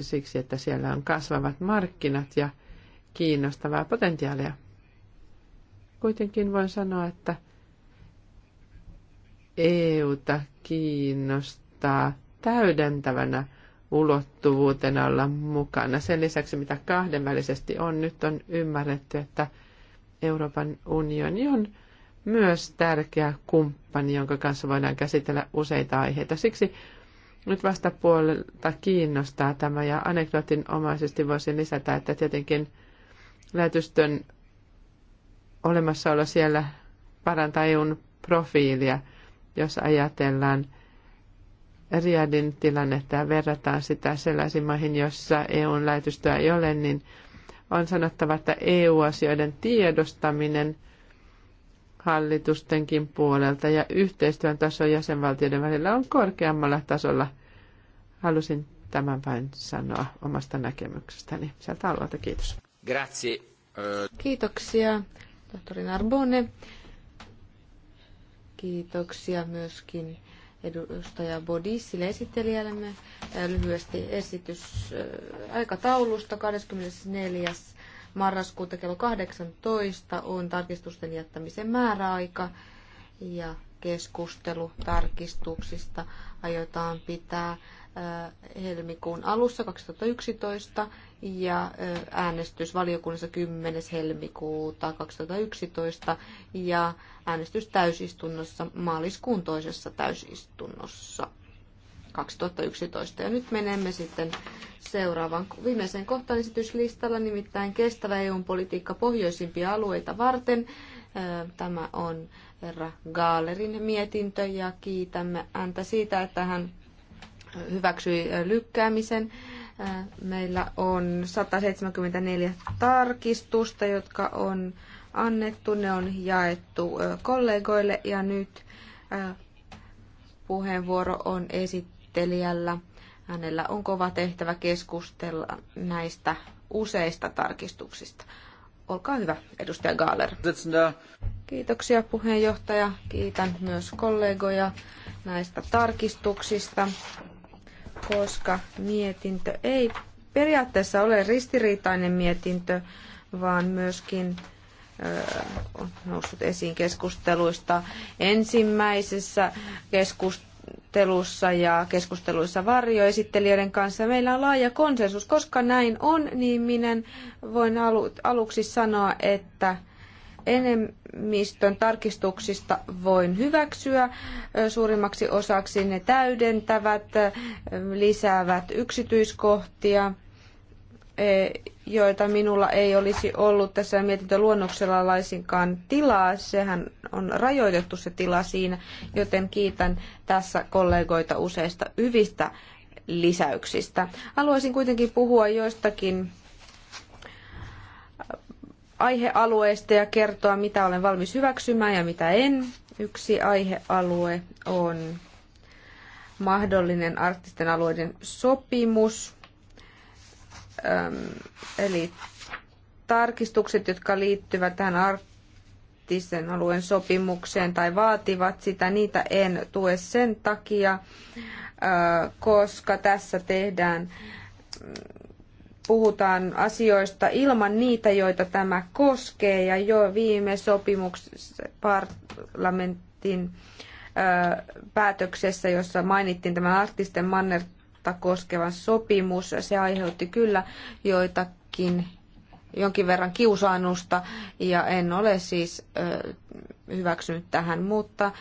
siksi, että siellä on kasvavat markkinat ja kiinnostavaa potentiaalia. Kuitenkin voin sanoa, että EUta kiinnostaa täydentävänä ulottuvuutena olla mukana. Sen lisäksi, mitä kahdenvälisesti on, nyt on ymmärretty, että Euroopan unioni on myös tärkeä kumppani, jonka kanssa voidaan käsitellä useita aiheita. Siksi nyt vastapuolelta kiinnostaa tämä ja omaisesti voisin lisätä, että tietenkin lähetystön olemassaolo siellä parantaa EUn profiilia, jos ajatellaan – Riadin tilannetta ja verrataan sitä sellaisiin maihin, joissa EUn lähetystöä ei ole, niin on sanottava, että EU-asioiden tiedostaminen hallitustenkin puolelta ja yhteistyön taso jäsenvaltioiden välillä on korkeammalla tasolla. Halusin tämän vain sanoa omasta näkemyksestäni sieltä alueelta. Kiitos. Grazie. Eh. Kiitoksia, tohtori Narbonne. Kiitoksia myöskin edustaja Bodissille esittelijällemme lyhyesti esitys aikataulusta 24. marraskuuta kello 18 on tarkistusten jättämisen määräaika ja keskustelu tarkistuksista aiotaan pitää helmikuun alussa 2011 ja äänestys valiokunnassa 10. helmikuuta 2011 ja äänestys täysistunnossa maaliskuun toisessa täysistunnossa 2011. Ja nyt menemme sitten seuraavaan viimeiseen kohtaan esityslistalla, nimittäin kestävä EU-politiikka pohjoisimpia alueita varten. Tämä on herra Gaalerin mietintö ja kiitämme häntä siitä, että hän hyväksyi lykkäämisen Äh, meillä on 174 tarkistusta, jotka on annettu. Ne on jaettu äh, kollegoille ja nyt äh, puheenvuoro on esittelijällä. Hänellä on kova tehtävä keskustella näistä useista tarkistuksista. Olkaa hyvä, edustaja Gaaler. Kiitoksia puheenjohtaja. Kiitän myös kollegoja näistä tarkistuksista koska mietintö ei periaatteessa ole ristiriitainen mietintö, vaan myöskin on noussut esiin keskusteluista ensimmäisessä keskustelussa ja keskusteluissa varjoesittelijöiden kanssa. Meillä on laaja konsensus. Koska näin on, niin minä voin aluksi sanoa, että enemmistön tarkistuksista voin hyväksyä. Suurimmaksi osaksi ne täydentävät, lisäävät yksityiskohtia, e, joita minulla ei olisi ollut tässä mietintöluonnoksella laisinkaan tilaa. Sehän on rajoitettu se tila siinä, joten kiitän tässä kollegoita useista hyvistä lisäyksistä. Haluaisin kuitenkin puhua joistakin Aihealueesta ja kertoa, mitä olen valmis hyväksymään ja mitä en. Yksi aihealue on mahdollinen arktisten alueiden sopimus, eli tarkistukset, jotka liittyvät tähän arktisen alueen sopimukseen tai vaativat sitä, niitä en tue sen takia, koska tässä tehdään puhutaan asioista ilman niitä, joita tämä koskee. Ja jo viime sopimuksessa parlamentin päätöksessä, jossa mainittiin tämä arktisten mannerta koskevan sopimus, se aiheutti kyllä joitakin jonkin verran kiusaannusta ja en ole siis hyväksynyt tähän, mutta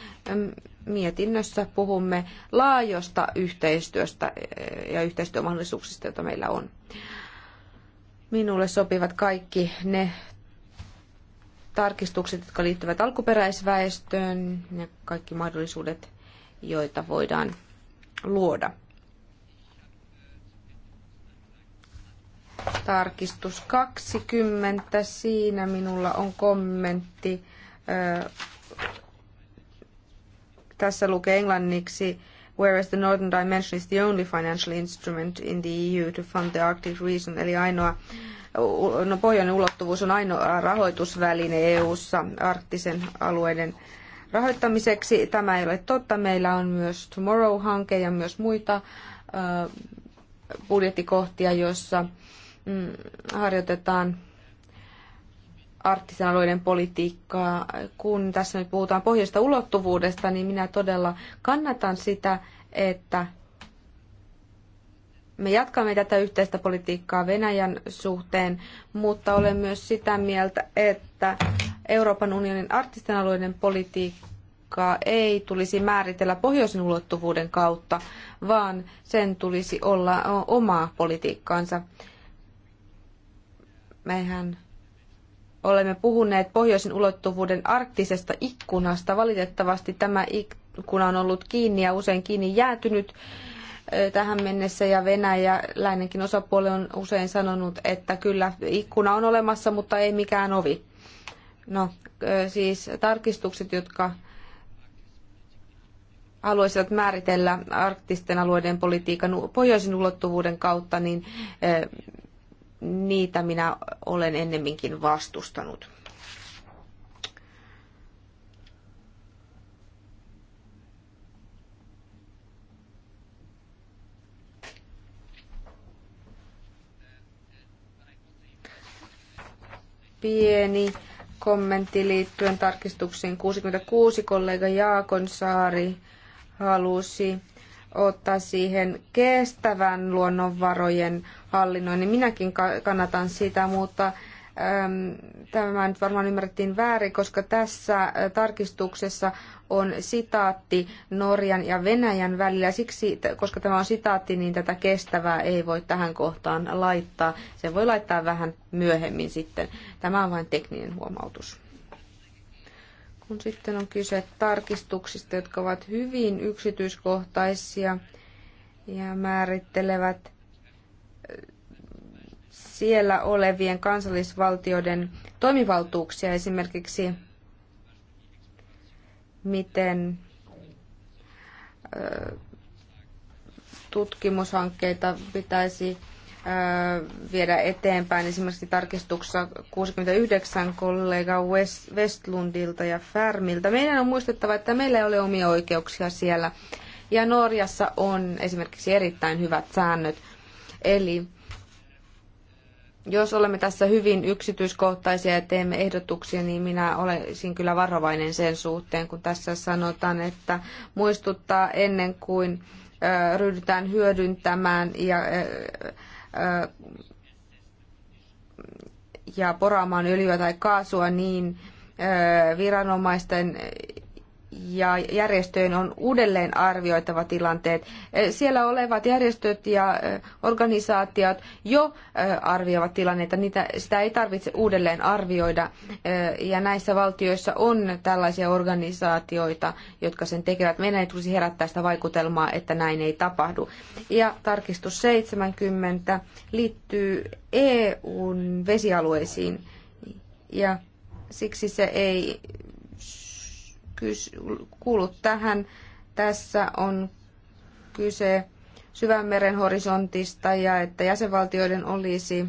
mietinnössä puhumme laajosta yhteistyöstä ja yhteistyömahdollisuuksista, joita meillä on. Minulle sopivat kaikki ne tarkistukset, jotka liittyvät alkuperäisväestöön ja kaikki mahdollisuudet, joita voidaan luoda. Tarkistus 20. Siinä minulla on kommentti. Tässä lukee englanniksi whereas the Northern Dimension is the only financial instrument in the EU to fund the Arctic region, eli ainoa no, pohjoinen ulottuvuus on ainoa rahoitusväline EU:ssa arktisen alueiden rahoittamiseksi. Tämä ei ole totta. Meillä on myös Tomorrow-hanke ja myös muita budjettikohtia, joissa mm, harjoitetaan arktisen alueiden politiikkaa. Kun tässä nyt puhutaan pohjoista ulottuvuudesta, niin minä todella kannatan sitä, että me jatkamme tätä yhteistä politiikkaa Venäjän suhteen, mutta olen myös sitä mieltä, että Euroopan unionin arktisten alueiden politiikkaa ei tulisi määritellä pohjoisen ulottuvuuden kautta, vaan sen tulisi olla omaa politiikkaansa. Mehän olemme puhuneet pohjoisen ulottuvuuden arktisesta ikkunasta. Valitettavasti tämä ikkuna on ollut kiinni ja usein kiinni jäätynyt tähän mennessä ja venäläinenkin osapuoli on usein sanonut, että kyllä ikkuna on olemassa, mutta ei mikään ovi. No, siis tarkistukset, jotka haluaisivat määritellä arktisten alueiden politiikan pohjoisen ulottuvuuden kautta, niin niitä minä olen ennemminkin vastustanut. Pieni kommentti liittyen tarkistuksiin 66 kollega Jaakon Saari halusi ottaa siihen kestävän luonnonvarojen hallinnoin, niin minäkin kannatan sitä, mutta tämä nyt varmaan ymmärrettiin väärin, koska tässä tarkistuksessa on sitaatti Norjan ja Venäjän välillä. Siksi, koska tämä on sitaatti, niin tätä kestävää ei voi tähän kohtaan laittaa. Se voi laittaa vähän myöhemmin sitten. Tämä on vain tekninen huomautus. Kun sitten on kyse tarkistuksista, jotka ovat hyvin yksityiskohtaisia ja määrittelevät siellä olevien kansallisvaltioiden toimivaltuuksia esimerkiksi, miten tutkimushankkeita pitäisi viedä eteenpäin. Esimerkiksi tarkistuksessa 69 kollega Westlundilta ja Färmiltä. Meidän on muistettava, että meillä ei ole omia oikeuksia siellä. Ja Norjassa on esimerkiksi erittäin hyvät säännöt. Eli jos olemme tässä hyvin yksityiskohtaisia ja teemme ehdotuksia, niin minä olisin kyllä varovainen sen suhteen, kun tässä sanotaan, että muistuttaa ennen kuin ryhdytään hyödyntämään ja, ja poraamaan öljyä tai kaasua, niin viranomaisten ja järjestöjen on uudelleen arvioitava tilanteet. E, siellä olevat järjestöt ja e, organisaatiot jo e, arvioivat tilanneita, niitä, sitä ei tarvitse uudelleen arvioida. Ja näissä valtioissa on tällaisia organisaatioita, jotka sen tekevät. Meidän ei tulisi herättää sitä vaikutelmaa, että näin ei tapahdu. Ja tarkistus 70 liittyy EUn vesialueisiin. Ja siksi se ei kuulu tähän. Tässä on kyse syvänmeren horisontista ja että jäsenvaltioiden olisi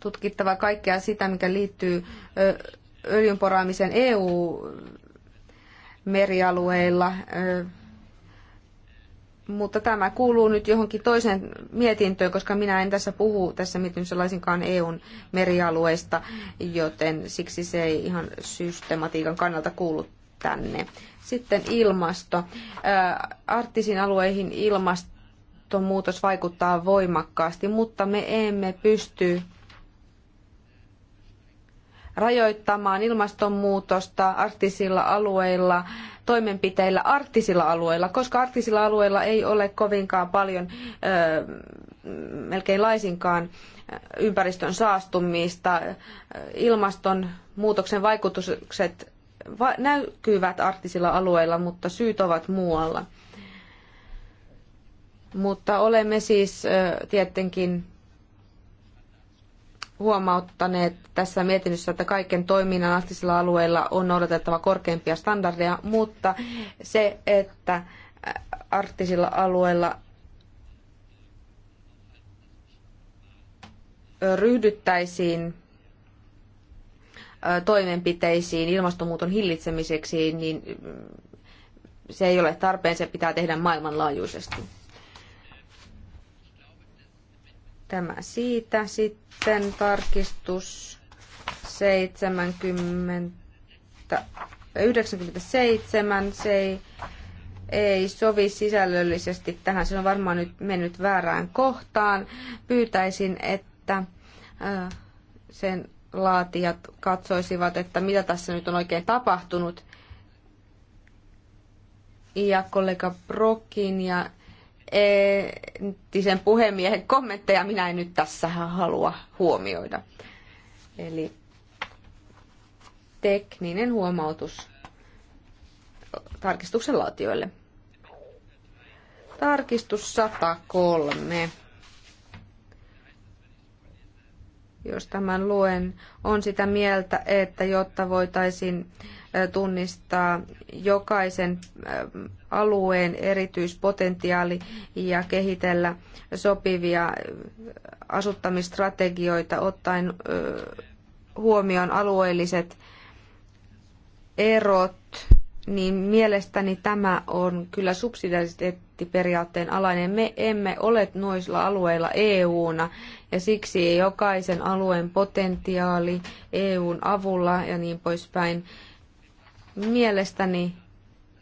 tutkittava kaikkea sitä, mikä liittyy öljynporaamisen EU-merialueilla mutta tämä kuuluu nyt johonkin toiseen mietintöön, koska minä en tässä puhu tässä mietinnössä laisinkaan EUn merialueista, joten siksi se ei ihan systematiikan kannalta kuulu tänne. Sitten ilmasto. Äh, Arktisiin alueihin ilmastonmuutos vaikuttaa voimakkaasti, mutta me emme pysty rajoittamaan ilmastonmuutosta arktisilla alueilla toimenpiteillä arktisilla alueilla, koska arktisilla alueilla ei ole kovinkaan paljon, melkein laisinkaan ympäristön saastumista. Ilmastonmuutoksen vaikutukset näkyvät arktisilla alueilla, mutta syyt ovat muualla. Mutta olemme siis tietenkin huomauttaneet tässä mietinnössä, että kaiken toiminnan arktisilla alueilla on noudatettava korkeampia standardeja, mutta se, että äh, arktisilla alueilla ryhdyttäisiin toimenpiteisiin ilmastonmuuton hillitsemiseksi, niin mm, se ei ole tarpeen, se pitää tehdä maailmanlaajuisesti. Tämä siitä. Sitten tarkistus 70, 97. Se ei, ei sovi sisällöllisesti tähän. Se on varmaan nyt mennyt väärään kohtaan. Pyytäisin, että sen laatijat katsoisivat, että mitä tässä nyt on oikein tapahtunut. Ja kollega Brokin ja entisen puhemiehen kommentteja minä en nyt tässä halua huomioida. Eli tekninen huomautus tarkistuksen laatioille. Tarkistus 103. jos tämän luen, on sitä mieltä, että jotta voitaisiin tunnistaa jokaisen alueen erityispotentiaali ja kehitellä sopivia asuttamistrategioita ottaen huomioon alueelliset erot, niin mielestäni tämä on kyllä subsidiariteettiperiaatteen alainen. Me emme ole noisilla alueilla EU-na ja siksi jokaisen alueen potentiaali EUn avulla ja niin poispäin. Mielestäni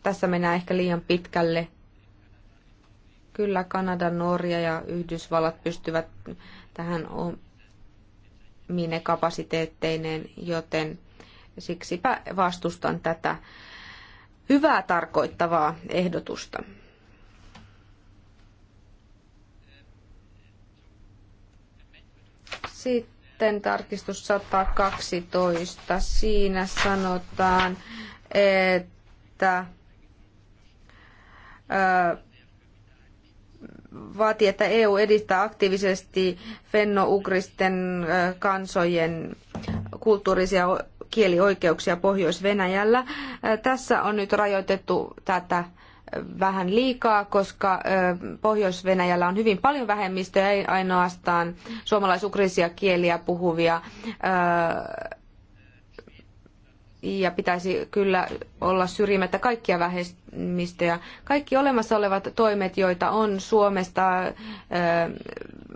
tässä mennään ehkä liian pitkälle. Kyllä Kanada, Norja ja Yhdysvallat pystyvät tähän omine kapasiteetteineen, joten siksipä vastustan tätä hyvää tarkoittavaa ehdotusta. Sitten tarkistus 112. Siinä sanotaan, että vaatii, että EU edistää aktiivisesti fenno-ugristen kansojen kulttuurisia kielioikeuksia Pohjois-Venäjällä. Tässä on nyt rajoitettu tätä vähän liikaa, koska Pohjois-Venäjällä on hyvin paljon vähemmistöjä, ei ainoastaan suomalaisukrisia kieliä puhuvia. Ja pitäisi kyllä olla syrjimättä kaikkia vähemmistöjä. Kaikki olemassa olevat toimet, joita on Suomesta,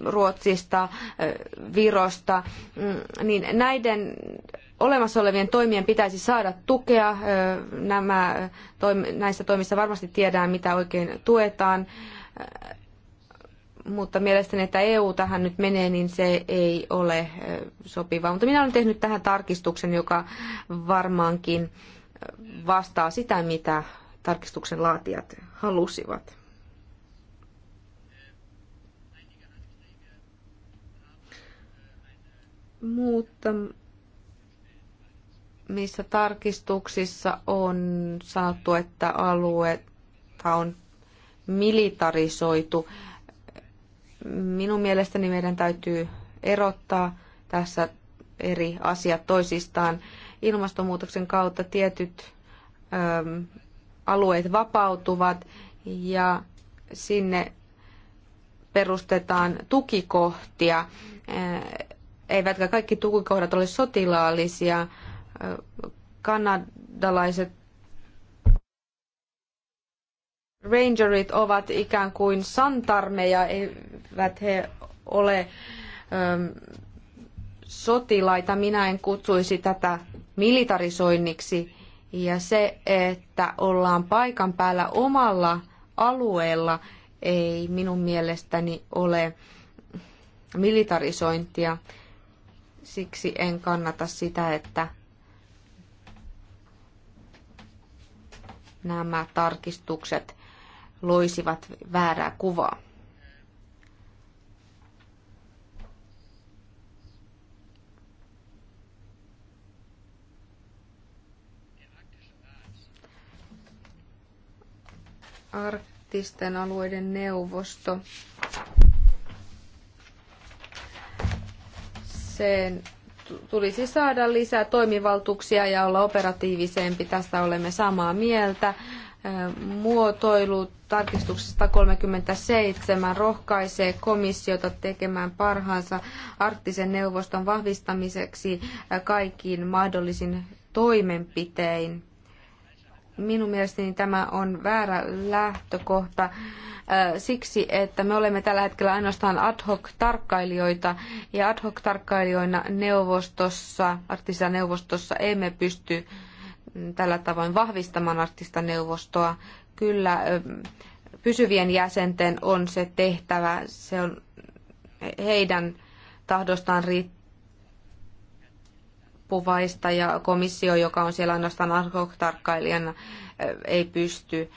Ruotsista, Virosta, mm, niin näiden olemassa olevien toimien pitäisi saada tukea. Nämä, näissä toimissa varmasti tiedään, mitä oikein tuetaan. Mutta mielestäni, että EU tähän nyt menee, niin se ei ole sopivaa. Mutta minä olen tehnyt tähän tarkistuksen, joka varmaankin vastaa sitä, mitä tarkistuksen laatijat halusivat. Muutama missä tarkistuksissa on sanottu, että aluetta on militarisoitu. Minun mielestäni meidän täytyy erottaa tässä eri asiat toisistaan. Ilmastonmuutoksen kautta tietyt ö, ähm, alueet vapautuvat ja sinne perustetaan tukikohtia. Äh, eivätkä kaikki tukikohdat ole sotilaallisia kanadalaiset rangerit ovat ikään kuin santarmeja, eivät he ole ähm, sotilaita. Minä en kutsuisi tätä militarisoinniksi. Ja se, että ollaan paikan päällä omalla alueella, ei minun mielestäni ole militarisointia. Siksi en kannata sitä, että nämä tarkistukset loisivat väärää kuvaa. arktisten alueiden neuvosto. Sen tulisi saada lisää toimivaltuuksia ja olla operatiivisempi. Tästä olemme samaa mieltä. Muotoilu tarkistuksesta 37 rohkaisee komissiota tekemään parhaansa arktisen neuvoston vahvistamiseksi kaikkiin mahdollisin toimenpitein Minun mielestäni tämä on väärä lähtökohta äh, siksi, että me olemme tällä hetkellä ainoastaan ad hoc tarkkailijoita ja ad hoc tarkkailijoina neuvostossa, arktisessa neuvostossa emme pysty mm, tällä tavoin vahvistamaan arktista neuvostoa. Kyllä ähm, pysyvien jäsenten on se tehtävä, se on heidän tahdostaan riittää riippuvaista ja komissio, joka on siellä ainoastaan arkotarkkailijana, ei pysty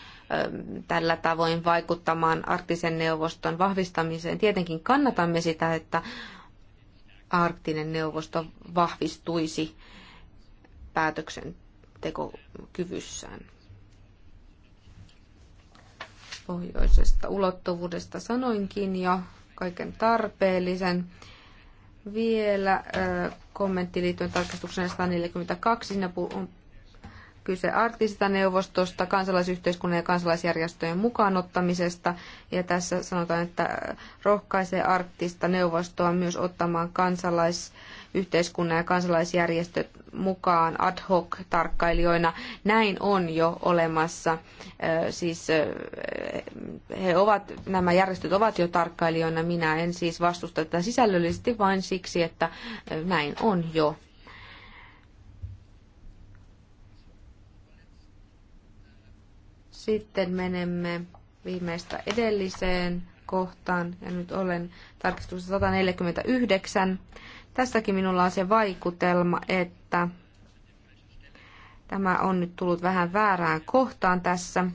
tällä tavoin vaikuttamaan arktisen neuvoston vahvistamiseen. Tietenkin kannatamme sitä, että arktinen neuvosto vahvistuisi päätöksentekokyvyssään. Pohjoisesta ulottuvuudesta sanoinkin jo kaiken tarpeellisen. Vielä kommentti liittyen tarkastukseen 142. Siinä on kyse neuvostosta, kansalaisyhteiskunnan ja kansalaisjärjestöjen mukaanottamisesta. Ja tässä sanotaan, että rohkaisee arktista neuvostoa myös ottamaan kansalaisjärjestöjen yhteiskunnan ja kansalaisjärjestöt mukaan ad hoc tarkkailijoina. Näin on jo olemassa. Siis he ovat, nämä järjestöt ovat jo tarkkailijoina. Minä en siis vastusta tätä sisällöllisesti vain siksi, että näin on jo. Sitten menemme viimeistä edelliseen kohtaan, ja nyt olen tarkistuksessa 149. Tässäkin minulla on se vaikutelma, että tämä on nyt tullut vähän väärään kohtaan tässä.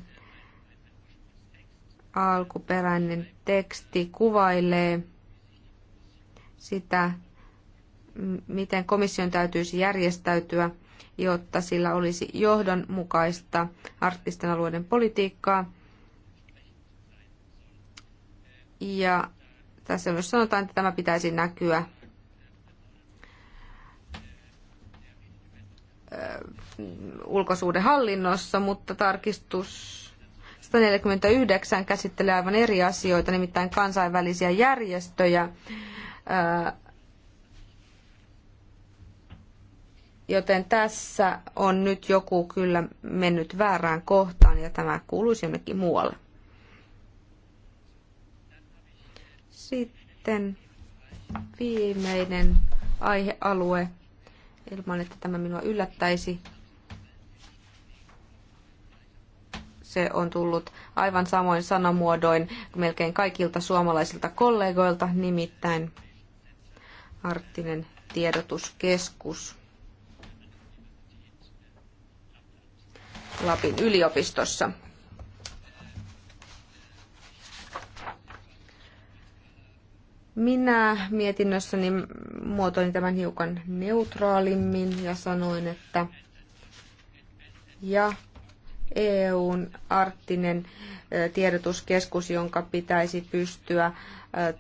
Alkuperäinen teksti kuvailee sitä, miten komission täytyisi järjestäytyä, jotta sillä olisi johdonmukaista arktisten alueiden politiikkaa. Ja tässä myös sanotaan, että tämä pitäisi näkyä Äh, ulkosuudehallinnossa, mutta tarkistus 149 käsittelee aivan eri asioita, nimittäin kansainvälisiä järjestöjä. Äh, joten tässä on nyt joku kyllä mennyt väärään kohtaan ja tämä kuuluisi jonnekin muualle. Sitten viimeinen aihealue ilman että tämä minua yllättäisi. Se on tullut aivan samoin sanamuodoin melkein kaikilta suomalaisilta kollegoilta, nimittäin Arttinen tiedotuskeskus Lapin yliopistossa. Minä mietinnössäni muotoin tämän hiukan neutraalimmin ja sanoin, että ja EUn arktinen tiedotuskeskus, jonka pitäisi pystyä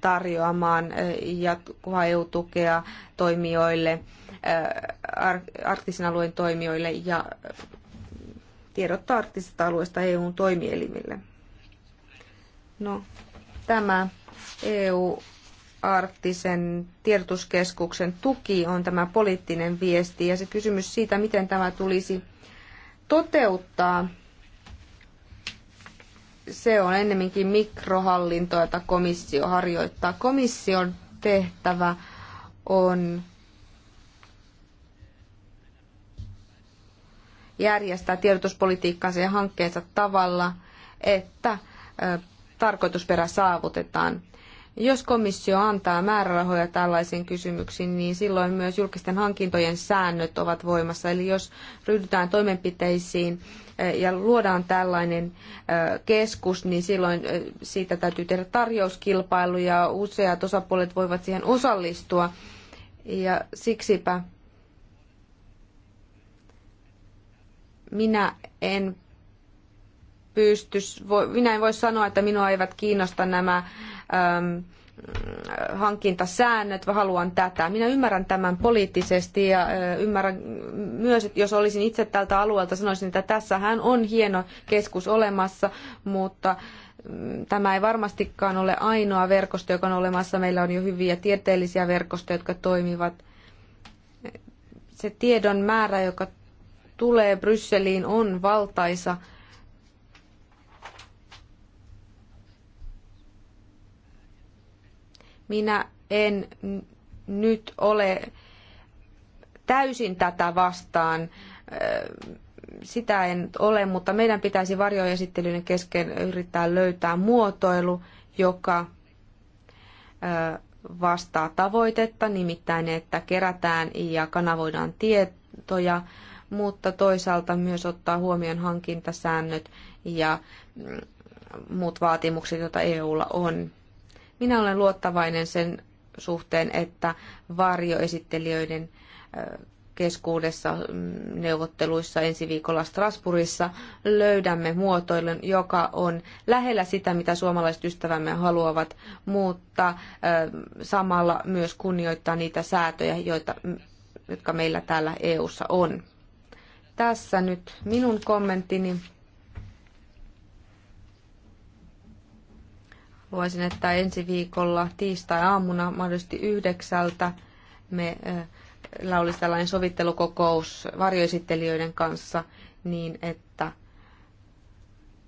tarjoamaan jatkuva EU-tukea toimijoille, arktisen alueen toimijoille ja tiedottaa arktisesta alueesta EUn toimielimille. No, tämä EU arktisen tiedotuskeskuksen tuki on tämä poliittinen viesti ja se kysymys siitä, miten tämä tulisi toteuttaa, se on ennemminkin mikrohallinto, jota komissio harjoittaa. Komission tehtävä on järjestää tiedotuspolitiikkaansa ja hankkeensa tavalla, että tarkoitusperä saavutetaan. Jos komissio antaa määrärahoja tällaisiin kysymyksiin, niin silloin myös julkisten hankintojen säännöt ovat voimassa. Eli jos ryhdytään toimenpiteisiin eh, ja luodaan tällainen eh, keskus, niin silloin eh, siitä täytyy tehdä tarjouskilpailu ja useat osapuolet voivat siihen osallistua. Ja siksipä minä en pysty, minä en voi sanoa, että minua eivät kiinnosta nämä Ähm, hankintasäännöt, haluan tätä. Minä ymmärrän tämän poliittisesti ja äh, ymmärrän myös, että jos olisin itse tältä alueelta, sanoisin, että tässähän on hieno keskus olemassa, mutta mm, tämä ei varmastikaan ole ainoa verkosto, joka on olemassa. Meillä on jo hyviä tieteellisiä verkostoja, jotka toimivat. Se tiedon määrä, joka tulee Brysseliin, on valtaisa Minä en nyt ole täysin tätä vastaan. Sitä en ole, mutta meidän pitäisi varjoesittelyiden kesken yrittää löytää muotoilu, joka vastaa tavoitetta, nimittäin että kerätään ja kanavoidaan tietoja, mutta toisaalta myös ottaa huomioon hankintasäännöt ja mm, muut vaatimukset, joita EUlla on. Minä olen luottavainen sen suhteen, että varjoesittelijöiden keskuudessa mm, neuvotteluissa ensi viikolla Strasbourgissa löydämme muotoilun, joka on lähellä sitä, mitä suomalaiset ystävämme haluavat, mutta samalla myös kunnioittaa niitä säätöjä, joita, jotka meillä täällä EU:ssa on. Tässä nyt minun kommenttini. Voisin, että ensi viikolla tiistai-aamuna mahdollisesti yhdeksältä me äh, olisi tällainen sovittelukokous varjoesittelijöiden kanssa niin, että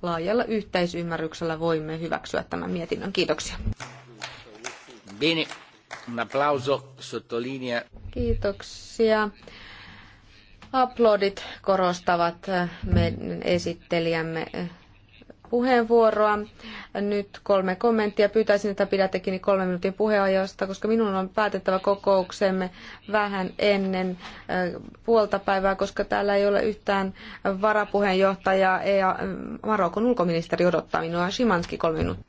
laajalla yhteisymmärryksellä voimme hyväksyä tämän mietinnön. Kiitoksia. Bene. Un applauso sottolinea. Kiitoksia. Aplodit korostavat meidän esittelijämme puheenvuoroa. Nyt kolme kommenttia. Pyytäisin, että pidättekin kolmen minuutin puheenajasta, koska minun on päätettävä kokouksemme vähän ennen äh, puolta päivää, koska täällä ei ole yhtään varapuheenjohtajaa ja äh, Marokon ulkoministeri odottaa minua. Shimanski, kolme minuuttia.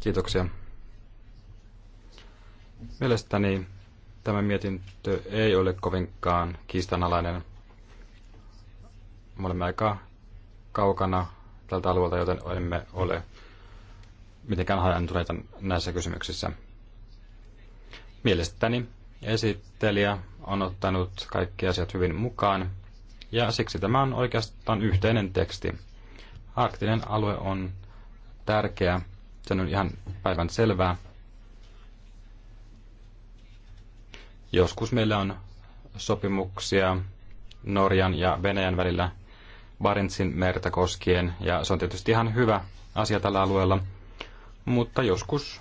Kiitoksia. Mielestäni tämä mietintö ei ole kovinkaan kiistanalainen. Me olemme aika kaukana tältä alueelta, joten emme ole mitenkään hajantuneita näissä kysymyksissä. Mielestäni esittelijä on ottanut kaikki asiat hyvin mukaan, ja siksi tämä on oikeastaan yhteinen teksti. Arktinen alue on tärkeä, se on ihan päivän selvää. Joskus meillä on sopimuksia Norjan ja Venäjän välillä Barentsin merta koskien, ja se on tietysti ihan hyvä asia tällä alueella, mutta joskus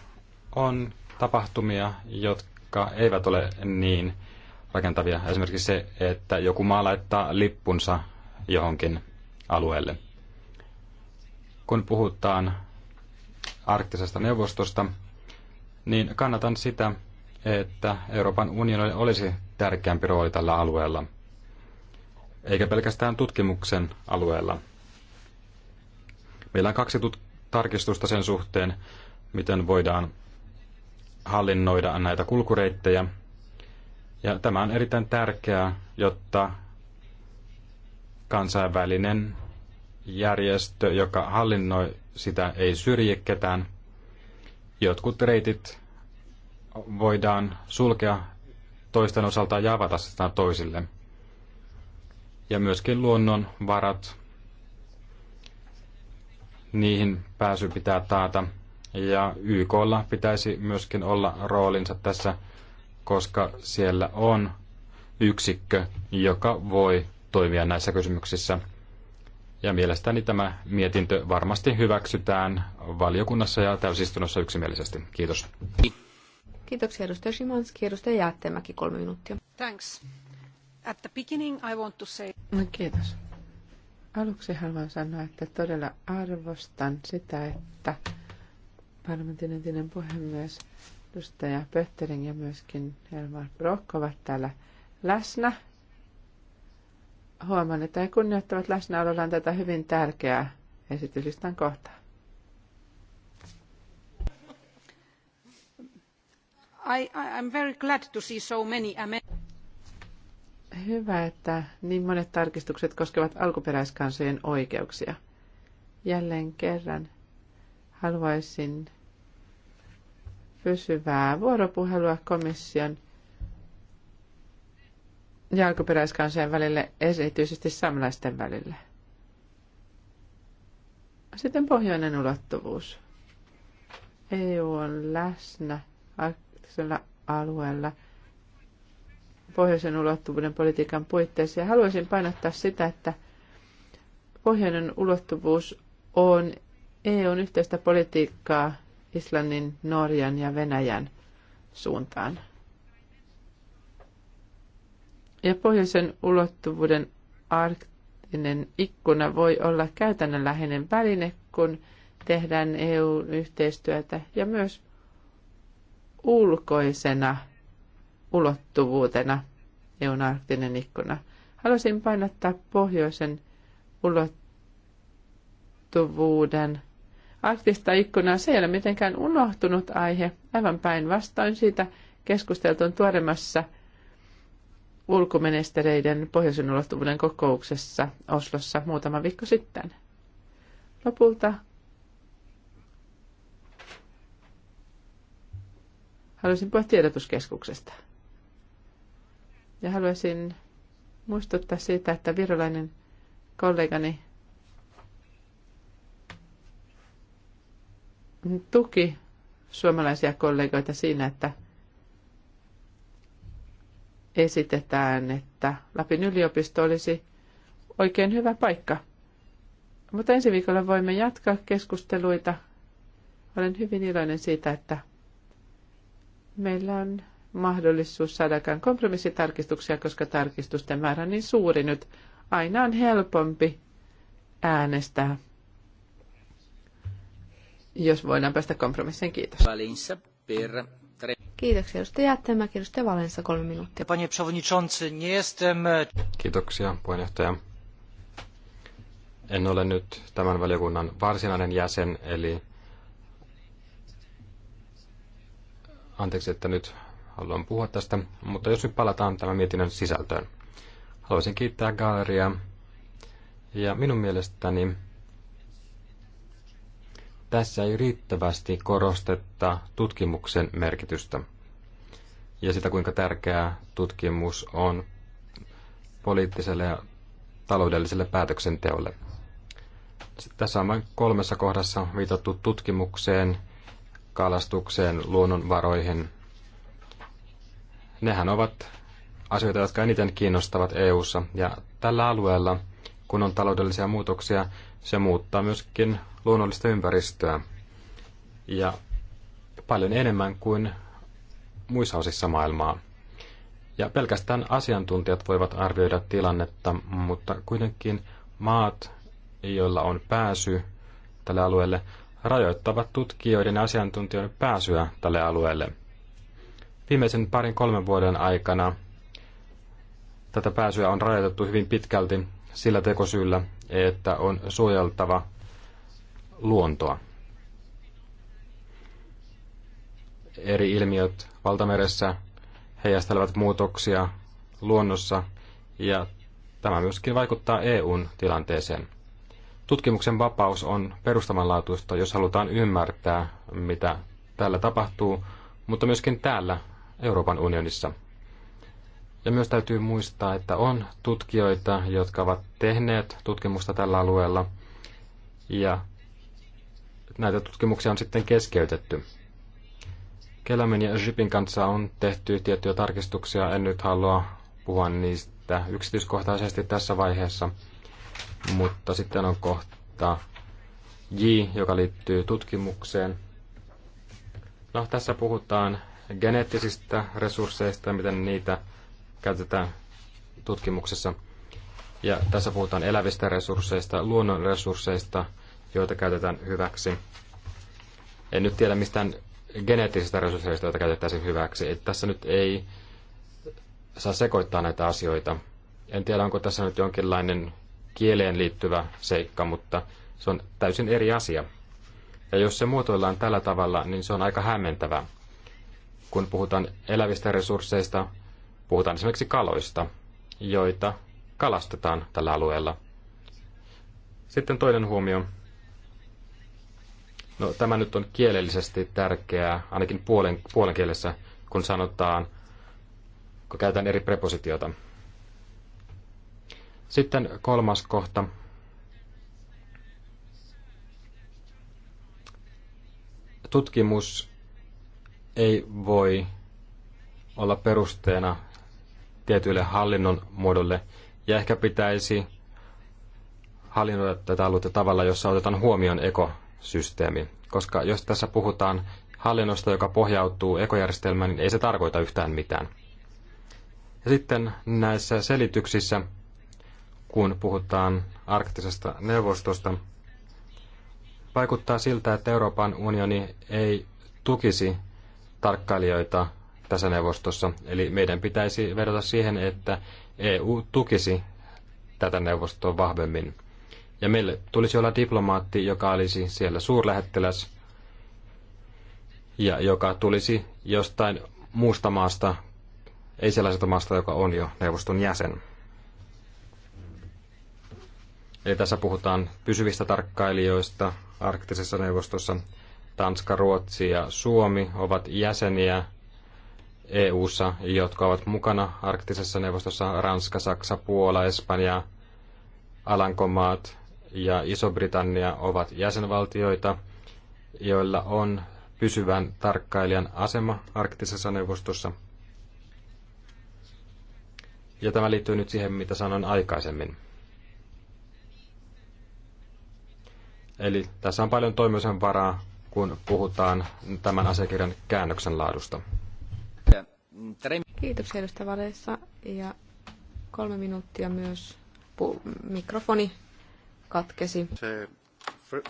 on tapahtumia, jotka eivät ole niin rakentavia. Esimerkiksi se, että joku maa laittaa lippunsa johonkin alueelle. Kun puhutaan arktisesta neuvostosta, niin kannatan sitä, että Euroopan unionille olisi tärkeämpi rooli tällä alueella eikä pelkästään tutkimuksen alueella. Meillä on kaksi tarkistusta sen suhteen, miten voidaan hallinnoida näitä kulkureittejä. Ja tämä on erittäin tärkeää, jotta kansainvälinen järjestö, joka hallinnoi sitä, ei syrji ketään. Jotkut reitit voidaan sulkea toisten osalta ja avata sitä toisille ja myöskin luonnonvarat. Niihin pääsy pitää taata. Ja YKlla pitäisi myöskin olla roolinsa tässä, koska siellä on yksikkö, joka voi toimia näissä kysymyksissä. Ja mielestäni tämä mietintö varmasti hyväksytään valiokunnassa ja täysistunnossa yksimielisesti. Kiitos. Kiitoksia edustaja Simanski. Edustaja Jäätteenmäki, kolme minuuttia. Thanks. At the beginning I want to say... No, kiitos. Aluksi haluan sanoa, että todella arvostan sitä, että parlamentin entinen puhemies edustaja Pöttering ja myöskin Helmar Brock ovat täällä läsnä. Huomaan, että he kunnioittavat läsnäolollaan tätä hyvin tärkeää esityslistan kohtaa. I, I, I'm very glad to see so many hyvä, että niin monet tarkistukset koskevat alkuperäiskansojen oikeuksia. Jälleen kerran haluaisin pysyvää vuoropuhelua komission ja alkuperäiskansien välille, erityisesti saamelaisten välille. Sitten pohjoinen ulottuvuus. EU on läsnä arktisella alueella – pohjoisen ulottuvuuden politiikan puitteissa. Ja haluaisin painottaa sitä, että pohjoinen ulottuvuus on EUn yhteistä politiikkaa Islannin, Norjan ja Venäjän suuntaan. Ja pohjoisen ulottuvuuden arktinen ikkuna voi olla käytännönläheinen väline, kun tehdään EU-yhteistyötä ja myös ulkoisena – ulottuvuutena, EUn arktinen ikkuna. Haluaisin painottaa pohjoisen ulottuvuuden. Arktista ikkunaa se ei ole mitenkään unohtunut aihe, aivan päinvastoin siitä keskusteltu tuoremmassa ulkoministereiden pohjoisen ulottuvuuden kokouksessa Oslossa muutama viikko sitten. Lopulta haluaisin puhua tiedotuskeskuksesta. Ja haluaisin muistuttaa siitä, että virolainen kollegani tuki suomalaisia kollegoita siinä, että esitetään, että Lapin yliopisto olisi oikein hyvä paikka. Mutta ensi viikolla voimme jatkaa keskusteluita. Olen hyvin iloinen siitä, että meillä on mahdollisuus saadakaan kompromissitarkistuksia, koska tarkistusten määrä on niin suuri nyt. Aina on helpompi äänestää, jos voidaan päästä kompromissiin. Kiitos. Valinsa per tre. Kiitoksia, edustaja Jättämäki, edustaja Valensa, kolme minuuttia. Panie przewodniczący, nie jestem... E, Kiitoksia, puheenjohtaja. En ole nyt tämän valiokunnan varsinainen jäsen, eli anteeksi, että nyt haluan puhua tästä, mutta jos nyt palataan tämän mietinnön sisältöön. Haluaisin kiittää galleriaa ja minun mielestäni tässä ei riittävästi korostetta tutkimuksen merkitystä ja sitä, kuinka tärkeää tutkimus on poliittiselle ja taloudelliselle päätöksenteolle. tässä on kolmessa kohdassa viitattu tutkimukseen, kalastukseen, luonnonvaroihin Nehän ovat asioita, jotka eniten kiinnostavat EU:ssa ja tällä alueella, kun on taloudellisia muutoksia, se muuttaa myöskin luonnollista ympäristöä ja paljon enemmän kuin muissa osissa maailmaa. Ja pelkästään asiantuntijat voivat arvioida tilannetta, mutta kuitenkin maat, joilla on pääsy tälle alueelle, rajoittavat tutkijoiden ja asiantuntijoiden pääsyä tälle alueelle – viimeisen parin kolmen vuoden aikana tätä pääsyä on rajoitettu hyvin pitkälti sillä tekosyllä, että on suojeltava luontoa. Eri ilmiöt valtameressä heijastelevat muutoksia luonnossa ja tämä myöskin vaikuttaa EUn tilanteeseen. Tutkimuksen vapaus on perustavanlaatuista, jos halutaan ymmärtää, mitä täällä tapahtuu, mutta myöskin täällä Euroopan unionissa. Ja myös täytyy muistaa, että on tutkijoita, jotka ovat tehneet tutkimusta tällä alueella, ja näitä tutkimuksia on sitten keskeytetty. Kelamin ja Jipin kanssa on tehty tiettyjä tarkistuksia, en nyt halua puhua niistä yksityiskohtaisesti tässä vaiheessa, mutta sitten on kohta J, joka liittyy tutkimukseen. No, tässä puhutaan geneettisistä resursseista ja miten niitä käytetään tutkimuksessa. Ja tässä puhutaan elävistä resursseista, luonnon resursseista, joita käytetään hyväksi. En nyt tiedä mistään geneettisistä resursseista, joita käytettäisiin hyväksi. Et tässä nyt ei saa sekoittaa näitä asioita. En tiedä, onko tässä nyt jonkinlainen kieleen liittyvä seikka, mutta se on täysin eri asia. Ja jos se muotoillaan tällä tavalla, niin se on aika hämmentävää kun puhutaan elävistä resursseista, puhutaan esimerkiksi kaloista, joita kalastetaan tällä alueella. Sitten toinen huomio. No, tämä nyt on kielellisesti tärkeää, ainakin puolen, puolen kielessä, kun sanotaan, kun käytetään eri prepositiota. Sitten kolmas kohta. Tutkimus ei voi olla perusteena tietyille hallinnon muodolle, ja ehkä pitäisi hallinnoida tätä aluetta tavalla, jossa otetaan huomioon ekosysteemi. Koska jos tässä puhutaan hallinnosta, joka pohjautuu ekojärjestelmään, niin ei se tarkoita yhtään mitään. Ja sitten näissä selityksissä, kun puhutaan arktisesta neuvostosta, vaikuttaa siltä, että Euroopan unioni ei tukisi tarkkailijoita tässä neuvostossa. Eli meidän pitäisi vedota siihen, että EU tukisi tätä neuvostoa vahvemmin. Ja meille tulisi olla diplomaatti, joka olisi siellä suurlähettiläs ja joka tulisi jostain muusta maasta, ei sellaisesta maasta, joka on jo neuvoston jäsen. Eli tässä puhutaan pysyvistä tarkkailijoista arktisessa neuvostossa. Tanska, Ruotsi ja Suomi ovat jäseniä EU:ssa, jotka ovat mukana arktisessa neuvostossa Ranska, Saksa, Puola, Espanja, Alankomaat ja Iso-Britannia ovat jäsenvaltioita, joilla on pysyvän tarkkailijan asema arktisessa neuvostossa. Ja tämä liittyy nyt siihen, mitä sanoin aikaisemmin. Eli tässä on paljon toimisen varaa kun puhutaan tämän asiakirjan käännöksen laadusta. Kiitoksia edustaja Valeessa. ja kolme minuuttia myös mikrofoni katkesi.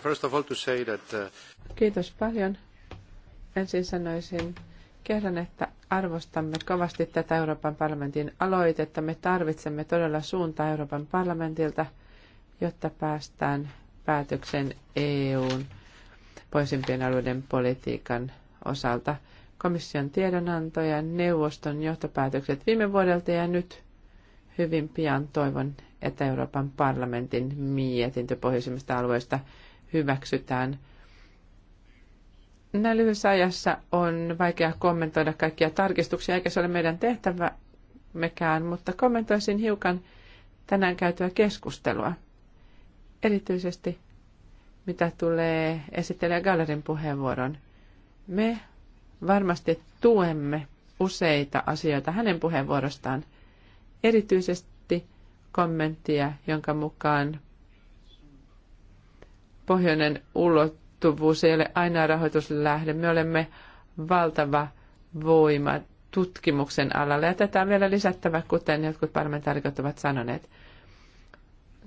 First of all to say that, uh, Kiitos paljon. Ensin sanoisin kerran, että arvostamme kovasti tätä Euroopan parlamentin aloitetta. Me tarvitsemme todella suunta Euroopan parlamentilta, jotta päästään päätöksen EUn pohjoisimpien alueiden politiikan osalta. Komission tiedonanto ja neuvoston johtopäätökset viime vuodelta ja nyt hyvin pian toivon, että Euroopan parlamentin mietintö pohjoisimmista alueista hyväksytään. Näin lyhyessä ajassa on vaikea kommentoida kaikkia tarkistuksia, eikä se ole meidän tehtävämmekään, mutta kommentoisin hiukan tänään käytyä keskustelua. Erityisesti mitä tulee esittelijä Gallerin puheenvuoron. Me varmasti tuemme useita asioita hänen puheenvuorostaan, erityisesti kommenttia, jonka mukaan pohjoinen ulottuvuus ei ole aina rahoituslähde. Me olemme valtava voima tutkimuksen alalla, ja tätä on vielä lisättävä, kuten jotkut parlamentaarikot ovat sanoneet.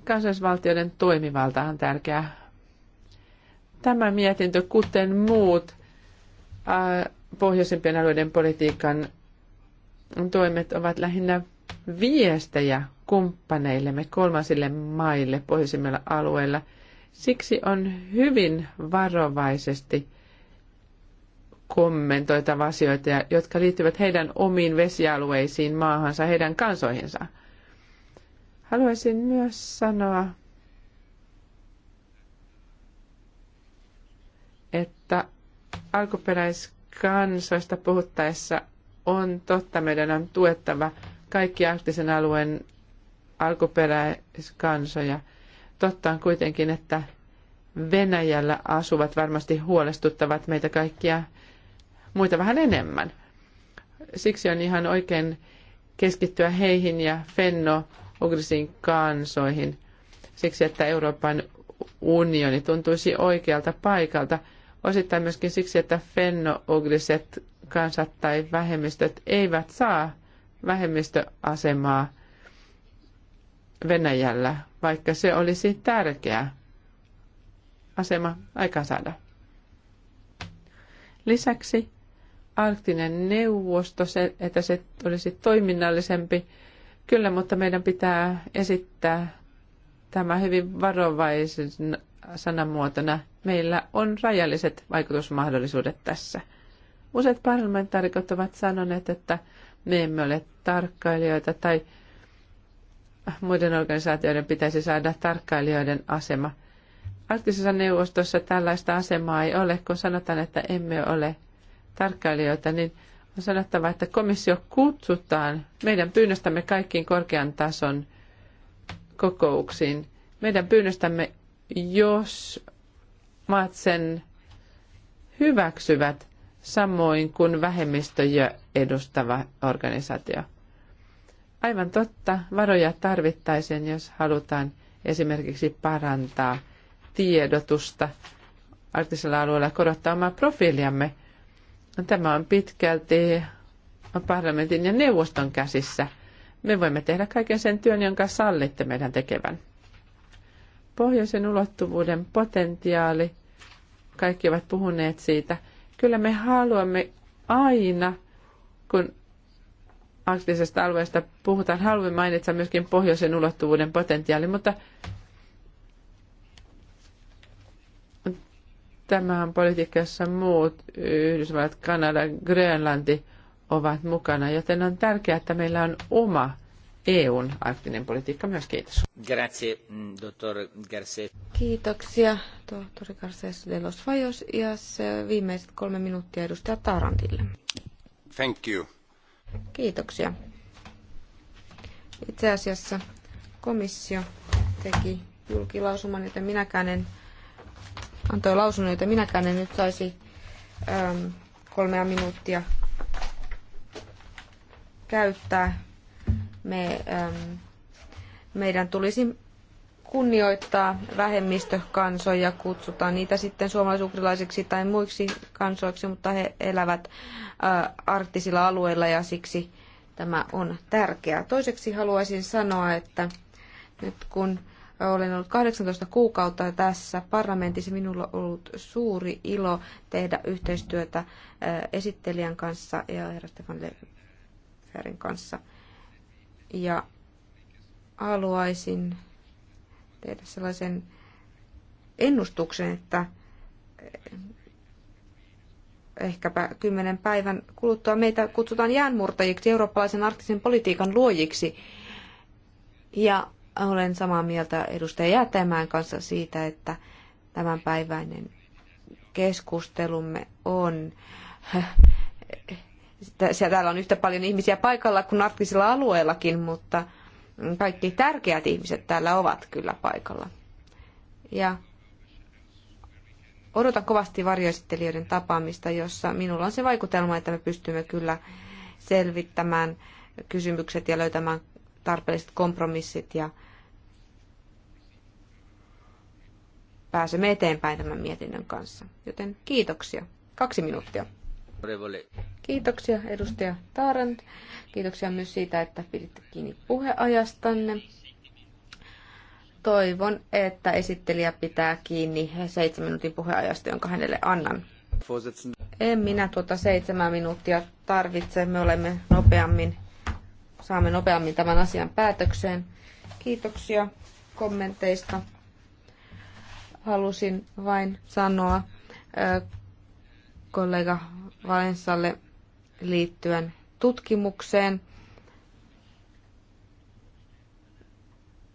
Kansallisvaltioiden toimivalta on tärkeää Tämä mietintö, kuten muut pohjoisempien alueiden politiikan toimet, ovat lähinnä viestejä kumppaneillemme kolmansille maille pohjoisimmilla alueilla. Siksi on hyvin varovaisesti kommentoitava asioita, jotka liittyvät heidän omiin vesialueisiin, maahansa, heidän kansoihinsa. Haluaisin myös sanoa alkuperäiskansoista puhuttaessa on totta, meidän on tuettava kaikki arktisen alueen alkuperäiskansoja. Totta on kuitenkin, että Venäjällä asuvat varmasti huolestuttavat meitä kaikkia muita vähän enemmän. Siksi on ihan oikein keskittyä heihin ja fenno ugrisin kansoihin, siksi että Euroopan unioni tuntuisi oikealta paikalta – Osittain myöskin siksi, että fennougriset kansat tai vähemmistöt eivät saa vähemmistöasemaa Venäjällä, vaikka se olisi tärkeä asema aikaansaada. Lisäksi arktinen neuvosto, se, että se olisi toiminnallisempi, kyllä, mutta meidän pitää esittää tämä hyvin varovaisen sanamuotona meillä on rajalliset vaikutusmahdollisuudet tässä. Useat parlamentaarikot ovat sanoneet, että me emme ole tarkkailijoita tai muiden organisaatioiden pitäisi saada tarkkailijoiden asema. Arktisessa neuvostossa tällaista asemaa ei ole, kun sanotaan, että emme ole tarkkailijoita, niin on sanottava, että komissio kutsutaan meidän pyynnöstämme kaikkiin korkean tason kokouksiin. Meidän pyynnöstämme, jos maat sen hyväksyvät, samoin kuin vähemmistöjä edustava organisaatio. Aivan totta, varoja tarvittaisiin, jos halutaan esimerkiksi parantaa tiedotusta arktisella alueella, korottaa omaa profiiliamme. Tämä on pitkälti parlamentin ja neuvoston käsissä. Me voimme tehdä kaiken sen työn, jonka sallitte meidän tekevän. Pohjoisen ulottuvuuden potentiaali kaikki ovat puhuneet siitä. Kyllä me haluamme aina, kun arktisesta alueesta puhutaan, haluamme mainita myöskin pohjoisen ulottuvuuden potentiaali, mutta tämä on politiikka, jossa muut, Yhdysvallat, Kanada, Grönlanti ovat mukana, joten on tärkeää, että meillä on oma EUn arktinen politiikka myös. Kiitos. Grazie, mm, dottor Garces. Kiitoksia, tohtori Garces de los Fajos. Ja se viimeiset kolme minuuttia edustaja Tarantille. Thank you. Kiitoksia. Itse asiassa komissio teki julkilausuman, joten minäkään en antoi lausunnon, joten minäkään en nyt saisi äm, kolmea minuuttia käyttää me, ähm, meidän tulisi kunnioittaa vähemmistökansoja, kutsutaan niitä sitten suomalaisukrilaisiksi tai muiksi kansoiksi, mutta he elävät äh, arktisilla alueilla ja siksi tämä on tärkeää. Toiseksi haluaisin sanoa, että nyt kun olen ollut 18 kuukautta tässä parlamentissa. Minulla on ollut suuri ilo tehdä yhteistyötä äh, esittelijän kanssa ja herra Stefan Leferin kanssa. Ja haluaisin tehdä sellaisen ennustuksen, että eh, ehkäpä kymmenen päivän kuluttua meitä kutsutaan jäänmurtajiksi, eurooppalaisen arktisen politiikan luojiksi. Ja olen samaa mieltä edustaja Jäätämään kanssa siitä, että tämänpäiväinen keskustelumme on eh, Täällä on yhtä paljon ihmisiä paikalla kuin arktisilla alueillakin, mutta kaikki tärkeät ihmiset täällä ovat kyllä paikalla. Ja odotan kovasti varjoesittelijöiden tapaamista, jossa minulla on se vaikutelma, että me pystymme kyllä selvittämään kysymykset ja löytämään tarpeelliset kompromissit ja pääsemme eteenpäin tämän mietinnön kanssa. Joten kiitoksia. Kaksi minuuttia. Kiitoksia edustaja Tarant. Kiitoksia myös siitä, että piditte kiinni puheajastanne. Toivon, että esittelijä pitää kiinni seitsemän minuutin puheajasta, jonka hänelle annan. En minä tuota seitsemän minuuttia tarvitse. Me olemme nopeammin, saamme nopeammin tämän asian päätökseen. Kiitoksia kommenteista. Halusin vain sanoa kollega Valensalle liittyen tutkimukseen.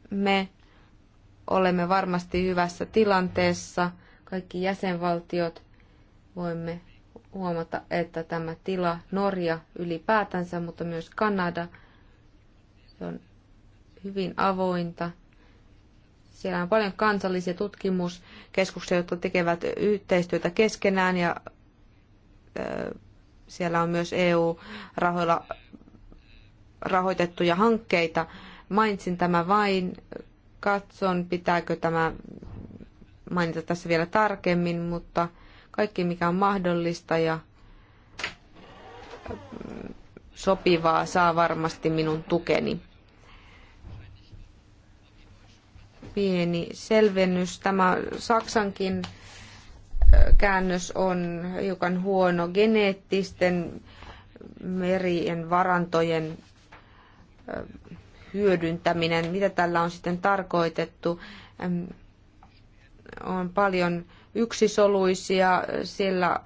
Me olemme varmasti hyvässä tilanteessa. Kaikki jäsenvaltiot voimme huomata, että tämä tila Norja ylipäätänsä, mutta myös Kanada, se on hyvin avointa. Siellä on paljon kansallisia tutkimuskeskuksia, jotka tekevät yhteistyötä keskenään ja siellä on myös EU-rahoilla rahoitettuja hankkeita. Mainitsin tämä vain, katson pitääkö tämä mainita tässä vielä tarkemmin, mutta kaikki mikä on mahdollista ja mm, sopivaa saa varmasti minun tukeni. Pieni selvennys. Tämä Saksankin käännös on hiukan huono. Geneettisten merien varantojen hyödyntäminen, mitä tällä on sitten tarkoitettu, on paljon yksisoluisia siellä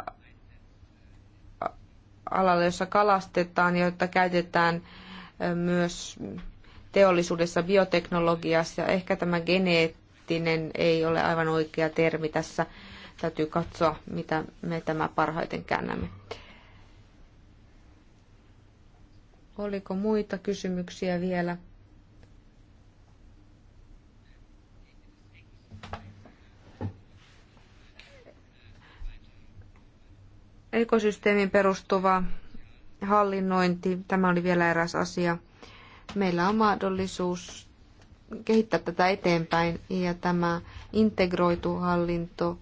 alalla, jossa kalastetaan, joita käytetään myös teollisuudessa, bioteknologiassa. Ehkä tämä geneettinen ei ole aivan oikea termi tässä Täytyy katsoa, mitä me tämä parhaiten käännämme. Oliko muita kysymyksiä vielä? Ekosysteemin perustuva hallinnointi, tämä oli vielä eräs asia. Meillä on mahdollisuus kehittää tätä eteenpäin ja tämä integroitu hallinto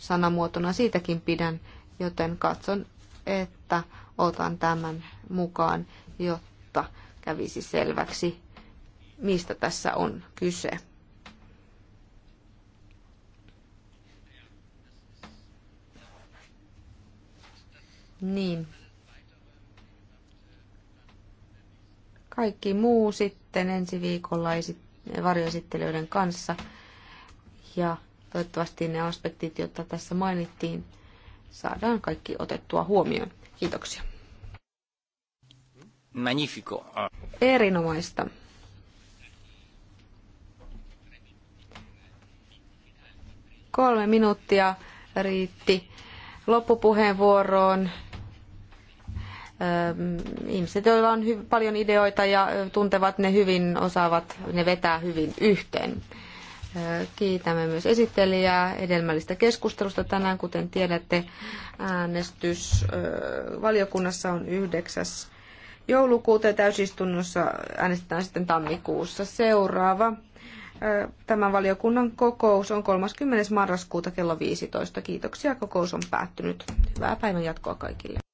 sanamuotona siitäkin pidän, joten katson, että otan tämän mukaan, jotta kävisi selväksi, mistä tässä on kyse. Niin. Kaikki muu sitten ensi viikolla varjoesittelijöiden kanssa. Ja Toivottavasti ne aspektit, joita tässä mainittiin, saadaan kaikki otettua huomioon. Kiitoksia. Magnifico. Erinomaista. Kolme minuuttia riitti loppupuheenvuoroon. Ihmiset, joilla on paljon ideoita ja tuntevat ne hyvin, osaavat ne vetää hyvin yhteen. Kiitämme myös esittelijää edelmällistä keskustelusta tänään. Kuten tiedätte, äänestys valiokunnassa on 9. joulukuuta ja täysistunnossa äänestetään sitten tammikuussa. Seuraava tämän valiokunnan kokous on 30. marraskuuta kello 15. Kiitoksia. Kokous on päättynyt. Hyvää päivänjatkoa kaikille.